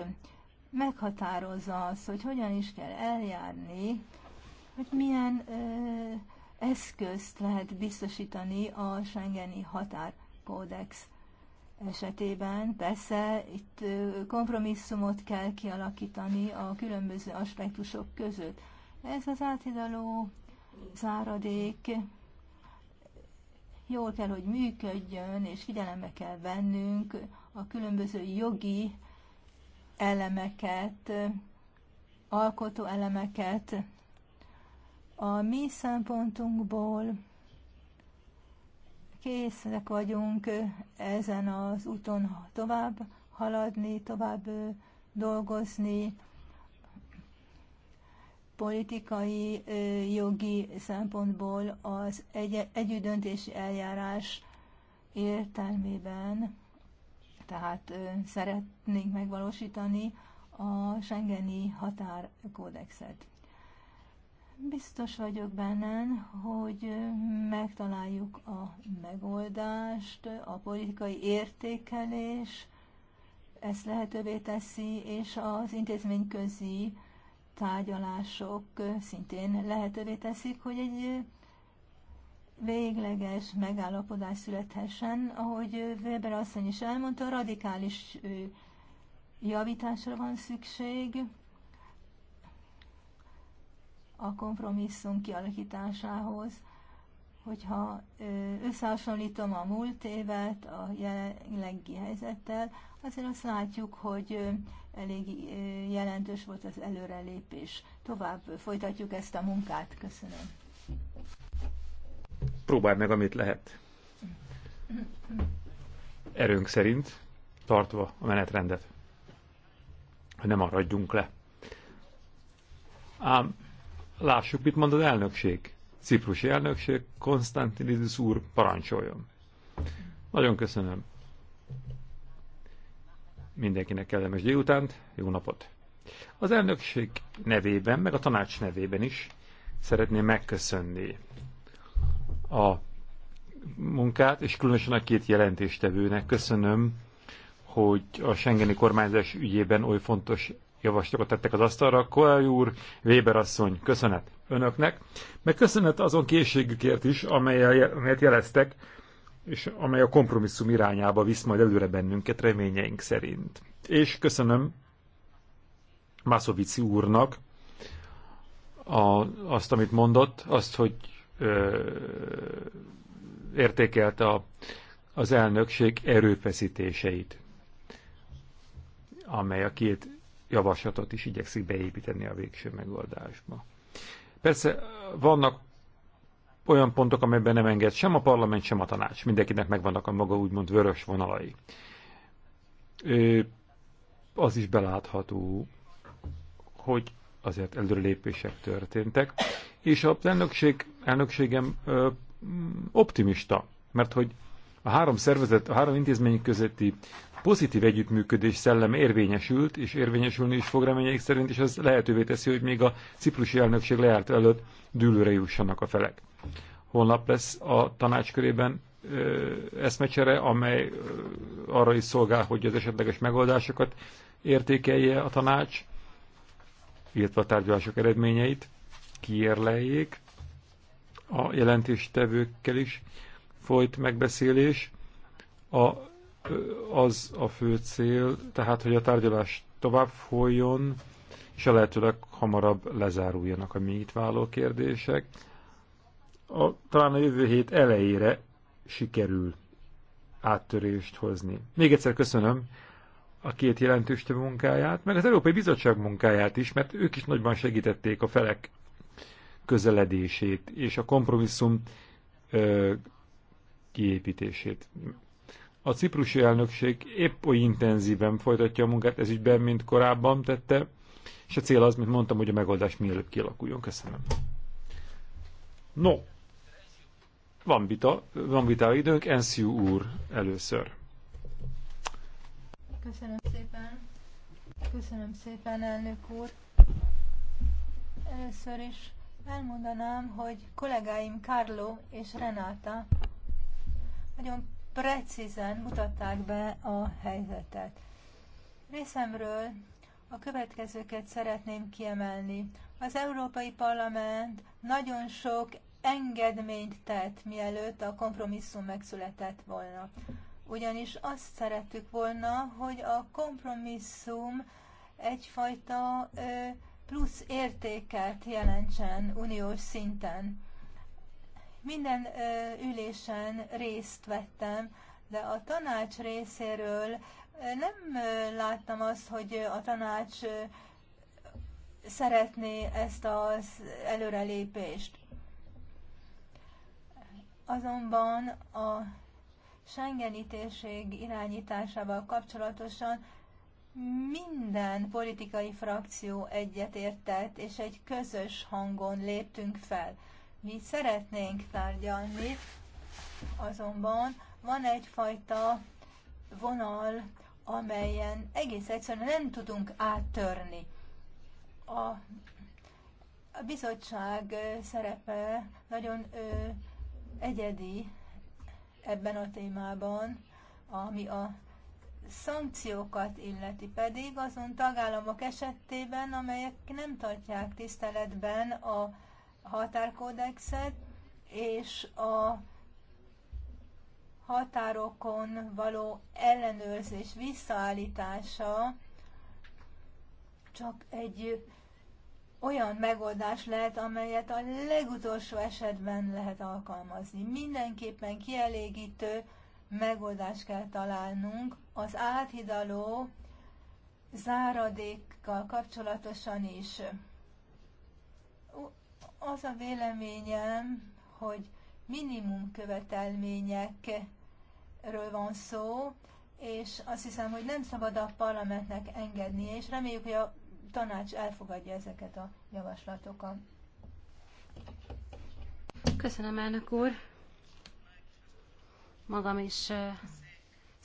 meghatározza az, hogy hogyan is kell eljárni, hogy milyen ö, eszközt lehet biztosítani a Schengeni határkódex esetében. Persze itt kompromisszumot kell kialakítani a különböző aspektusok között. Ez az áthidaló záradék jól kell, hogy működjön, és figyelembe kell vennünk a különböző jogi elemeket, alkotó elemeket. A mi szempontunkból készek vagyunk ezen az úton tovább haladni, tovább dolgozni, politikai, jogi szempontból az egy, együttdöntési eljárás értelmében tehát szeretnénk megvalósítani a Schengeni határkódexet. Biztos vagyok benne, hogy megtaláljuk a megoldást, a politikai értékelés ezt lehetővé teszi, és az intézményközi tárgyalások szintén lehetővé teszik, hogy egy végleges megállapodás születhessen, ahogy Weber asszony is elmondta, radikális javításra van szükség a kompromisszum kialakításához, hogyha összehasonlítom a múlt évet a jelenlegi helyzettel, azért azt látjuk, hogy elég jelentős volt az előrelépés. Tovább folytatjuk ezt a munkát. Köszönöm próbálj meg, amit lehet. Erőnk szerint tartva a menetrendet, hogy nem maradjunk le. Ám lássuk, mit mond az elnökség. Ciprusi elnökség, Konstantinidis úr parancsoljon. Nagyon köszönöm. Mindenkinek kellemes délutánt, jó napot! Az elnökség nevében, meg a tanács nevében is szeretném megköszönni a munkát, és különösen a két jelentéstevőnek köszönöm, hogy a Schengeni kormányzás ügyében oly fontos javaslatokat tettek az asztalra. Koelj úr, Weber asszony, köszönet önöknek, meg köszönet azon készségükért is, amelyet jeleztek, és amely a kompromisszum irányába visz majd előre bennünket reményeink szerint. És köszönöm Mászovici úrnak a, azt, amit mondott, azt, hogy ö, értékelte a, az elnökség erőfeszítéseit, amely a két javaslatot is igyekszik beépíteni a végső megoldásba. Persze vannak olyan pontok, amelyben nem enged sem a parlament, sem a tanács. Mindenkinek megvannak a maga úgymond vörös vonalai. Ö, az is belátható, hogy azért előrelépések történtek és a elnökség, elnökségem ö, optimista, mert hogy a három szervezet, a három intézmény közötti pozitív együttműködés szellem érvényesült, és érvényesülni is fog reményeik szerint, és ez lehetővé teszi, hogy még a ciprusi elnökség lejárt előtt dűlőre jussanak a felek. Holnap lesz a tanács körében eszmecsere, amely ö, arra is szolgál, hogy az esetleges megoldásokat értékelje a tanács, illetve a tárgyalások eredményeit kiérleljék. A jelentéstevőkkel is folyt megbeszélés. A, az a fő cél, tehát hogy a tárgyalás tovább folyjon, és a lehetőleg hamarabb lezáruljanak a mi itt váló kérdések. A, talán a jövő hét elejére sikerül áttörést hozni. Még egyszer köszönöm a két jelentős munkáját, meg az Európai Bizottság munkáját is, mert ők is nagyban segítették a felek közeledését és a kompromisszum ö, kiépítését. A ciprusi elnökség épp oly intenzíven folytatja a munkát ez ügyben, mint korábban tette, és a cél az, mint mondtam, hogy a megoldás mielőbb kialakuljon. Köszönöm. No, van, vita, van vita időnk, Ensiu úr először. Köszönöm szépen. Köszönöm szépen, elnök úr. Először is elmondanám, hogy kollégáim Carlo és Renata nagyon precízen mutatták be a helyzetet. Részemről a következőket szeretném kiemelni. Az Európai Parlament nagyon sok engedményt tett, mielőtt a kompromisszum megszületett volna. Ugyanis azt szerettük volna, hogy a kompromisszum egyfajta ö, plusz értéket jelentsen uniós szinten. Minden ülésen részt vettem, de a tanács részéről nem láttam azt, hogy a tanács szeretné ezt az előrelépést. Azonban a Schengeni térség irányításával kapcsolatosan minden politikai frakció egyetértett, és egy közös hangon léptünk fel. Mi szeretnénk tárgyalni, azonban van egyfajta vonal, amelyen egész egyszerűen nem tudunk áttörni. A, a bizottság szerepe nagyon ö, egyedi ebben a témában, ami a szankciókat illeti pedig azon tagállamok esetében, amelyek nem tartják tiszteletben a határkódexet és a határokon való ellenőrzés visszaállítása csak egy olyan megoldás lehet, amelyet a legutolsó esetben lehet alkalmazni. Mindenképpen kielégítő megoldást kell találnunk az áthidaló záradékkal kapcsolatosan is. Az a véleményem, hogy minimum követelményekről van szó, és azt hiszem, hogy nem szabad a parlamentnek engedni, és reméljük, hogy a tanács elfogadja ezeket a javaslatokat. Köszönöm, elnök úr! Magam is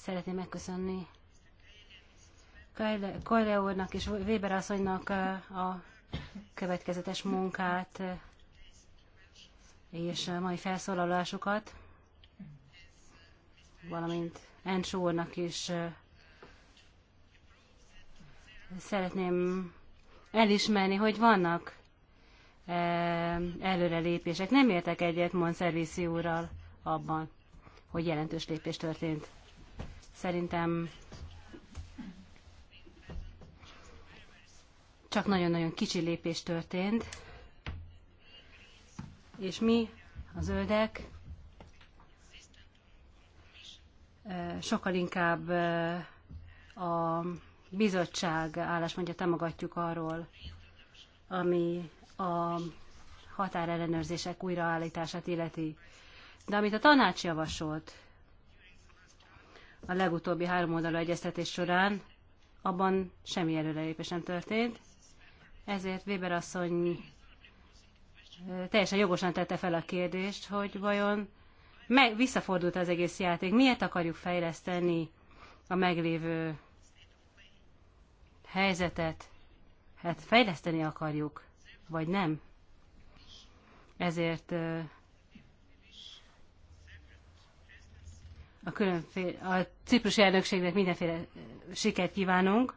Szeretném megköszönni Kajle úrnak és Weber asszonynak a következetes munkát és a mai felszólalásukat, valamint Encs úrnak is szeretném elismerni, hogy vannak előrelépések. Nem értek egyet Monszervisi úrral abban, hogy jelentős lépés történt. Szerintem csak nagyon-nagyon kicsi lépés történt, és mi, a zöldek, sokkal inkább a bizottság álláspontja támogatjuk arról, ami a határellenőrzések újraállítását illeti. De amit a tanács javasolt, a legutóbbi három oldalú egyeztetés során, abban semmi előrelépés nem történt. Ezért Weber asszony teljesen jogosan tette fel a kérdést, hogy vajon meg, visszafordult az egész játék. Miért akarjuk fejleszteni a meglévő helyzetet? Hát fejleszteni akarjuk, vagy nem? Ezért a, különféle, a ciprusi elnökségnek mindenféle sikert kívánunk,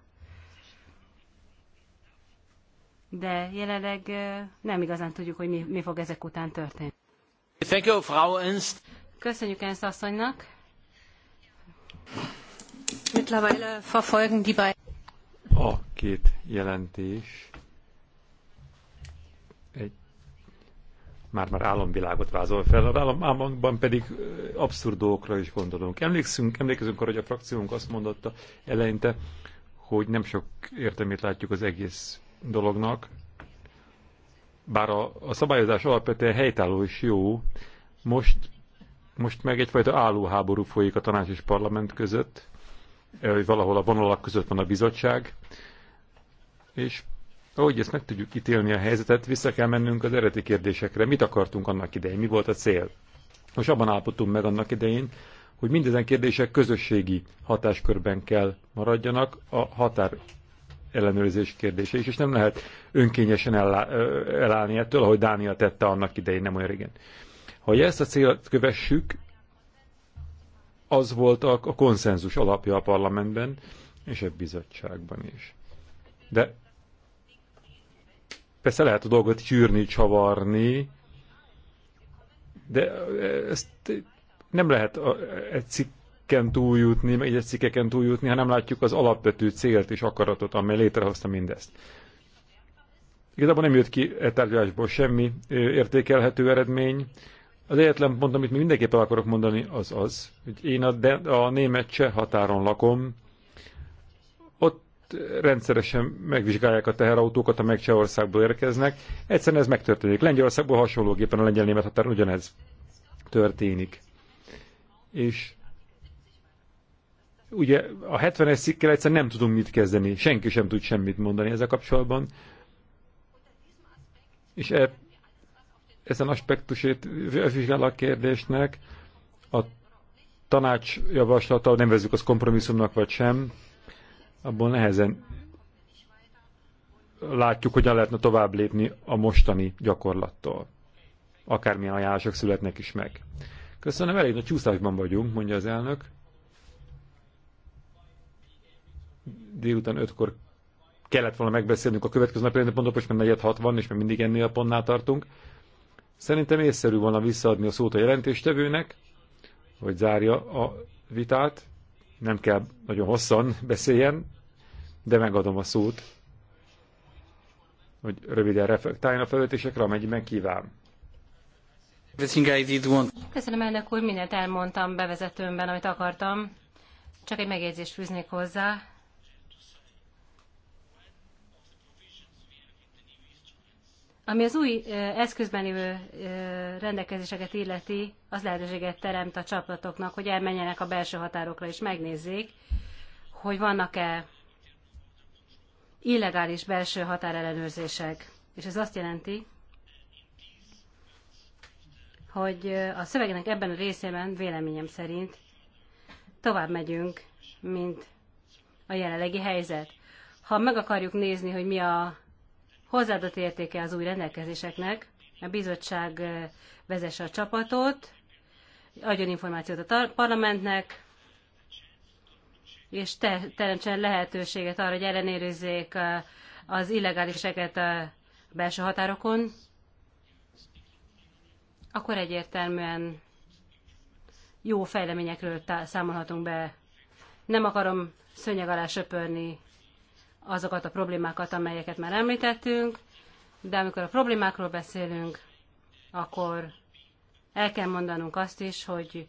de jelenleg nem igazán tudjuk, hogy mi, mi fog ezek után történni. Thank you, Frau Ernst. Köszönjük Ernst asszonynak. Mittlerweile verfolgen die beiden. A két jelentés egy már-már államvilágot vázol fel, az államban pedig abszurd dolgokra is gondolunk. Emlékszünk, emlékezünk arra, hogy a frakciónk azt mondotta eleinte, hogy nem sok értelmét látjuk az egész dolognak, bár a, a szabályozás alapvetően helytálló és jó, most, most meg egyfajta állóháború folyik a tanács és parlament között, hogy valahol a vonalak között van a bizottság, és ahogy ezt meg tudjuk ítélni a helyzetet, vissza kell mennünk az eredeti kérdésekre. Mit akartunk annak idején? Mi volt a cél? Most abban állapodtunk meg annak idején, hogy mindezen kérdések közösségi hatáskörben kell maradjanak a határ ellenőrzés kérdése is, és nem lehet önkényesen ellá, elállni ettől, ahogy Dánia tette annak idején, nem olyan régen. Ha ezt a célt kövessük, az volt a, a konszenzus alapja a parlamentben, és a bizottságban is. De Persze lehet a dolgot hűrni, csavarni, de e, ezt nem lehet egy cikken túljutni, meg egy cikkeken túljutni, ha nem látjuk az alapvető célt és akaratot, amely létrehozta mindezt. Igazából nem jött ki e tárgyalásból semmi értékelhető eredmény. Az egyetlen pont, amit még mindenképpen akarok mondani, az az, hogy én a, de, a német cseh határon lakom, rendszeresen megvizsgálják a teherautókat, amelyek Csehországból érkeznek. Egyszerűen ez megtörténik. Lengyelországból hasonlóképpen a lengyel-német határon ugyanez történik. És ugye a 70-es szikkel egyszerűen nem tudunk mit kezdeni. Senki sem tud semmit mondani ezzel kapcsolatban. És e, ezen aspektusét vizsgál a kérdésnek. A tanács javaslata, nem vezük az kompromisszumnak vagy sem, abból nehezen látjuk, hogyan lehetne tovább lépni a mostani gyakorlattól. Akármilyen ajánlások születnek is meg. Köszönöm, elég nagy csúszásban vagyunk, mondja az elnök. Délután ötkor kellett volna megbeszélnünk a következő napi pontot, most már van, és még mindig ennél a pontnál tartunk. Szerintem észszerű volna visszaadni a szót a jelentéstevőnek, hogy zárja a vitát, nem kell nagyon hosszan [laughs] beszéljen, de megadom a szót, hogy röviden reflektáljon a felvetésekre, amennyiben kíván. Köszönöm elnök úr, mindent elmondtam bevezetőmben, amit akartam. Csak egy megjegyzést fűznék hozzá. Ami az új eszközben lévő rendelkezéseket illeti, az lehetőséget teremt a csapatoknak, hogy elmenjenek a belső határokra és megnézzék, hogy vannak-e illegális belső határellenőrzések. És ez azt jelenti, hogy a szövegnek ebben a részében véleményem szerint tovább megyünk, mint a jelenlegi helyzet. Ha meg akarjuk nézni, hogy mi a hozzáadott értéke az új rendelkezéseknek. A bizottság eh, vezesse a csapatot, adjon információt a parlamentnek, és te, teremtsen lehetőséget arra, hogy ellenőrizzék eh, az illegáliseket a belső határokon, akkor egyértelműen jó fejleményekről számolhatunk be. Nem akarom szönyeg alá söpörni azokat a problémákat, amelyeket már említettünk, de amikor a problémákról beszélünk, akkor el kell mondanunk azt is, hogy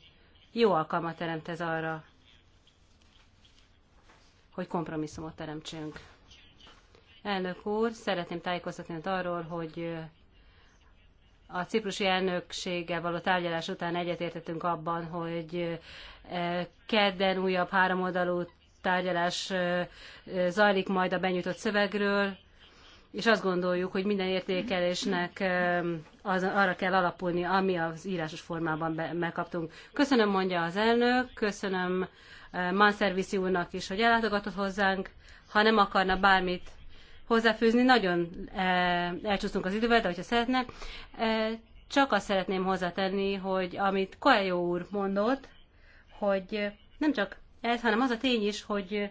jó alkalmat teremt ez arra, hogy kompromisszumot teremtsünk. Elnök úr, szeretném tájékoztatni arról, hogy a ciprusi elnökséggel való tárgyalás után egyetértettünk abban, hogy kedden újabb háromoldalú tárgyalás zajlik majd a benyújtott szövegről, és azt gondoljuk, hogy minden értékelésnek az, arra kell alapulni, ami az írásos formában be, megkaptunk. Köszönöm, mondja az elnök, köszönöm Manservisi úrnak is, hogy ellátogatott hozzánk. Ha nem akarna bármit hozzáfűzni, nagyon elcsúsztunk az idővel, de hogyha szeretne, csak azt szeretném hozzátenni, hogy amit Koelyó úr mondott, hogy nem csak ez, hanem az a tény is, hogy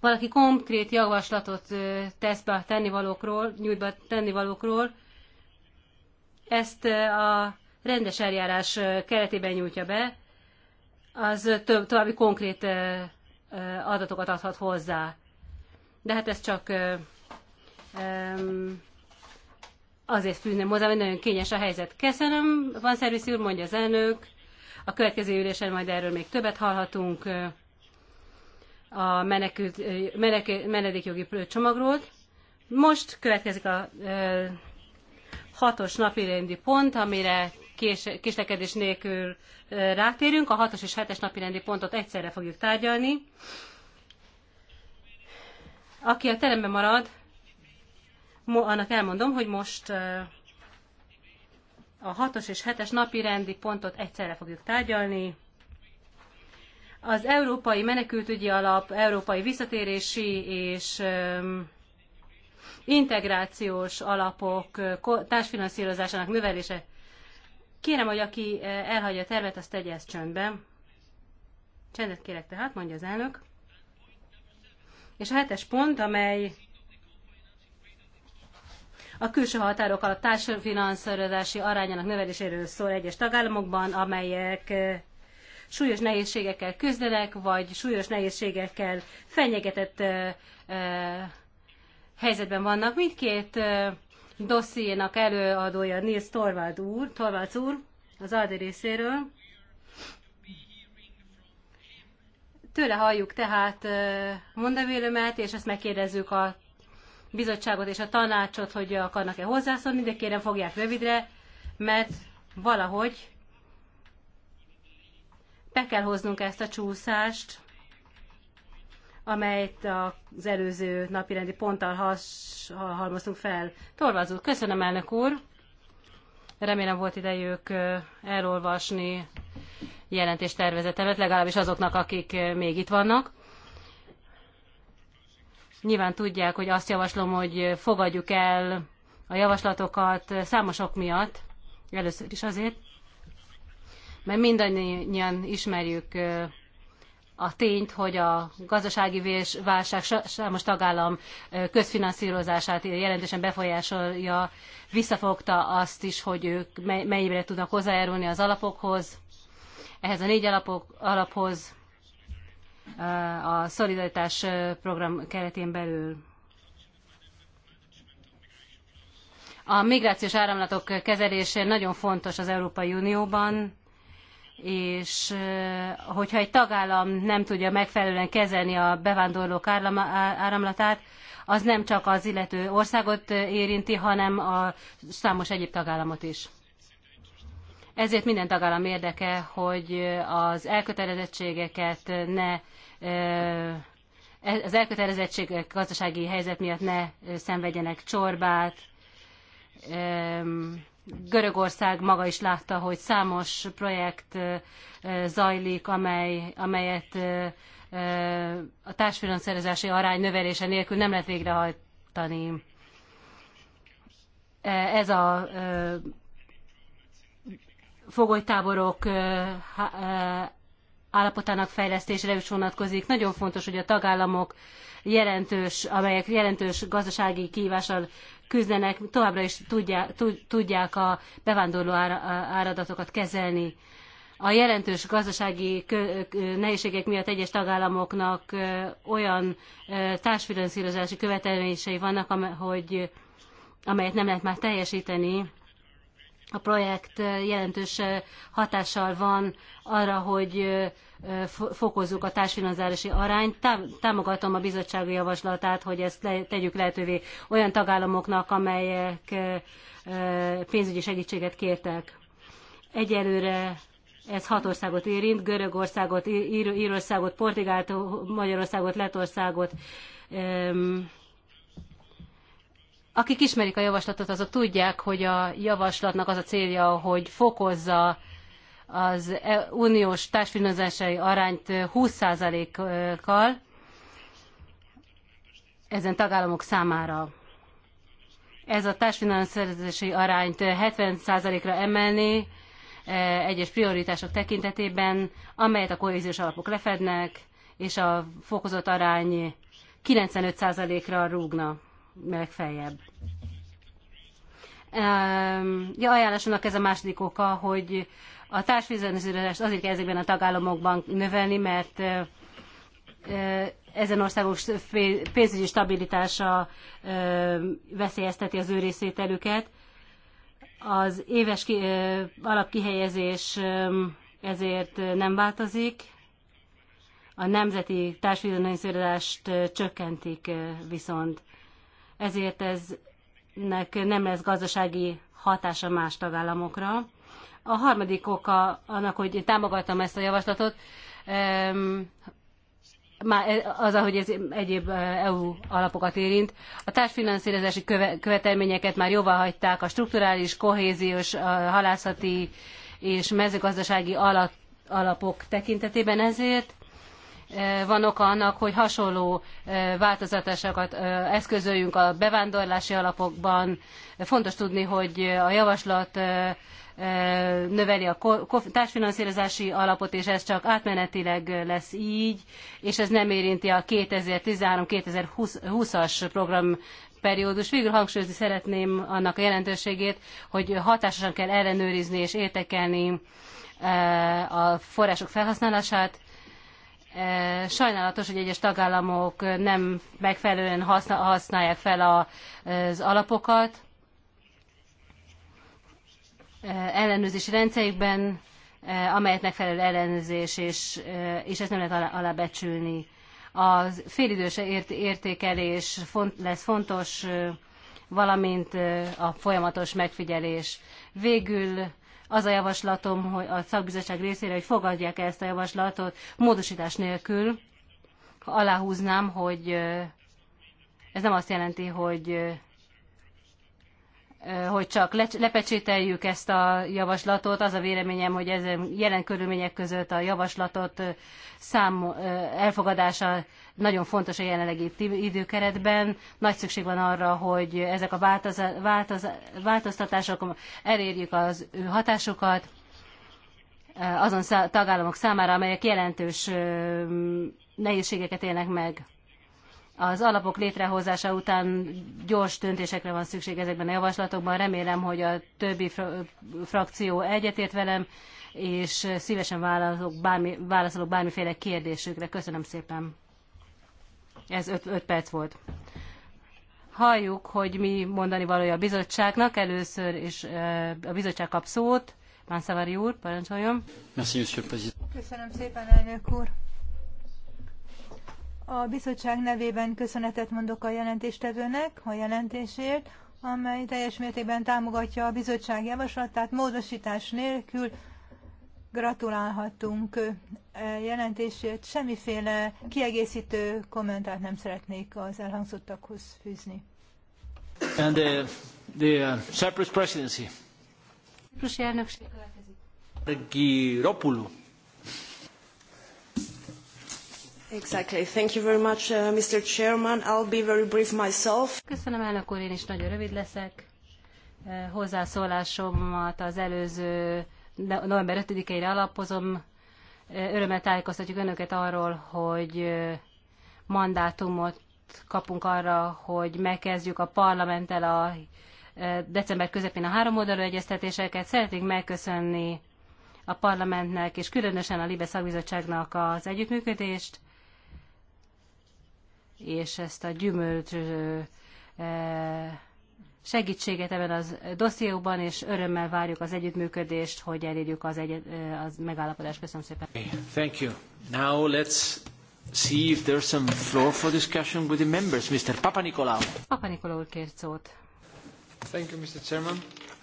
valaki konkrét javaslatot tesz be a tennivalókról, nyújt be a tennivalókról, ezt a rendes eljárás keretében nyújtja be, az több, további konkrét adatokat adhat hozzá. De hát ez csak azért fűzném hozzá, hogy nagyon kényes a helyzet. Köszönöm, van szervisz úr, mondja az elnök. A következő ülésen majd erről még többet hallhatunk a menekült, menek, menedékjogi csomagról. Most következik a hatos hatos napirendi pont, amire kés, késlekedés nélkül rátérünk. A hatos és hetes napirendi pontot egyszerre fogjuk tárgyalni. Aki a teremben marad, annak elmondom, hogy most a hatos és hetes napi rendi pontot egyszerre fogjuk tárgyalni. Az Európai Menekültügyi Alap, Európai Visszatérési és integrációs alapok társfinanszírozásának növelése. Kérem, hogy aki elhagyja a tervet, azt tegye ezt csöndben. Csendet kérek tehát, mondja az elnök. És a hetes pont, amely a külső határok alatt társfinanszírozási arányának növeléséről szól egyes tagállamokban, amelyek súlyos nehézségekkel küzdenek, vagy súlyos nehézségekkel fenyegetett helyzetben vannak. Mindkét dossziénak előadója Nils Torvald úr, Torvald úr, az Aldi részéről. Tőle halljuk tehát mondavélemet, és ezt megkérdezzük a bizottságot és a tanácsot, hogy akarnak-e hozzászólni, de kérem fogják rövidre, mert valahogy be kell hoznunk ezt a csúszást, amelyet az előző napirendi ponttal halmoztunk fel. Torvazó, köszönöm elnök úr! Remélem volt idejük elolvasni jelentéstervezetemet, legalábbis azoknak, akik még itt vannak. Nyilván tudják, hogy azt javaslom, hogy fogadjuk el a javaslatokat számosok miatt, először is azért, mert mindannyian ismerjük a tényt, hogy a gazdasági válság számos tagállam közfinanszírozását jelentősen befolyásolja, visszafogta azt is, hogy ők mennyire tudnak hozzájárulni az alapokhoz, ehhez a négy alapok, alaphoz, a szolidaritás program keretén belül. A migrációs áramlatok kezelése nagyon fontos az Európai Unióban, és hogyha egy tagállam nem tudja megfelelően kezelni a bevándorlók áramlatát, az nem csak az illető országot érinti, hanem a számos egyéb tagállamot is. Ezért minden tagállam érdeke, hogy az elkötelezettségeket ne e, az elkötelezettségek gazdasági helyzet miatt ne szenvedjenek csorbát. Görögország maga is látta, hogy számos projekt zajlik, amely, amelyet a társfinanszírozási arány növelése nélkül nem lehet végrehajtani. Ez a fogolytáborok állapotának fejlesztésére is vonatkozik. Nagyon fontos, hogy a tagállamok jelentős, amelyek jelentős gazdasági kihívással küzdenek, továbbra is tudják, tudják a bevándorló áradatokat kezelni. A jelentős gazdasági nehézségek miatt egyes tagállamoknak olyan társfinanszírozási követelményei vannak, hogy amelyet nem lehet már teljesíteni, a projekt jelentős hatással van arra, hogy fokozzuk a társfinanszírozási arányt. Támogatom a bizottsági javaslatát, hogy ezt tegyük lehetővé olyan tagállamoknak, amelyek pénzügyi segítséget kértek. Egyelőre ez hat országot érint, Görögországot, Írországot, Portugált, Magyarországot, Letországot, akik ismerik a javaslatot, azok tudják, hogy a javaslatnak az a célja, hogy fokozza az e- uniós társfinanszírozási arányt 20%-kal eh, ezen tagállamok számára. Ez a társfinanszírozási arányt 70%-ra eh, emelni eh, egyes prioritások tekintetében, amelyet a kohéziós alapok lefednek, és a fokozott arány 95%-ra rúgna legfeljebb. Ja, ajánlásomnak ez a második oka, hogy a társfinanszírozást azért kell ezekben a tagállamokban növelni, mert eh, eh, ezen országok pénzügyi stabilitása eh, veszélyezteti az ő részvételüket. Az éves alapkihelyezés ezért nem változik, a nemzeti társfinanszírozást csökkentik viszont ezért ez nem lesz gazdasági hatása más tagállamokra. A harmadik oka annak, hogy én támogattam ezt a javaslatot, e- az, ahogy ez egyéb e, EU alapokat érint. A társfinanszírozási követelményeket már jóvá hagyták a strukturális, kohéziós, a halászati és mezőgazdasági alapok tekintetében ezért van oka annak, hogy hasonló változtatásokat eszközöljünk a bevándorlási alapokban. Fontos tudni, hogy a javaslat növeli a társfinanszírozási alapot, és ez csak átmenetileg lesz így, és ez nem érinti a 2013-2020-as program periódus. Végül hangsúlyozni szeretném annak a jelentőségét, hogy hatásosan kell ellenőrizni és értekelni a források felhasználását, E, sajnálatos, hogy egyes tagállamok nem megfelelően használják fel az alapokat. E, ellenőrzési rendszerükben, e, amelyet megfelelő ellenőrzés, és, és ezt nem lehet alábecsülni. A félidős értékelés lesz fontos, valamint a folyamatos megfigyelés. Végül az a javaslatom hogy a szakbizottság részére, hogy fogadják ezt a javaslatot módosítás nélkül. Aláhúznám, hogy ez nem azt jelenti, hogy hogy csak lepecsételjük ezt a javaslatot. Az a véleményem, hogy ezen jelen körülmények között a javaslatot szám elfogadása nagyon fontos a jelenlegi időkeretben. Nagy szükség van arra, hogy ezek a változ, változ, változtatások elérjük az ő hatásukat azon tagállamok számára, amelyek jelentős nehézségeket élnek meg az alapok létrehozása után gyors döntésekre van szükség ezekben a javaslatokban. Remélem, hogy a többi frakció egyetért velem, és szívesen válaszolok, bármi, válaszolok bármiféle kérdésükre. Köszönöm szépen. Ez 5 perc volt. Halljuk, hogy mi mondani valója a bizottságnak. Először is a bizottság kap szót. Pán úr, parancsoljon. Köszönöm szépen, elnök úr. A bizottság nevében köszönetet mondok a jelentéstevőnek a jelentésért, amely teljes mértékben támogatja a bizottság javaslatát, módosítás nélkül gratulálhatunk jelentésért. Semmiféle kiegészítő kommentárt nem szeretnék az elhangzottakhoz fűzni. And the, the uh, Cyprus presidency. Cyprus elnökség következik. Exactly. Thank you very much, uh, Mr. Chairman. I'll be very brief myself. Köszönöm, elnök úr, én is nagyon rövid leszek. Uh, hozzászólásomat az előző november 5-ére alapozom. Uh, örömmel tájékoztatjuk önöket arról, hogy uh, mandátumot kapunk arra, hogy megkezdjük a parlamenttel a december közepén a három oldalú egyeztetéseket. Szeretnénk megköszönni a parlamentnek és különösen a Libe szakbizottságnak az együttműködést és ezt a gyümölcs segítséget ebben az dosszióban, és örömmel várjuk az együttműködést, hogy elérjük az, egyet, az megállapodást. Köszönöm szépen. Thank you. Now let's see if there's some floor for discussion with the members. Mr. Papa Nicolau. Papa Nicolau kért szót. Thank you, Mr. Chairman.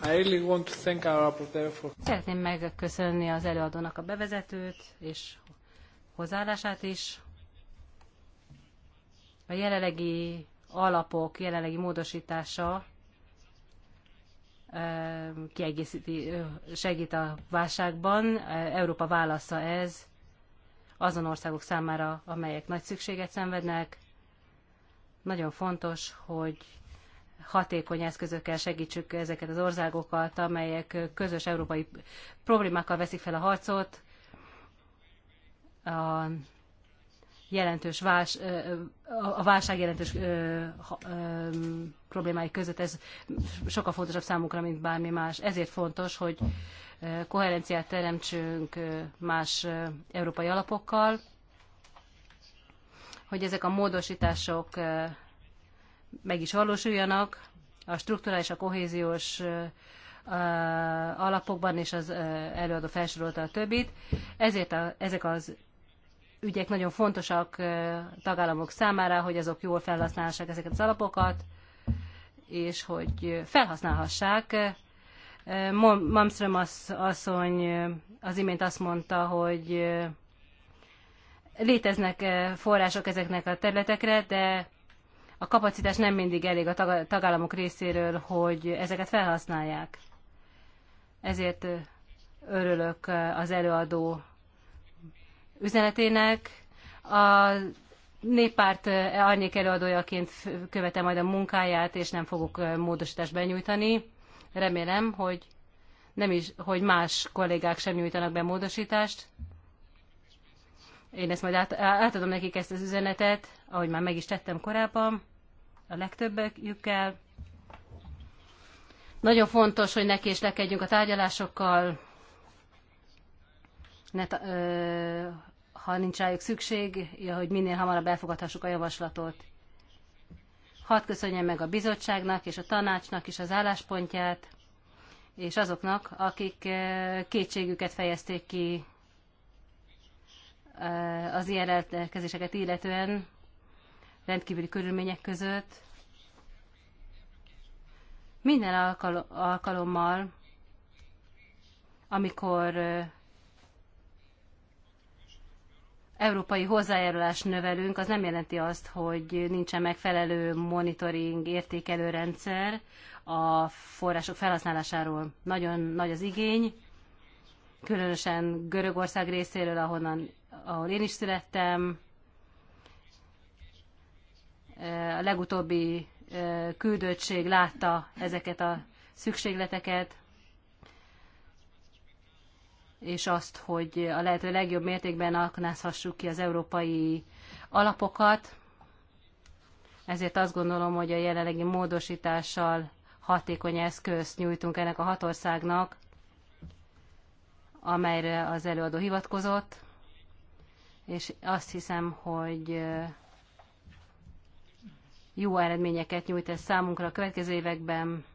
I really want to thank our rapporteur for... Szeretném megköszönni az előadónak a bevezetőt, és hozzáállását is a jelenlegi alapok jelenlegi módosítása kiegészíti, segít a válságban. Európa válasza ez azon országok számára, amelyek nagy szükséget szenvednek. Nagyon fontos, hogy hatékony eszközökkel segítsük ezeket az országokat, amelyek közös európai problémákkal veszik fel a harcot. A jelentős vás, a válság jelentős problémái között. Ez sokkal fontosabb számukra, mint bármi más. Ezért fontos, hogy koherenciát teremtsünk más európai alapokkal, hogy ezek a módosítások meg is valósuljanak, a strukturális, a kohéziós alapokban és az előadó felsorolta a többit. Ezért a, ezek az ügyek nagyon fontosak tagállamok számára, hogy azok jól felhasználhassák ezeket az alapokat, és hogy felhasználhassák. Mamström asszony az imént azt mondta, hogy léteznek források ezeknek a területekre, de a kapacitás nem mindig elég a tagállamok részéről, hogy ezeket felhasználják. Ezért örülök az előadó üzenetének. A néppárt árnyék előadójaként követem majd a munkáját, és nem fogok módosítást benyújtani. Remélem, hogy nem is, hogy más kollégák sem nyújtanak be módosítást. Én ezt majd át, átadom nekik ezt az üzenetet, ahogy már meg is tettem korábban, a legtöbbekjükkel. Nagyon fontos, hogy is lekedjünk a tárgyalásokkal, ne, ö, ha nincs rájuk szükség, hogy minél hamarabb elfogadhassuk a javaslatot. Hadd köszönjem meg a bizottságnak és a tanácsnak is az álláspontját, és azoknak, akik eh, kétségüket fejezték ki eh, az ilyen rendelkezéseket illetően rendkívüli körülmények között. Minden alkalommal, amikor eh, európai hozzájárulást növelünk, az nem jelenti azt, hogy nincsen megfelelő monitoring értékelő rendszer a források felhasználásáról. Nagyon nagy az igény, különösen Görögország részéről, ahonnan, ahol én is születtem. A legutóbbi küldöttség látta ezeket a szükségleteket, és azt, hogy a lehető legjobb mértékben alkalmazhassuk ki az európai alapokat. Ezért azt gondolom, hogy a jelenlegi módosítással hatékony eszközt nyújtunk ennek a hatországnak, amelyre az előadó hivatkozott, és azt hiszem, hogy jó eredményeket nyújt ez számunkra a következő években,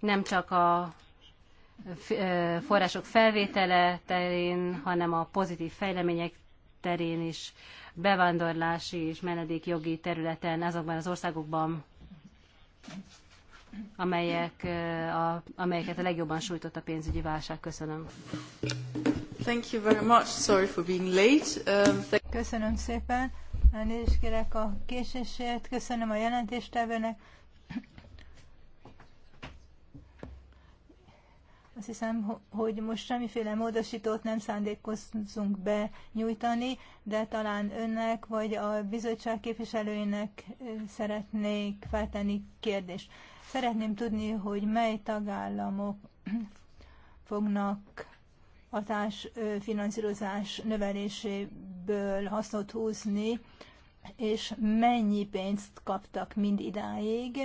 nem csak a források felvétele terén, hanem a pozitív fejlemények terén is, bevándorlási és menedékjogi területen azokban az országokban, amelyek, a, amelyeket a legjobban sújtott a pénzügyi válság. Köszönöm. Thank you very much. Sorry for being late. Um, Köszönöm szépen. Elnézést kérek a késésért. Köszönöm a jelentéstevőnek. Azt hiszem, hogy most semmiféle módosítót nem szándékozunk be nyújtani, de talán önnek vagy a bizottság képviselőinek eh, szeretnék feltenni kérdést. Szeretném tudni, hogy mely tagállamok [clears throat] fognak a társfinanszírozás növeléséből hasznot húzni, és mennyi pénzt kaptak mind idáig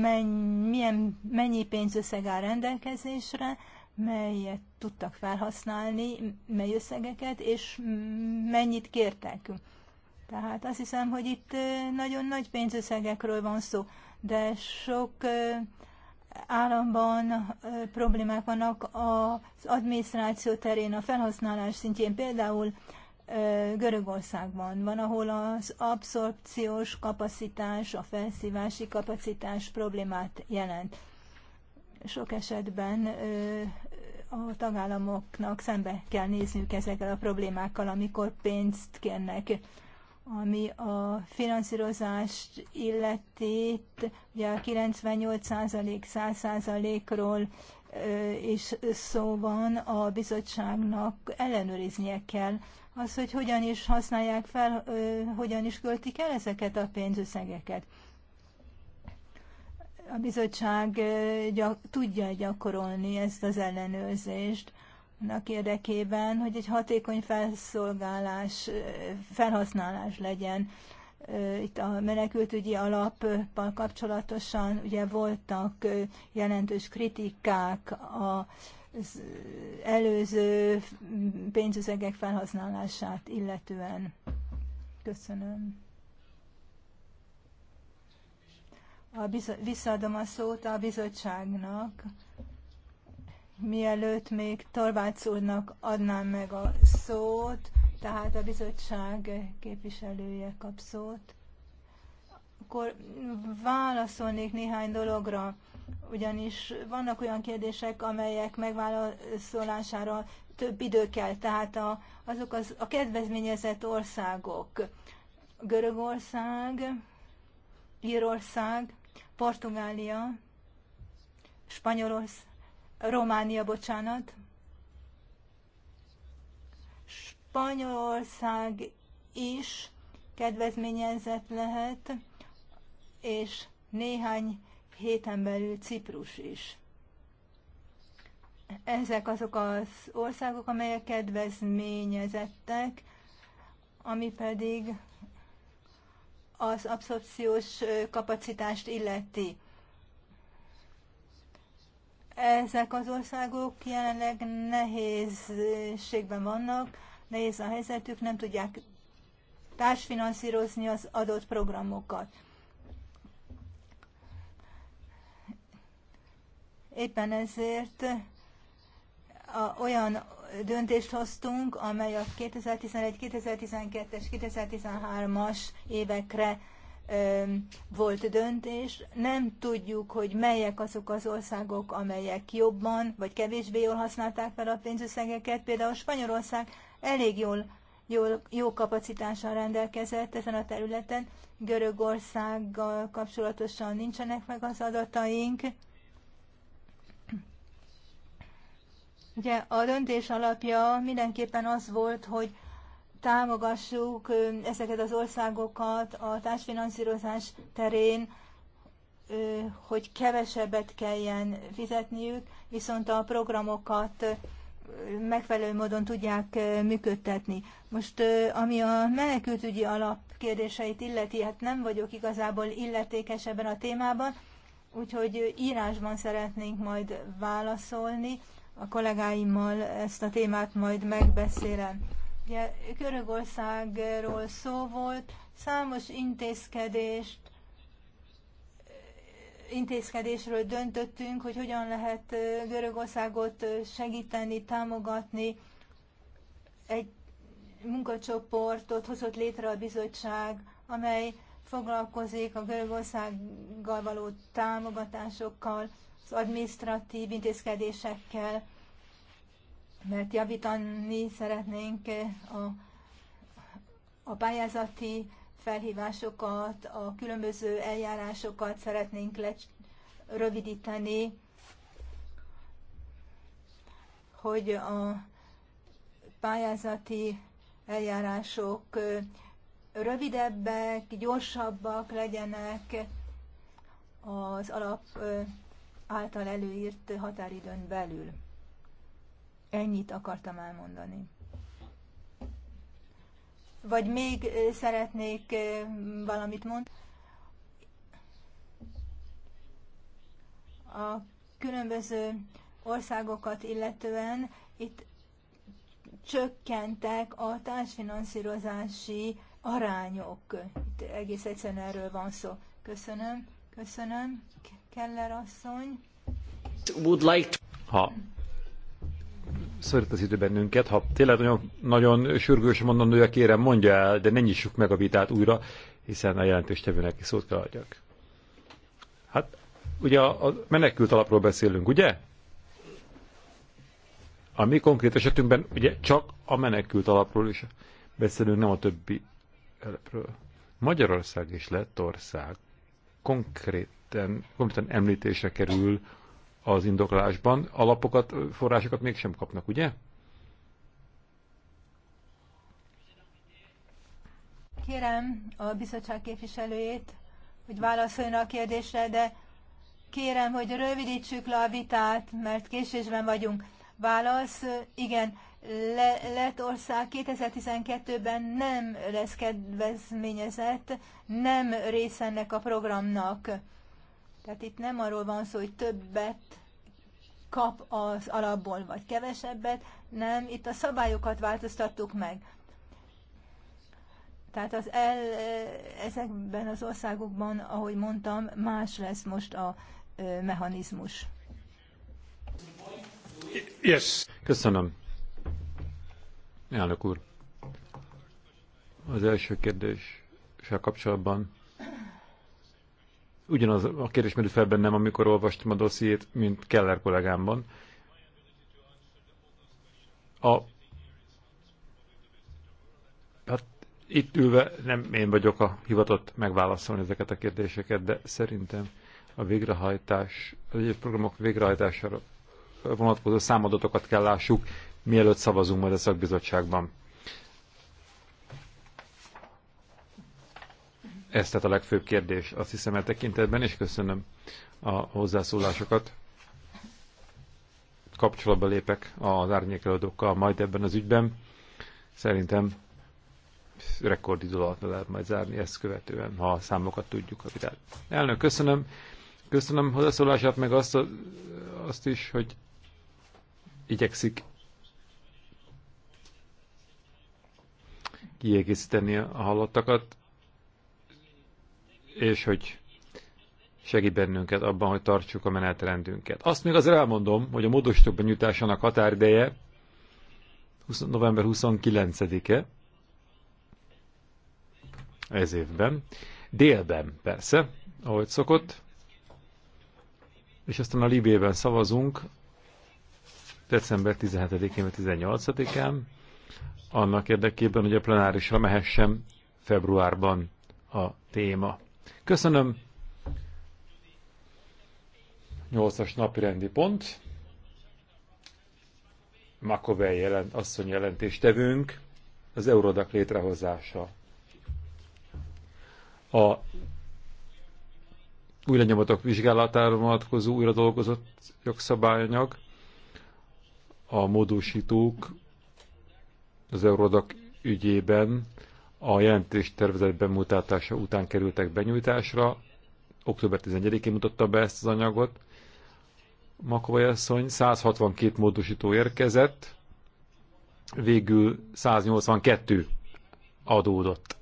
menny, milyen, mennyi pénzösszeg áll rendelkezésre, melyet tudtak felhasználni, mely összegeket, és mennyit kértek. Tehát azt hiszem, hogy itt nagyon nagy pénzösszegekről van szó, de sok államban problémák vannak az adminisztráció terén, a felhasználás szintjén. Például Görögországban van, ahol az abszorpciós kapacitás, a felszívási kapacitás problémát jelent. Sok esetben a tagállamoknak szembe kell nézniük ezekkel a problémákkal, amikor pénzt kérnek. Ami a finanszírozást illeti, ugye a 98% 100%-ról és szó van, a bizottságnak ellenőriznie kell az, hogy hogyan is használják fel, hogyan is költik el ezeket a pénzösszegeket. A bizottság gyak, tudja gyakorolni ezt az ellenőrzést annak érdekében, hogy egy hatékony felszolgálás, felhasználás legyen. Itt a menekültügyi alappal kapcsolatosan ugye voltak jelentős kritikák a előző pénzösszegek felhasználását illetően. Köszönöm. A bizo- visszaadom a szót a bizottságnak. Mielőtt még Torvács úrnak adnám meg a szót, tehát a bizottság képviselője kap szót, akkor válaszolnék néhány dologra ugyanis vannak olyan kérdések, amelyek megválaszolására több idő kell, tehát a, azok az, a kedvezményezett országok, Görögország, Írország, Portugália, Spanyolország, Románia, bocsánat, Spanyolország is kedvezményezett lehet, és néhány héten belül Ciprus is. Ezek azok az országok, amelyek kedvezményezettek, ami pedig az abszorpciós kapacitást illeti. Ezek az országok jelenleg nehézségben vannak, nehéz a helyzetük, nem tudják társfinanszírozni az adott programokat. Éppen ezért a, olyan döntést hoztunk, amely a 2011, 2012-es, 2013-as évekre ö, volt döntés. Nem tudjuk, hogy melyek azok az országok, amelyek jobban vagy kevésbé jól használták fel a pénzösszegeket. Például Spanyolország elég jól, jól jó kapacitással rendelkezett ezen a területen. Görögországgal kapcsolatosan nincsenek meg az adataink. Ugye a döntés alapja mindenképpen az volt, hogy támogassuk ezeket az országokat a társfinanszírozás terén, hogy kevesebbet kelljen fizetniük, viszont a programokat megfelelő módon tudják működtetni. Most ami a menekültügyi kérdéseit illeti, hát nem vagyok igazából illetékes ebben a témában, úgyhogy írásban szeretnénk majd válaszolni a kollégáimmal ezt a témát majd megbeszélem. Ugye Görögországról szó volt, számos intézkedést, intézkedésről döntöttünk, hogy hogyan lehet Görögországot segíteni, támogatni. Egy munkacsoportot hozott létre a bizottság, amely foglalkozik a Görögországgal való támogatásokkal, administratív intézkedésekkel, mert javítani szeretnénk a, a pályázati felhívásokat, a különböző eljárásokat szeretnénk rövidíteni, hogy a pályázati eljárások rövidebbek, gyorsabbak legyenek az alap által előírt határidőn belül. Ennyit akartam elmondani. Vagy még szeretnék valamit mondani? A különböző országokat illetően itt csökkentek a társfinanszírozási arányok. Itt egész egyszerűen erről van szó. Köszönöm, köszönöm. Keller asszony. Would like to... Ha szorít az idő bennünket, ha tényleg nagyon, nagyon sürgős mondandója kérem, mondja el, de ne nyissuk meg a vitát újra, hiszen a jelentéstevőnek szót kell adjak. Hát, ugye a menekült alapról beszélünk, ugye? A mi konkrét esetünkben ugye csak a menekült alapról is beszélünk, nem a többi elepről. Magyarország és Lettország konkrét konkrétan, konkrétan említése kerül az indoklásban. Alapokat, forrásokat mégsem kapnak, ugye? Kérem a bizottság képviselőjét, hogy válaszoljon a kérdésre, de kérem, hogy rövidítsük le a vitát, mert késésben vagyunk. Válasz, igen, Lettország 2012-ben nem lesz kedvezményezett, nem rész ennek a programnak. Tehát itt nem arról van szó, hogy többet kap az alapból, vagy kevesebbet, nem, itt a szabályokat változtattuk meg. Tehát az el, eh, ezekben az országokban, ahogy mondtam, más lesz most a eh, mechanizmus. Yes. Köszönöm. Elnök úr. Az első kérdéssel kapcsolatban ugyanaz a kérdés merült fel bennem, amikor olvastam a dossziét, mint Keller kollégámban. A, hát itt ülve nem én vagyok a hivatott megválaszolni ezeket a kérdéseket, de szerintem a végrehajtás, az egyes programok végrehajtására vonatkozó számadatokat kell lássuk, mielőtt szavazunk majd a szakbizottságban. Ez tehát a legfőbb kérdés, azt hiszem, e tekintetben, és köszönöm a hozzászólásokat. Kapcsolatba lépek az árnyékelődőkkel majd ebben az ügyben. Szerintem rekordidő alatt lehet majd zárni ezt követően, ha a számokat tudjuk a vitát. Elnök, köszönöm. Köszönöm hozzászólását, meg azt, a, azt is, hogy igyekszik kiegészíteni a hallottakat és hogy segít bennünket abban, hogy tartsuk a menetrendünket. Azt még azért elmondom, hogy a módosítók benyújtásának határideje november 29-e ez évben. Délben persze, ahogy szokott. És aztán a Libében szavazunk december 17-én vagy 18-án annak érdekében, hogy a plenárisra mehessen februárban a téma. Köszönöm. Nyolcas napi rendi pont. Makovej jelent, asszony jelentéstevőnk, az Eurodak létrehozása. A új lenyomatok vizsgálatára vonatkozó újra dolgozott jogszabályanyag, a módosítók az Eurodak ügyében a jelentés tervezet bemutatása után kerültek benyújtásra. Október 11-én mutatta be ezt az anyagot. Makovai asszony 162 módosító érkezett, végül 182 adódott.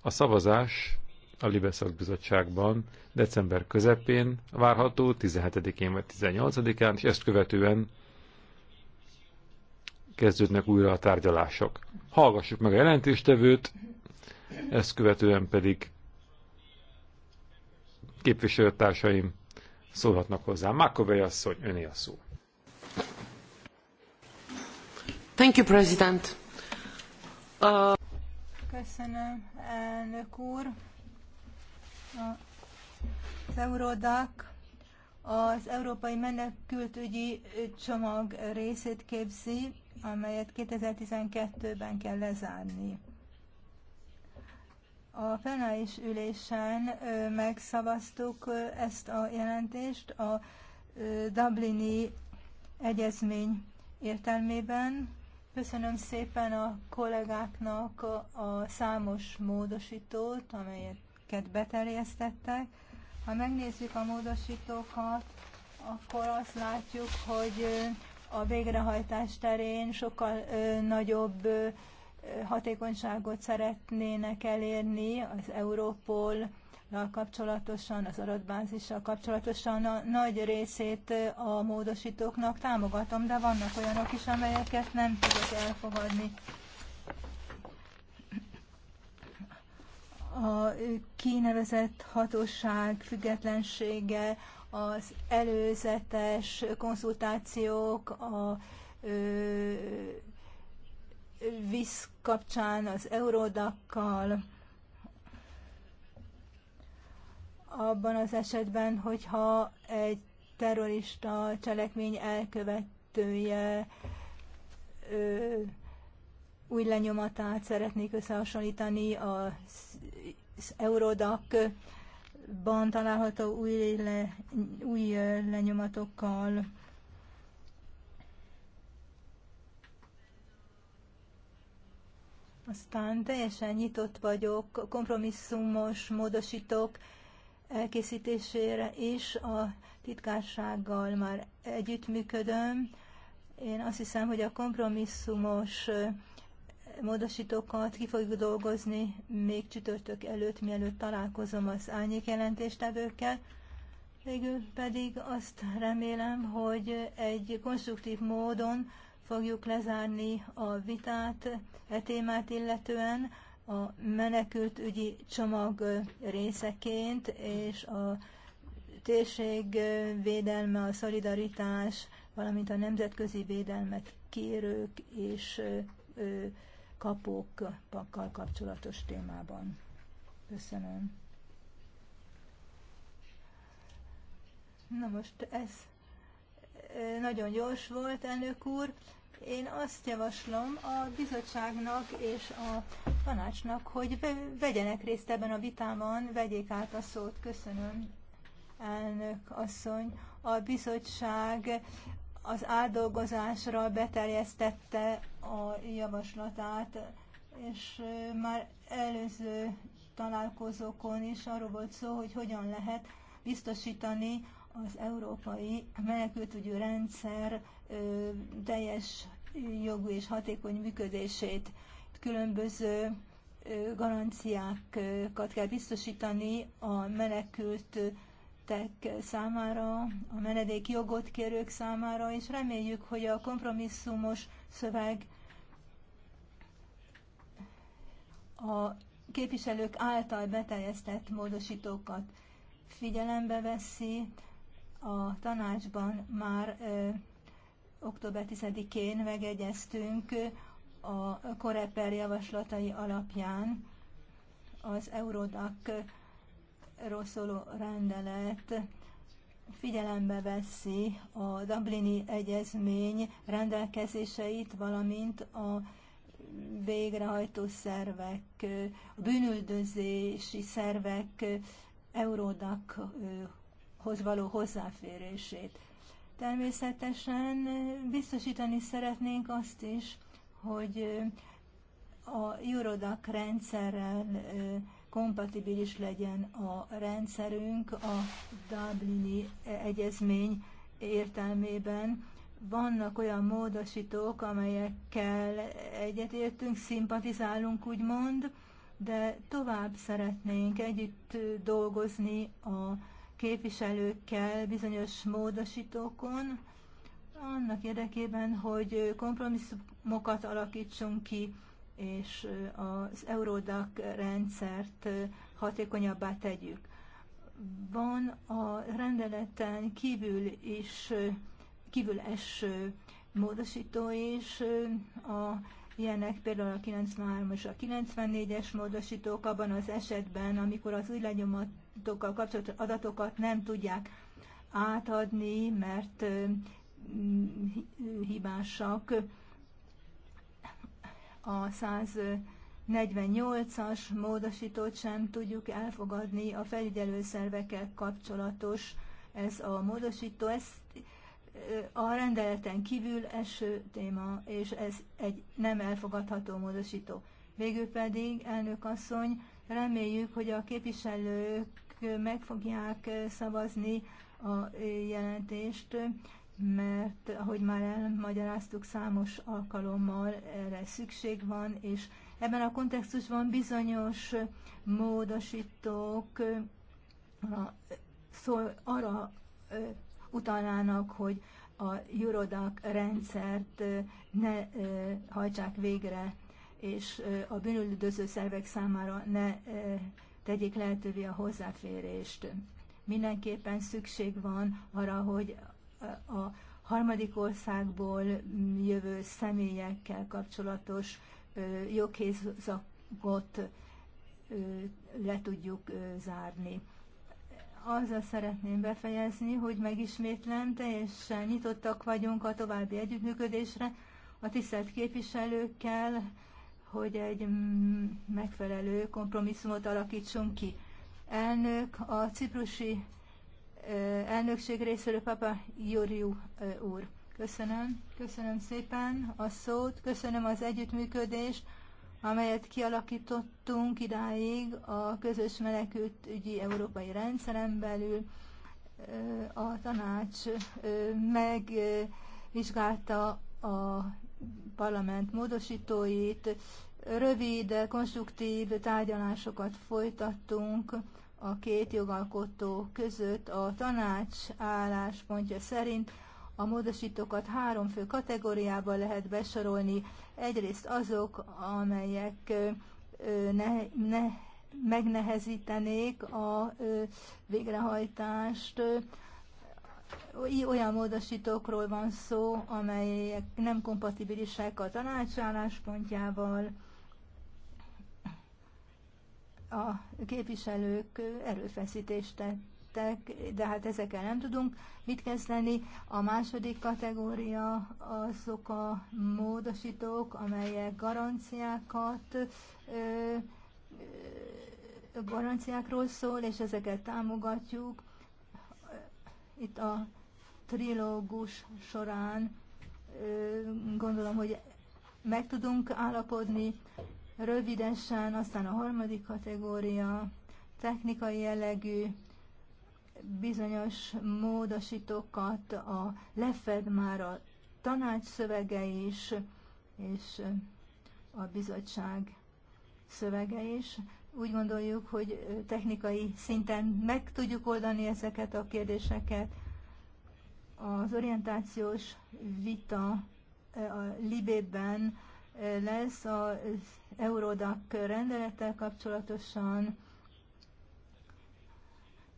A szavazás a Libeszak Bizottságban december közepén várható, 17-én vagy 18-án, és ezt követően kezdődnek újra a tárgyalások. Hallgassuk meg a jelentéstevőt, ezt követően pedig képviselőtársaim szólhatnak hozzá. Mákovei asszony, öné a szó. Thank you, President. Uh... Köszönöm, elnök úr. Az Eurodac az Európai Menekültügyi Csomag részét képzi, amelyet 2012-ben kell lezárni. A plenáris ülésen megszavaztuk ezt a jelentést a Dublini egyezmény értelmében. Köszönöm szépen a kollégáknak a számos módosítót, amelyeket beterjesztettek. Ha megnézzük a módosítókat, akkor azt látjuk, hogy a végrehajtás terén sokkal nagyobb hatékonyságot szeretnének elérni az Európol kapcsolatosan, az adatbázissal kapcsolatosan a nagy részét a módosítóknak támogatom, de vannak olyanok is, amelyeket nem tudok elfogadni. A kinevezett hatóság függetlensége, az előzetes konzultációk, a ö, kapcsán az eurodakkal, abban az esetben, hogyha egy terrorista cselekmény elkövetője ö, új lenyomatát szeretnék összehasonlítani az, az ban található új, le, új lenyomatokkal. Aztán teljesen nyitott vagyok kompromisszumos módosítók elkészítésére is. A titkársággal már együttműködöm. Én azt hiszem, hogy a kompromisszumos módosítókat ki fogjuk dolgozni még csütörtök előtt, mielőtt találkozom az árnyék jelentéstevőkkel. Végül pedig azt remélem, hogy egy konstruktív módon fogjuk lezárni a vitát e témát illetően a menekült ügyi csomag részeként, és a térség védelme, a szolidaritás, valamint a nemzetközi védelmet kérők és kapókkal kapcsolatos témában. Köszönöm. Na most ez nagyon gyors volt, elnök úr. Én azt javaslom a bizottságnak és a tanácsnak, hogy vegyenek részt ebben a vitában, vegyék át a szót. Köszönöm, elnök asszony. A bizottság az áldolgozásra beterjesztette a javaslatát, és már előző találkozókon is arról volt szó, hogy hogyan lehet biztosítani az európai menekültügyi rendszer teljes jogú és hatékony működését. Különböző garanciákat kell biztosítani a menekült érintettek számára, a menedék jogot kérők számára, és reméljük, hogy a kompromisszumos szöveg a képviselők által beteljesztett módosítókat figyelembe veszi. A tanácsban már ö, október 10-én megegyeztünk a Koreper javaslatai alapján az Eurodac rosszoló rendelet figyelembe veszi a Dublini Egyezmény rendelkezéseit, valamint a végrehajtó szervek, a bűnüldözési szervek Eurodachoz való hozzáférését. Természetesen biztosítani szeretnénk azt is, hogy a Eurodac rendszerrel kompatibilis legyen a rendszerünk a Dublini egyezmény értelmében. Vannak olyan módosítók, amelyekkel egyetértünk, szimpatizálunk úgymond, de tovább szeretnénk együtt dolgozni a képviselőkkel bizonyos módosítókon, annak érdekében, hogy kompromisszumokat alakítsunk ki, és az Eurodac rendszert hatékonyabbá tegyük. Van a rendeleten kívül is kívül eső módosító is, a ilyenek például a 93 és a 94-es módosítók abban az esetben, amikor az új lenyomatokkal kapcsolatos adatokat nem tudják átadni, mert hibásak, a 148-as módosítót sem tudjuk elfogadni a felügyelőszervekkel kapcsolatos ez a módosító, ez a rendeleten kívül eső téma, és ez egy nem elfogadható módosító. Végül pedig, elnök asszony, reméljük, hogy a képviselők meg fogják szavazni a jelentést mert ahogy már elmagyaráztuk, számos alkalommal erre szükség van, és ebben a kontextusban bizonyos módosítók szól arra utalnának, hogy a jurodak rendszert ne hajtsák végre, és a bűnüldöző szervek számára ne tegyék lehetővé a hozzáférést. Mindenképpen szükség van arra, hogy a harmadik országból jövő személyekkel kapcsolatos joghézakot le tudjuk zárni. Azzal szeretném befejezni, hogy megismétlem, teljesen nyitottak vagyunk a további együttműködésre a tisztelt képviselőkkel, hogy egy mm, megfelelő kompromisszumot alakítsunk ki. Elnök, a ciprusi elnökség részéről Papa Júriu úr. Köszönöm, köszönöm szépen a szót, köszönöm az együttműködést, amelyet kialakítottunk idáig a közös menekült ügyi európai rendszeren belül. A tanács megvizsgálta a parlament módosítóit, rövid, konstruktív tárgyalásokat folytattunk a két jogalkotó között a tanács álláspontja szerint a módosítókat három fő kategóriába lehet besorolni. Egyrészt azok, amelyek ne, ne, megnehezítenék a végrehajtást. Olyan módosítókról van szó, amelyek nem kompatibilisek a tanács álláspontjával a képviselők erőfeszítést tettek, de hát ezekkel nem tudunk mit kezdeni. A második kategória azok a módosítók, amelyek garanciákat ö, garanciákról szól, és ezeket támogatjuk. Itt a trilógus során gondolom, hogy meg tudunk állapodni rövidesen, aztán a harmadik kategória technikai jellegű bizonyos módosítókat a lefed már a tanács szövege is, és a bizottság szövege is. Úgy gondoljuk, hogy technikai szinten meg tudjuk oldani ezeket a kérdéseket. Az orientációs vita eh, a Libében lesz az Eurodac rendelettel kapcsolatosan,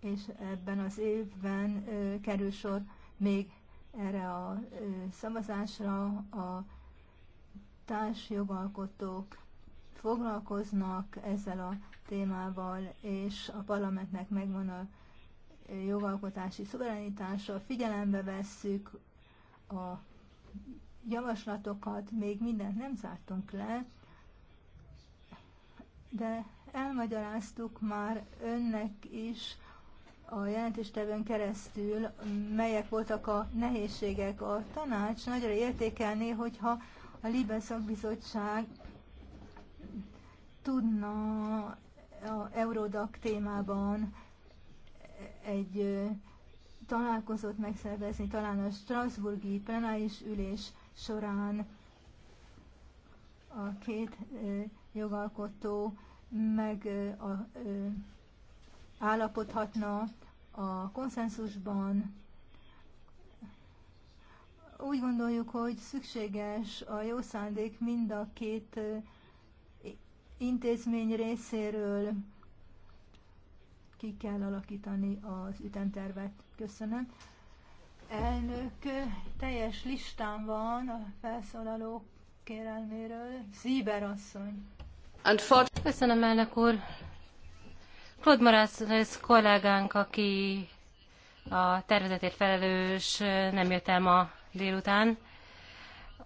és ebben az évben kerül sor még erre a szavazásra a társjogalkotók foglalkoznak ezzel a témával, és a parlamentnek megvan a jogalkotási szuverenitása, figyelembe vesszük a javaslatokat, még mindent nem zártunk le, de elmagyaráztuk már önnek is a jelentéstevőn keresztül, melyek voltak a nehézségek. A tanács nagyra értékelné, hogyha a Libe szakbizottság tudna a Eurodac témában egy találkozót megszervezni, talán a Strasburgi plenáris ülés során a két jogalkotó meg a, állapodhatna a konszenzusban. Úgy gondoljuk, hogy szükséges a jó szándék mind a két intézmény részéről ki kell alakítani az ütemtervet. Köszönöm elnök, teljes listán van a felszólalók kérelméről. Szíber asszony. Köszönöm, elnök úr. Claude Morász kollégánk, aki a tervezetért felelős, nem jött el ma délután.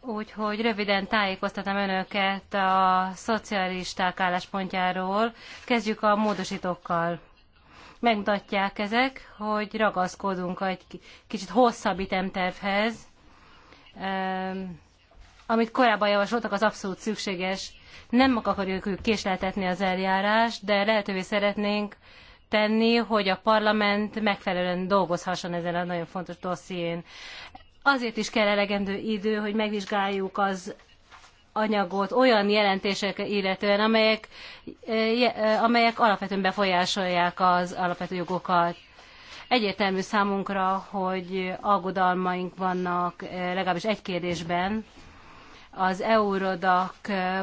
Úgyhogy röviden tájékoztatom önöket a szocialisták álláspontjáról. Kezdjük a módosítókkal megmutatják ezek, hogy ragaszkodunk egy kicsit hosszabb itemtervhez, amit korábban javasoltak, az abszolút szükséges. Nem akarjuk késleltetni az eljárást, de lehetővé szeretnénk tenni, hogy a parlament megfelelően dolgozhasson ezen a nagyon fontos dosszién. Azért is kell elegendő idő, hogy megvizsgáljuk az anyagot olyan jelentések illetően, amelyek, e, e, amelyek alapvetően befolyásolják az alapvető jogokat. Egyértelmű számunkra, hogy aggodalmaink vannak e, legalábbis egy kérdésben, az eurodak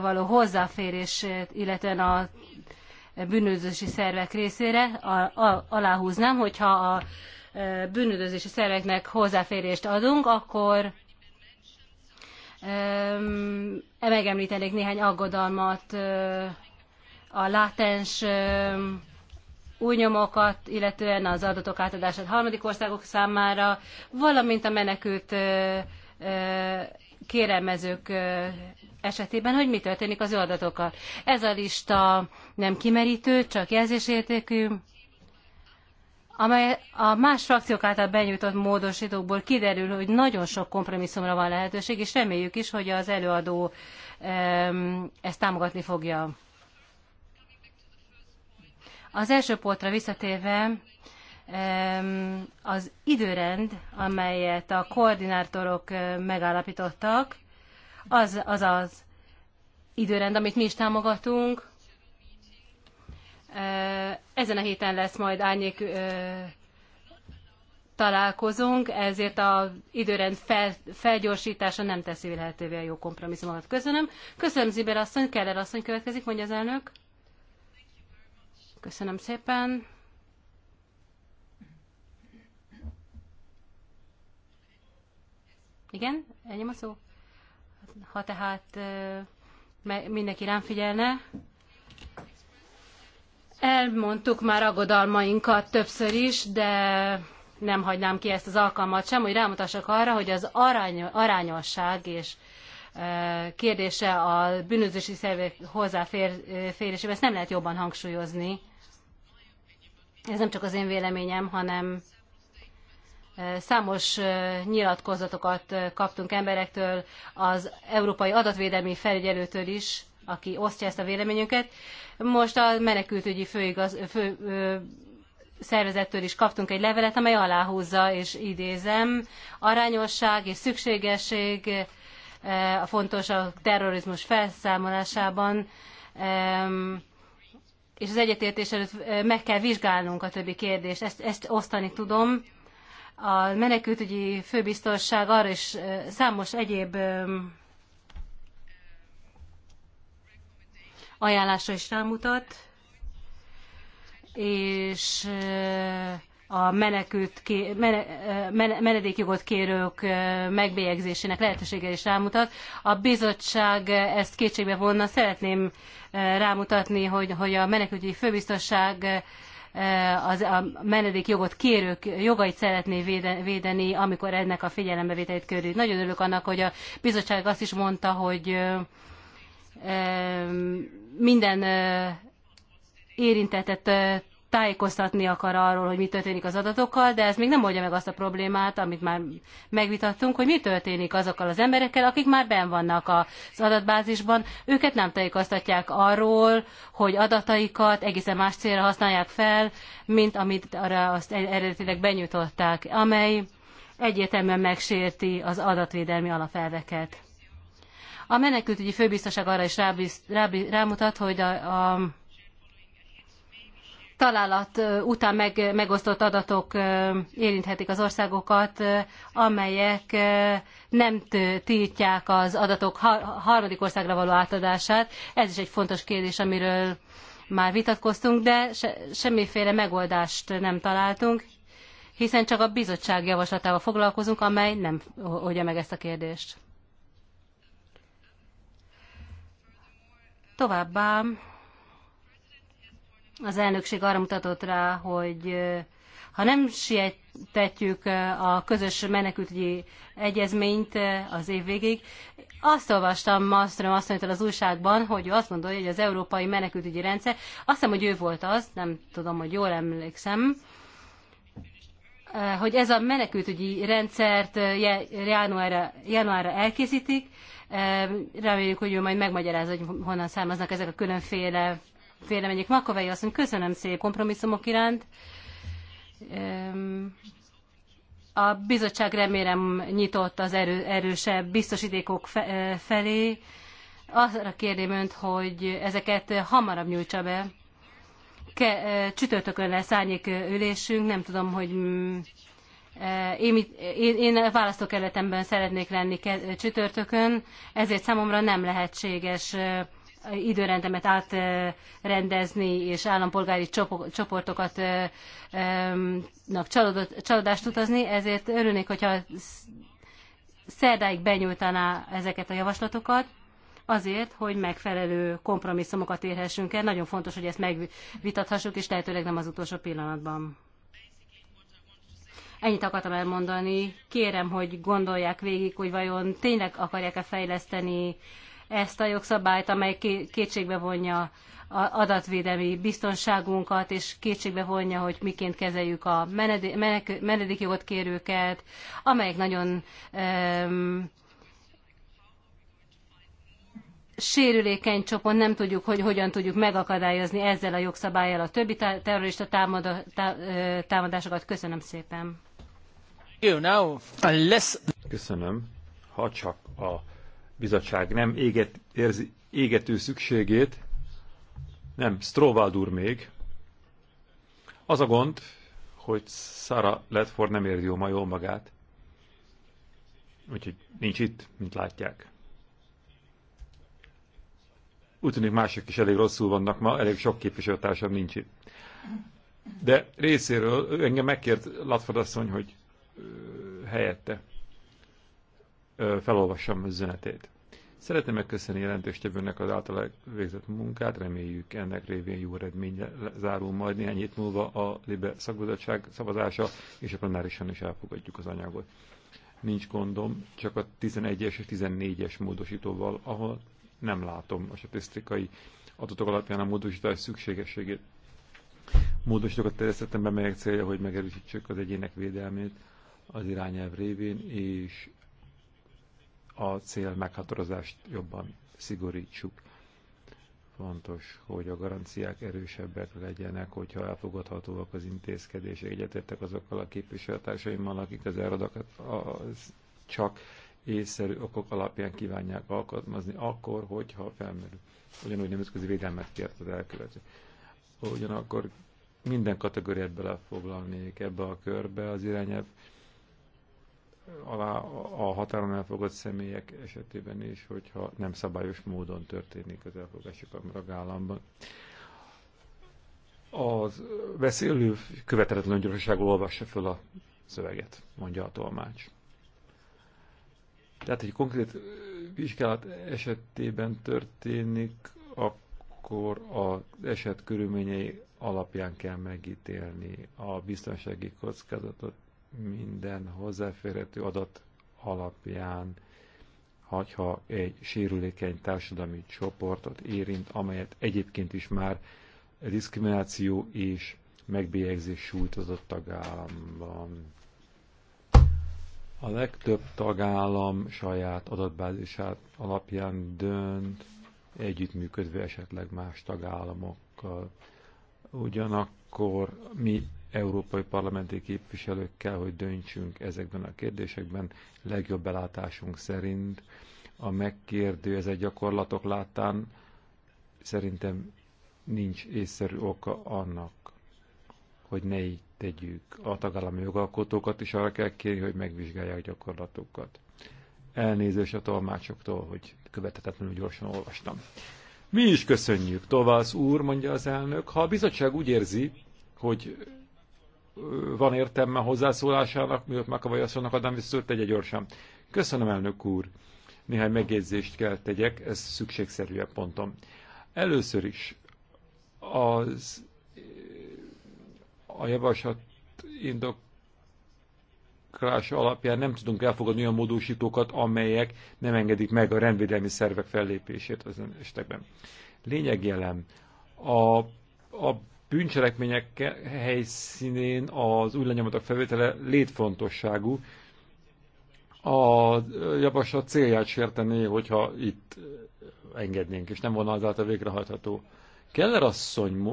való hozzáférés, illetően a bűnözési szervek részére aláhúznám, hogyha a bűnözési szerveknek hozzáférést adunk, akkor megemlítenék néhány aggodalmat, a látens új nyomokat, illetően az adatok átadását harmadik országok számára, valamint a menekült kérelmezők esetében, hogy mi történik az ő adatokkal. Ez a lista nem kimerítő, csak jelzésértékű, amely a más frakciók által benyújtott módosítókból kiderül, hogy nagyon sok kompromisszumra van lehetőség, és reméljük is, hogy az előadó ezt támogatni fogja. Az első pontra visszatérve, az időrend, amelyet a koordinátorok megállapítottak, az az, az időrend, amit mi is támogatunk. Ezen a héten lesz majd árnyék találkozunk, ezért az időrend fel, felgyorsítása nem teszi lehetővé a jó kompromisszumot. Köszönöm. Köszönöm Ziber asszony, Keller asszony következik, mondja az elnök. Köszönöm szépen. Igen, ennyi a szó. Ha tehát mindenki rám figyelne, Elmondtuk már aggodalmainkat többször is, de nem hagynám ki ezt az alkalmat sem, hogy rámutassak arra, hogy az arány, arányosság és e, kérdése a bűnözési szervek hozzáférésében, e, ezt nem lehet jobban hangsúlyozni. Ez nem csak az én véleményem, hanem e, számos nyilatkozatokat kaptunk emberektől, az Európai Adatvédelmi Felügyelőtől is, aki osztja ezt a véleményünket. Most a menekültügyi főigaz, fő, ö, szervezettől is kaptunk egy levelet, amely aláhúzza, és idézem, arányosság és szükségesség a fontos a terrorizmus felszámolásában, és az egyetértés előtt meg kell vizsgálnunk a többi kérdést, ezt, ezt osztani tudom. A menekültügyi főbiztosság arra is számos egyéb ajánlásra is rámutat, és a menekült, menedékjogot kérők megbélyegzésének lehetősége is rámutat. A bizottság ezt kétségbe vonna. Szeretném rámutatni, hogy, hogy a menekültügyi főbiztosság az, a menedékjogot kérők jogait szeretné védeni, amikor ennek a figyelembevételét körül. Nagyon örülök annak, hogy a bizottság azt is mondta, hogy minden érintettet tájékoztatni akar arról, hogy mi történik az adatokkal, de ez még nem oldja meg azt a problémát, amit már megvitattunk, hogy mi történik azokkal az emberekkel, akik már ben vannak az adatbázisban. Őket nem tájékoztatják arról, hogy adataikat egészen más célra használják fel, mint amit arra azt e- eredetileg benyújtották, amely egyértelműen megsérti az adatvédelmi alapelveket. A menekültügyi főbiztoság arra is rábíz, rábíz, rámutat, hogy a, a találat után meg, megosztott adatok érinthetik az országokat, amelyek nem tiltják az adatok harmadik országra való átadását. Ez is egy fontos kérdés, amiről már vitatkoztunk, de se, semmiféle megoldást nem találtunk, hiszen csak a bizottság javaslatával foglalkozunk, amely nem oldja meg ezt a kérdést. Továbbá az elnökség arra mutatott rá, hogy ha nem sietetjük a közös menekültügyi egyezményt az év végéig, azt olvastam Malmström azt mondta az újságban, hogy ő azt gondolja, hogy az európai menekültügyi rendszer, azt hiszem, hogy ő volt az, nem tudom, hogy jól emlékszem, hogy ez a menekültügyi rendszert januárra, januárra elkészítik, Reméljük, hogy ő majd megmagyarázza, hogy honnan származnak ezek a különféle vélemények. Makovei azt mondja, köszönöm szép kompromisszumok iránt. A bizottság remélem nyitott az erő, erősebb biztosítékok fe, felé. Arra kérném önt, hogy ezeket hamarabb nyújtsa be. Ke, csütörtökön lesz árnyék ülésünk, nem tudom, hogy Eh, én, én, én választókerületemben szeretnék lenni csütörtökön, ezért számomra nem lehetséges eh, időrendemet átrendezni, és állampolgári csoportokat eh, csalódást utazni, ezért örülnék, hogyha szerdáig benyújtaná ezeket a javaslatokat, azért, hogy megfelelő kompromisszumokat érhessünk el. Nagyon fontos, hogy ezt megvitathassuk, és lehetőleg nem az utolsó pillanatban. Ennyit akartam elmondani. Kérem, hogy gondolják végig, hogy vajon tényleg akarják-e fejleszteni ezt a jogszabályt, amely kétségbe vonja adatvédelmi biztonságunkat, és kétségbe vonja, hogy miként kezeljük a menedékjogot kérőket, amelyek nagyon um, sérülékeny csopon, nem tudjuk, hogy hogyan tudjuk megakadályozni ezzel a jogszabályjal a többi terrorista támadásokat. Köszönöm szépen. Köszönöm. Ha csak a bizottság nem éget, érzi égető szükségét, nem, Strovád úr még. Az a gond, hogy Sara Ledford nem érzi ma jól magát. Úgyhogy nincs itt, mint látják. Úgy tűnik mások is elég rosszul vannak ma, elég sok képviselőtársam nincs itt. De részéről engem megkért Latford asszony, hogy helyette felolvassam üzenetét. Szeretném megköszönni jelentős jelentéstevőnek az általa végzett munkát, reméljük ennek révén jó eredmény zárul majd néhány hét múlva a Libe szakbizottság szavazása, és a plenárisan is elfogadjuk az anyagot. Nincs gondom, csak a 11-es és 14-es módosítóval, ahol nem látom a statisztikai adatok alapján a módosítás szükségességét. Módosítókat terjesztettem be, melyek célja, hogy megerősítsük az egyének védelmét az irányelv révén, és a cél meghatározást jobban szigorítsuk. Fontos, hogy a garanciák erősebbek legyenek, hogyha elfogadhatóak az intézkedések. Egyetértek azokkal a képviselőtársaimmal, akik az eradakat az csak észszerű okok alapján kívánják alkalmazni, akkor, hogyha felmerül. Ugyanúgy nemzetközi védelmet kért az elkövető. Ugyanakkor minden kategóriát belefoglalnék ebbe a körbe az irányába, alá a határon elfogott személyek esetében is, hogyha nem szabályos módon történik az elfogásuk a ragállamban. Az beszélő követeletlen gyorsaságú olvassa fel a szöveget, mondja a tolmács. Tehát egy konkrét vizsgálat esetében történik, akkor az eset körülményei alapján kell megítélni a biztonsági kockázatot minden hozzáférhető adat alapján, ha egy sérülékeny társadalmi csoportot érint, amelyet egyébként is már diszkrimináció és megbélyegzés sújt az a tagállamban. A legtöbb tagállam saját adatbázisát alapján dönt, együttműködve esetleg más tagállamokkal. Ugyanakkor mi európai parlamenti képviselőkkel, hogy döntsünk ezekben a kérdésekben legjobb belátásunk szerint. A ezek gyakorlatok láttán szerintem nincs észszerű oka annak, hogy ne így tegyük. A tagállami jogalkotókat is arra kell kérni, hogy megvizsgálják gyakorlatukat. Elnézést a tolmácsoktól, hogy követhetetlenül gyorsan olvastam. Mi is köszönjük, Tovász úr, mondja az elnök. Ha a bizottság úgy érzi, hogy van értelme hozzászólásának, mióta Makavai asszonynak adnám vissza, tegye gyorsan. Köszönöm, elnök úr. Néhány megjegyzést kell tegyek, ez szükségszerűen pontom. Először is az a javaslat indok alapján nem tudunk elfogadni olyan módosítókat, amelyek nem engedik meg a rendvédelmi szervek fellépését az estekben. Lényegjelen a, a bűncselekmények helyszínén az új lenyomatok felvétele létfontosságú. A javaslat célját sértené, hogyha itt engednénk, és nem volna azáltal végrehajtható. Keller asszony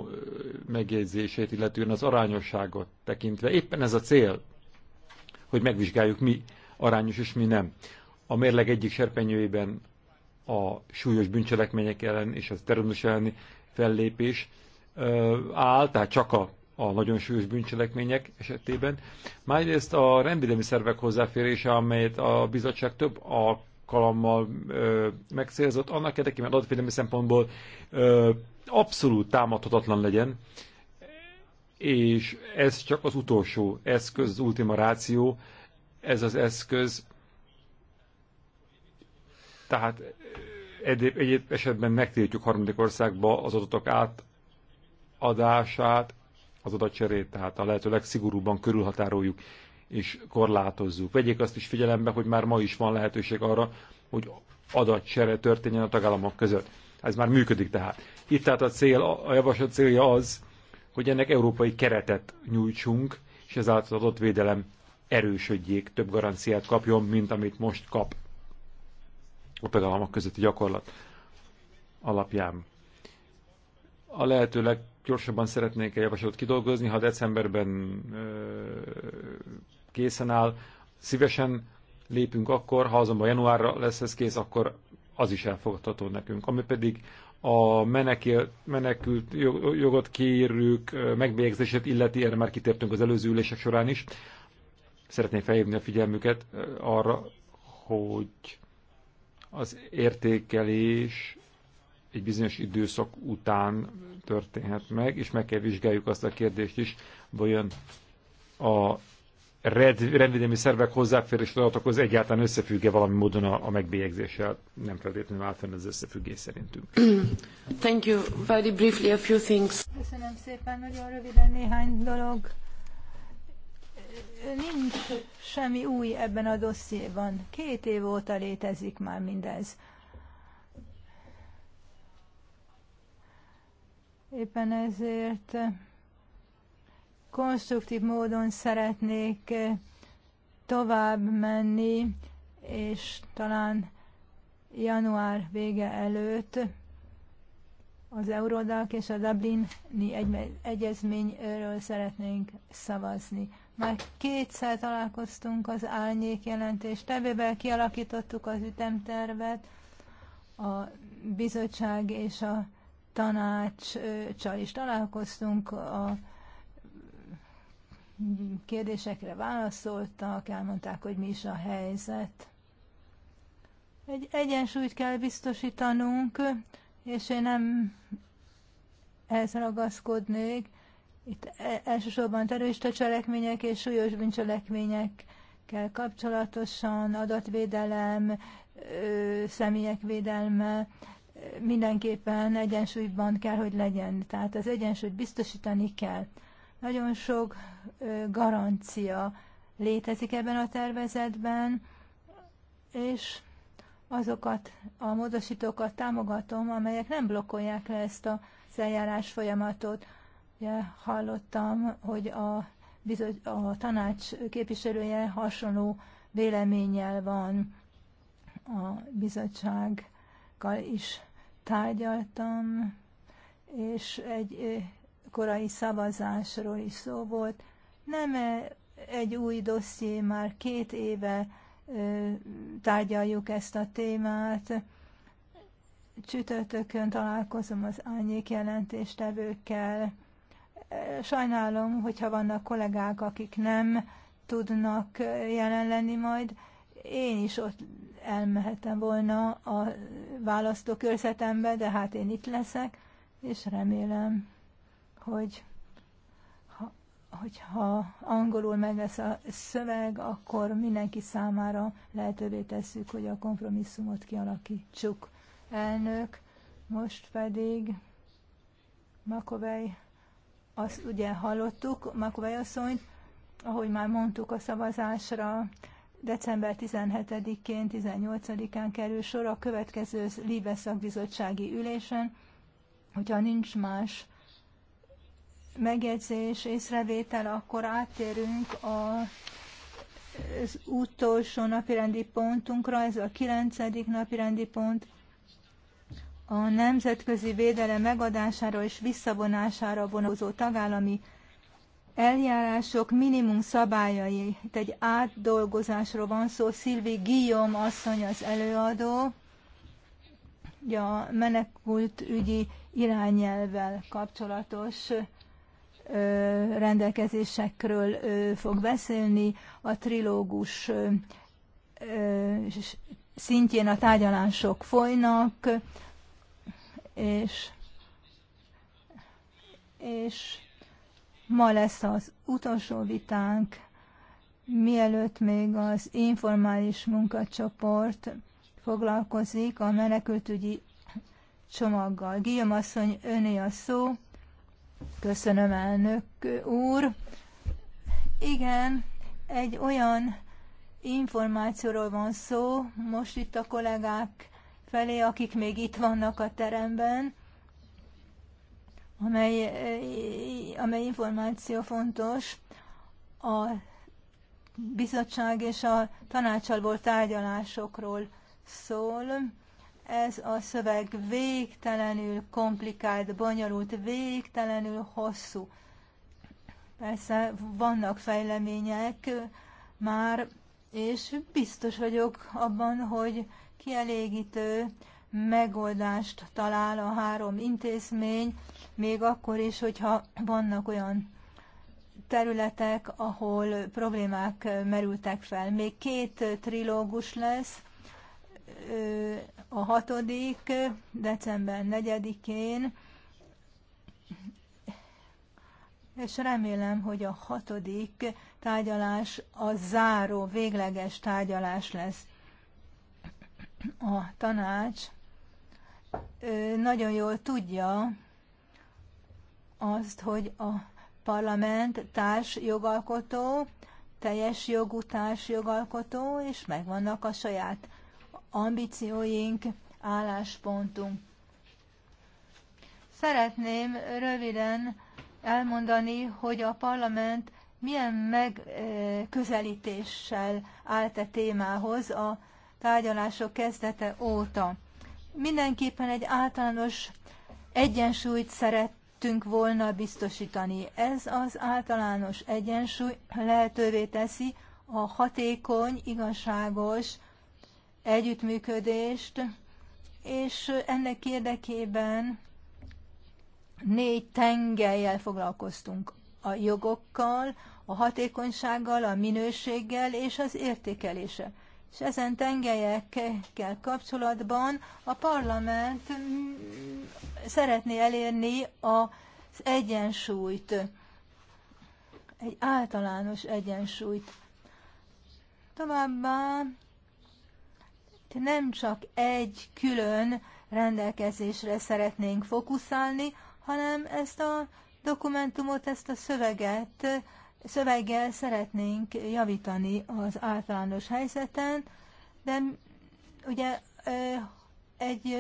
megjegyzését, illetően az arányosságot tekintve, éppen ez a cél, hogy megvizsgáljuk mi arányos és mi nem. A mérleg egyik serpenyőjében a súlyos bűncselekmények ellen és az terrorizmus elleni fellépés, áll, tehát csak a, a nagyon súlyos bűncselekmények esetében. Másrészt a rendvédelmi szervek hozzáférése, amelyet a bizottság több alkalommal ö, megszélzott, annak érdekében adatvédelmi szempontból ö, abszolút támadhatatlan legyen, és ez csak az utolsó eszköz, az ultima ráció, ez az eszköz, tehát egyéb, egyéb esetben megtiltjuk harmadik országba az adatok át adását, az adatcserét, tehát a lehető legszigorúbban körülhatároljuk és korlátozzuk. Vegyék azt is figyelembe, hogy már ma is van lehetőség arra, hogy adatcsere történjen a tagállamok között. Ez már működik tehát. Itt tehát a cél, a javaslat célja az, hogy ennek európai keretet nyújtsunk, és ezáltal adott védelem erősödjék, több garanciát kapjon, mint amit most kap a tagállamok közötti gyakorlat alapján. A lehetőleg gyorsabban szeretnék egy javaslatot kidolgozni, ha decemberben készen áll, szívesen lépünk akkor, ha azonban januárra lesz ez kész, akkor az is elfogadható nekünk. Ami pedig a menekül menekült jogot kérők megbélyegzését illeti, erre már kitértünk az előző ülések során is. Szeretném felhívni a figyelmüket arra, hogy az értékelés egy bizonyos időszak után történhet meg, és meg kell vizsgáljuk azt a kérdést is, vajon a rendvédelmi szervek hozzáférés adatokhoz egyáltalán összefügg-e valami módon a, a megbélyegzéssel? Nem feltétlenül áll fenn az összefüggés szerintünk. [clears throat] Thank you. Very briefly a few things. Köszönöm szépen, nagyon röviden néhány dolog. Nincs semmi új ebben a dossziéban. Két év óta létezik már mindez. Éppen ezért konstruktív módon szeretnék tovább menni, és talán január vége előtt az Eurodac és a Dublini egyezményről szeretnénk szavazni. Már kétszer találkoztunk az árnyék jelentés tevével, kialakítottuk az ütemtervet, a bizottság és a tanácssal is találkoztunk, a kérdésekre válaszoltak, elmondták, hogy mi is a helyzet. Egy egyensúlyt kell biztosítanunk, és én nem ehhez ragaszkodnék. Itt e- elsősorban terrorista cselekmények és súlyos bűncselekményekkel kapcsolatosan adatvédelem, személyek védelme, mindenképpen egyensúlyban kell, hogy legyen. Tehát az egyensúlyt biztosítani kell. Nagyon sok garancia létezik ebben a tervezetben, és azokat a módosítókat támogatom, amelyek nem blokkolják le ezt az eljárás folyamatot. Ugye hallottam, hogy a, bizony, a tanács képviselője hasonló véleménnyel van a bizottsággal is tárgyaltam, és egy korai szavazásról is szó volt. Nem egy új dosszié, már két éve tárgyaljuk ezt a témát. Csütörtökön találkozom az árnyék jelentéstevőkkel. Sajnálom, hogyha vannak kollégák, akik nem tudnak jelen lenni majd. Én is ott elmehettem volna a választókörzetembe, de hát én itt leszek, és remélem, hogy ha, hogyha angolul meg lesz a szöveg, akkor mindenki számára lehetővé tesszük, hogy a kompromisszumot kialakítsuk. Elnök, most pedig Makovej, azt ugye hallottuk, Makovej asszonyt, ahogy már mondtuk a szavazásra december 17-én, 18-án kerül sor a következő Libe szakbizottsági ülésen, hogyha nincs más megjegyzés, észrevétel, akkor áttérünk a az utolsó napirendi pontunkra, ez a kilencedik napirendi pont, a nemzetközi védelem megadására és visszavonására vonatkozó tagállami eljárások minimum szabályai. Itt egy átdolgozásról van szó. Szilvi Guillaume asszony az előadó, a menekült ügyi irányelvvel kapcsolatos rendelkezésekről fog beszélni. A trilógus szintjén a tárgyalások folynak, és, és Ma lesz az utolsó vitánk, mielőtt még az informális munkacsoport foglalkozik a menekültügyi csomaggal. Guillaume asszony, öné a szó. Köszönöm, elnök úr. Igen, egy olyan információról van szó most itt a kollégák felé, akik még itt vannak a teremben, amely, eh, amely információ fontos a bizottság és a tanácsal volt tárgyalásokról szól. Ez a szöveg végtelenül komplikált, bonyolult, végtelenül hosszú. Persze vannak fejlemények már, és biztos vagyok abban, hogy kielégítő megoldást talál a három intézmény, még akkor is, hogyha vannak olyan területek, ahol problémák merültek fel. Még két trilógus lesz, a hatodik, december 4-én, és remélem, hogy a hatodik tárgyalás a záró, végleges tárgyalás lesz. A tanács nagyon jól tudja, azt, hogy a parlament társ jogalkotó, teljes jogú társ jogalkotó, és megvannak a saját ambícióink, álláspontunk. Szeretném röviden elmondani, hogy a parlament milyen megközelítéssel állt a e témához a tárgyalások kezdete óta. Mindenképpen egy általános egyensúlyt szeret szerettünk volna biztosítani. Ez az általános egyensúly lehetővé teszi a hatékony, igazságos együttműködést, és ennek érdekében négy tengelyel foglalkoztunk. A jogokkal, a hatékonysággal, a minőséggel és az értékelése és ezen tengelyekkel kapcsolatban a parlament mm, szeretné elérni az egyensúlyt, egy általános egyensúlyt. Továbbá nem csak egy külön rendelkezésre szeretnénk fókuszálni, hanem ezt a dokumentumot, ezt a szöveget szöveggel szeretnénk javítani az általános helyzeten, de ugye egy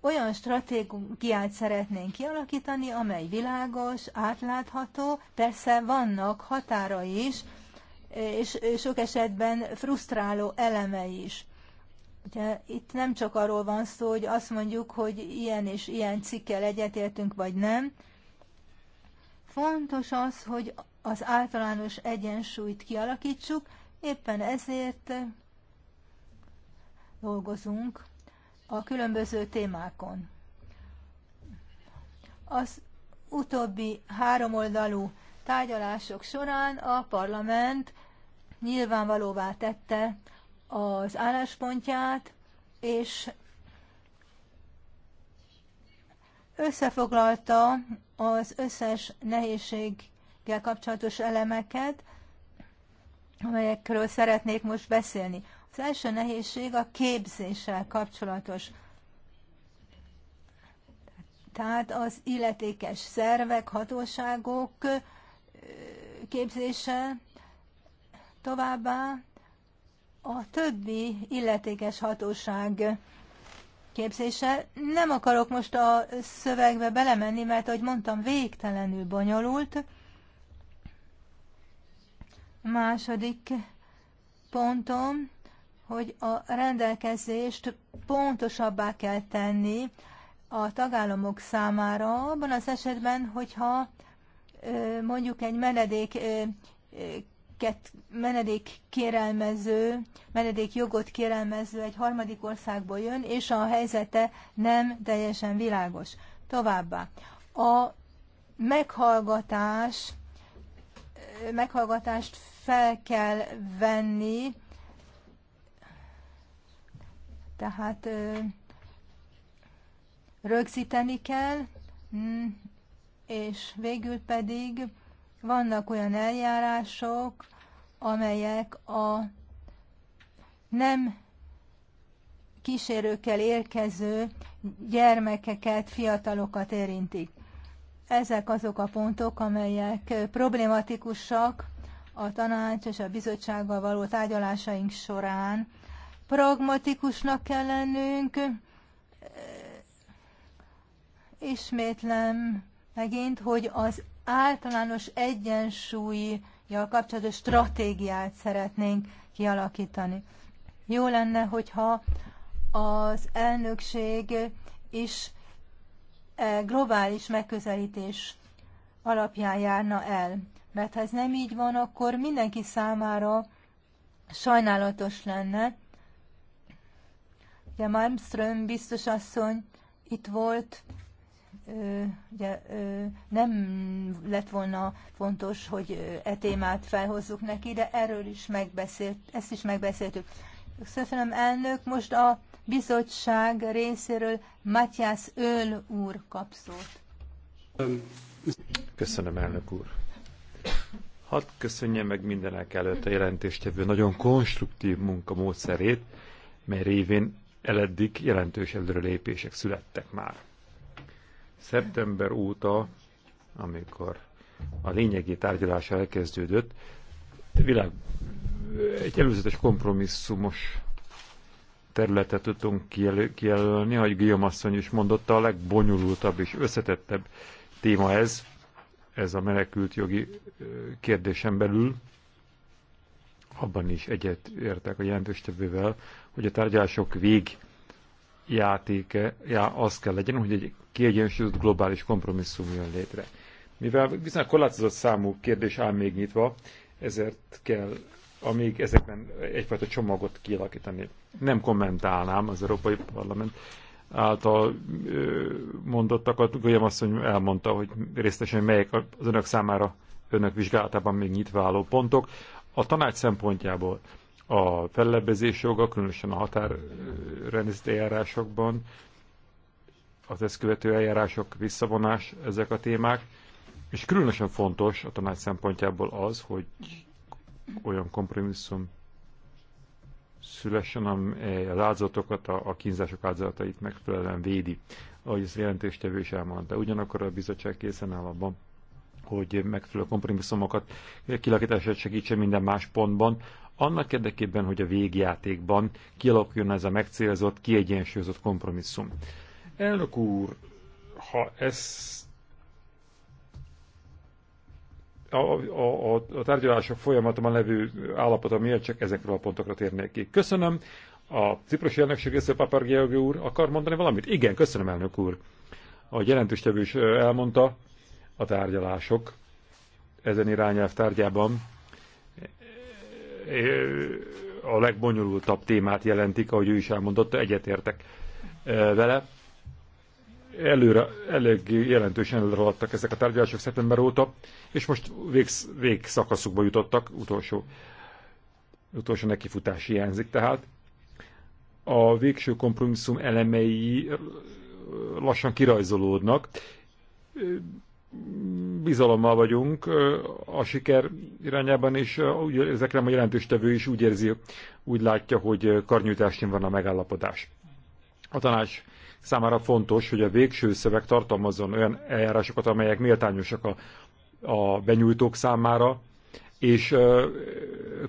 olyan stratégiát szeretnénk kialakítani, amely világos, átlátható, persze vannak határa is, és sok esetben frusztráló elemei is. Ugye itt nem csak arról van szó, hogy azt mondjuk, hogy ilyen és ilyen cikkel egyetértünk, vagy nem, Fontos az, hogy az általános egyensúlyt kialakítsuk, éppen ezért dolgozunk a különböző témákon. Az utóbbi háromoldalú tárgyalások során a parlament nyilvánvalóvá tette az álláspontját, és összefoglalta az összes nehézséggel kapcsolatos elemeket, amelyekről szeretnék most beszélni. Az első nehézség a képzéssel kapcsolatos. Tehát az illetékes szervek, hatóságok képzése, továbbá a többi illetékes hatóság képzése. Nem akarok most a szövegbe belemenni, mert ahogy mondtam, végtelenül bonyolult. Második pontom, hogy a rendelkezést pontosabbá kell tenni a tagállamok számára, abban az esetben, hogyha mondjuk egy menedék menedéket, menedék kérelmező, menedék jogot kérelmező egy harmadik országból jön, és a helyzete nem teljesen világos. Továbbá, a meghallgatás, meghallgatást fel kell venni, tehát rögzíteni kell, mm, és végül pedig vannak olyan eljárások, amelyek a nem kísérőkkel érkező gyermekeket, fiatalokat érintik. Ezek azok a pontok, amelyek problematikusak a tanács és a bizottsággal való tárgyalásaink során. Pragmatikusnak kell lennünk, ismétlem megint, hogy az általános egyensúly kapcsolatos stratégiát szeretnénk kialakítani. Jó lenne, hogyha az elnökség is e, globális megközelítés alapján járna el. Mert ha ez nem így van, akkor mindenki számára sajnálatos lenne. Ugye Malmström biztos asszony itt volt, ugye nem lett volna fontos, hogy e témát felhozzuk neki, de erről is megbeszélt, ezt is megbeszéltük. Köszönöm, elnök. Most a bizottság részéről Matyász Öl úr kap szót. Köszönöm, elnök úr. Hadd köszönjem meg mindenek előtt a jelentéstevő nagyon konstruktív munkamódszerét, mely révén eleddig jelentős előrelépések születtek már. Szeptember óta, amikor a lényegi tárgyalása elkezdődött, világ egy előzetes kompromisszumos területet tudtunk kijelölni, ahogy Guillaume asszony is mondotta, a legbonyolultabb és összetettebb téma ez, ez a menekült jogi kérdésen belül. Abban is egyet értek a jelentőstevővel, hogy a tárgyalások vég játéke já, az kell legyen, hogy egy kiegyensúlyozott globális kompromisszum jön létre. Mivel viszont korlátozott számú kérdés áll még nyitva, ezért kell amíg ezekben egyfajta csomagot kialakítani. Nem kommentálnám az Európai Parlament által mondottakat. azt, hogy elmondta, hogy részletesen melyek az önök számára önök vizsgálatában még nyitva álló pontok. A tanács szempontjából a fellebbezés joga, különösen a határrendezett eljárásokban, az ezt követő eljárások visszavonás, ezek a témák. És különösen fontos a tanács szempontjából az, hogy olyan kompromisszum szülessen, amely az áldozatokat, a, a kínzások áldozatait megfelelően védi, ahogy ezt jelentéstevő is elmondta. Ugyanakkor a bizottság készen áll abban, hogy megfelelő kompromisszumokat kilakítását segítsen minden más pontban, annak érdekében, hogy a végjátékban kialakuljon ez a megcélzott, kiegyensúlyozott kompromisszum. Elnök úr, ha ez a, a, a, a tárgyalások folyamatban levő állapota miért csak ezekről a pontokra térnék ki. Köszönöm. A ciprosi elnökség részéről Papargeorgi úr akar mondani valamit? Igen, köszönöm, elnök úr. A jelentőstevő is elmondta a tárgyalások ezen irányelv tárgyában a legbonyolultabb témát jelentik, ahogy ő is elmondotta, egyetértek e, vele. Előre, elég jelentősen előadtak ezek a tárgyalások szeptember óta, és most végsz, végszakaszukba jutottak, utolsó, utolsó nekifutás hiányzik tehát. A végső kompromisszum elemei lassan kirajzolódnak, bizalommal vagyunk a siker irányában, és úgy ezekre a jelentőstevő is úgy érzi, úgy látja, hogy karnyújtásnyi van a megállapodás. A tanács számára fontos, hogy a végső szöveg tartalmazzon olyan eljárásokat, amelyek méltányosak a, a benyújtók számára, és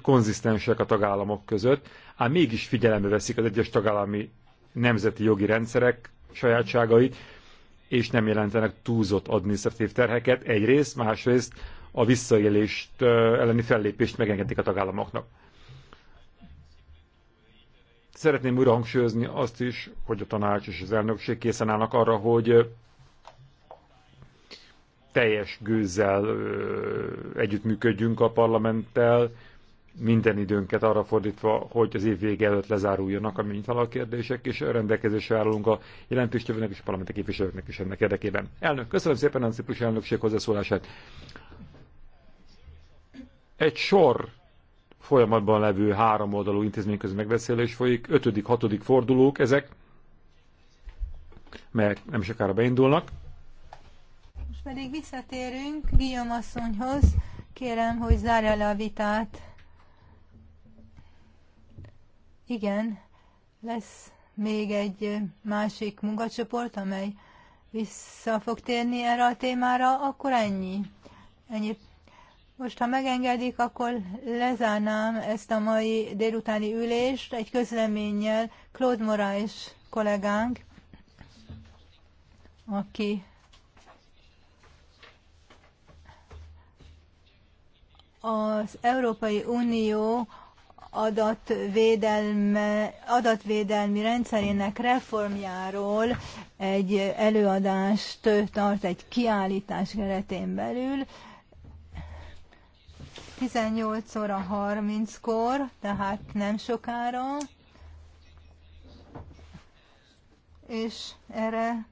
konzisztensek a tagállamok között, ám mégis figyelembe veszik az egyes tagállami nemzeti jogi rendszerek sajátságait, és nem jelentenek túlzott adminisztratív terheket egyrészt, másrészt a visszaélést elleni fellépést megengedik a tagállamoknak. Szeretném újra hangsúlyozni azt is, hogy a tanács és az elnökség készen állnak arra, hogy teljes gőzzel együttműködjünk a parlamenttel, minden időnket arra fordítva, hogy az év vége előtt lezáruljanak a ménytalan kérdések, és rendelkezésre állunk a jelentéstevőnek és a parlamenti képviselőknek is ennek érdekében. Elnök, köszönöm szépen a Ciprus elnökség hozzászólását. Egy sor folyamatban levő három oldalú közül megbeszélés folyik, ötödik, hatodik fordulók ezek, mert nem sokára beindulnak. Most pedig visszatérünk Guillaume asszonyhoz. Kérem, hogy zárja le a vitát. Igen, lesz még egy másik munkacsoport, amely vissza fog térni erre a témára, akkor ennyi. Ennyi. Most, ha megengedik, akkor lezárnám ezt a mai délutáni ülést egy közleménnyel Claude Moraes kollégánk, aki az Európai Unió adatvédelme, adatvédelmi rendszerének reformjáról egy előadást tart egy kiállítás keretén belül. 18 óra 30-kor, tehát nem sokára. És erre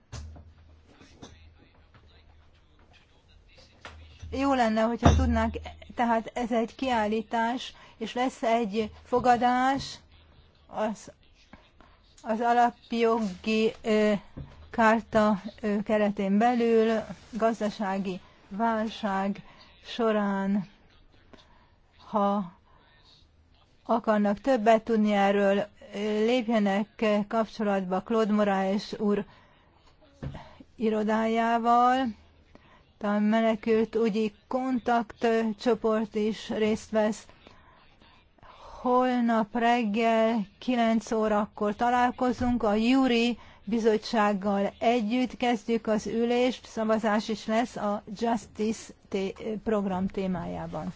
jó lenne, hogyha tudnák tehát ez egy kiállítás, és lesz egy fogadás az, az alapjogi ö, kárta ö, keretén belül, gazdasági válság során, ha akarnak többet tudni erről, lépjenek kapcsolatba Claude Moraes úr irodájával, talán menekült ügyi kontaktcsoport is részt vesz. Holnap reggel 9 órakor találkozunk a Júri bizottsággal együtt kezdjük az ülést, szavazás is lesz a Justice program témájában.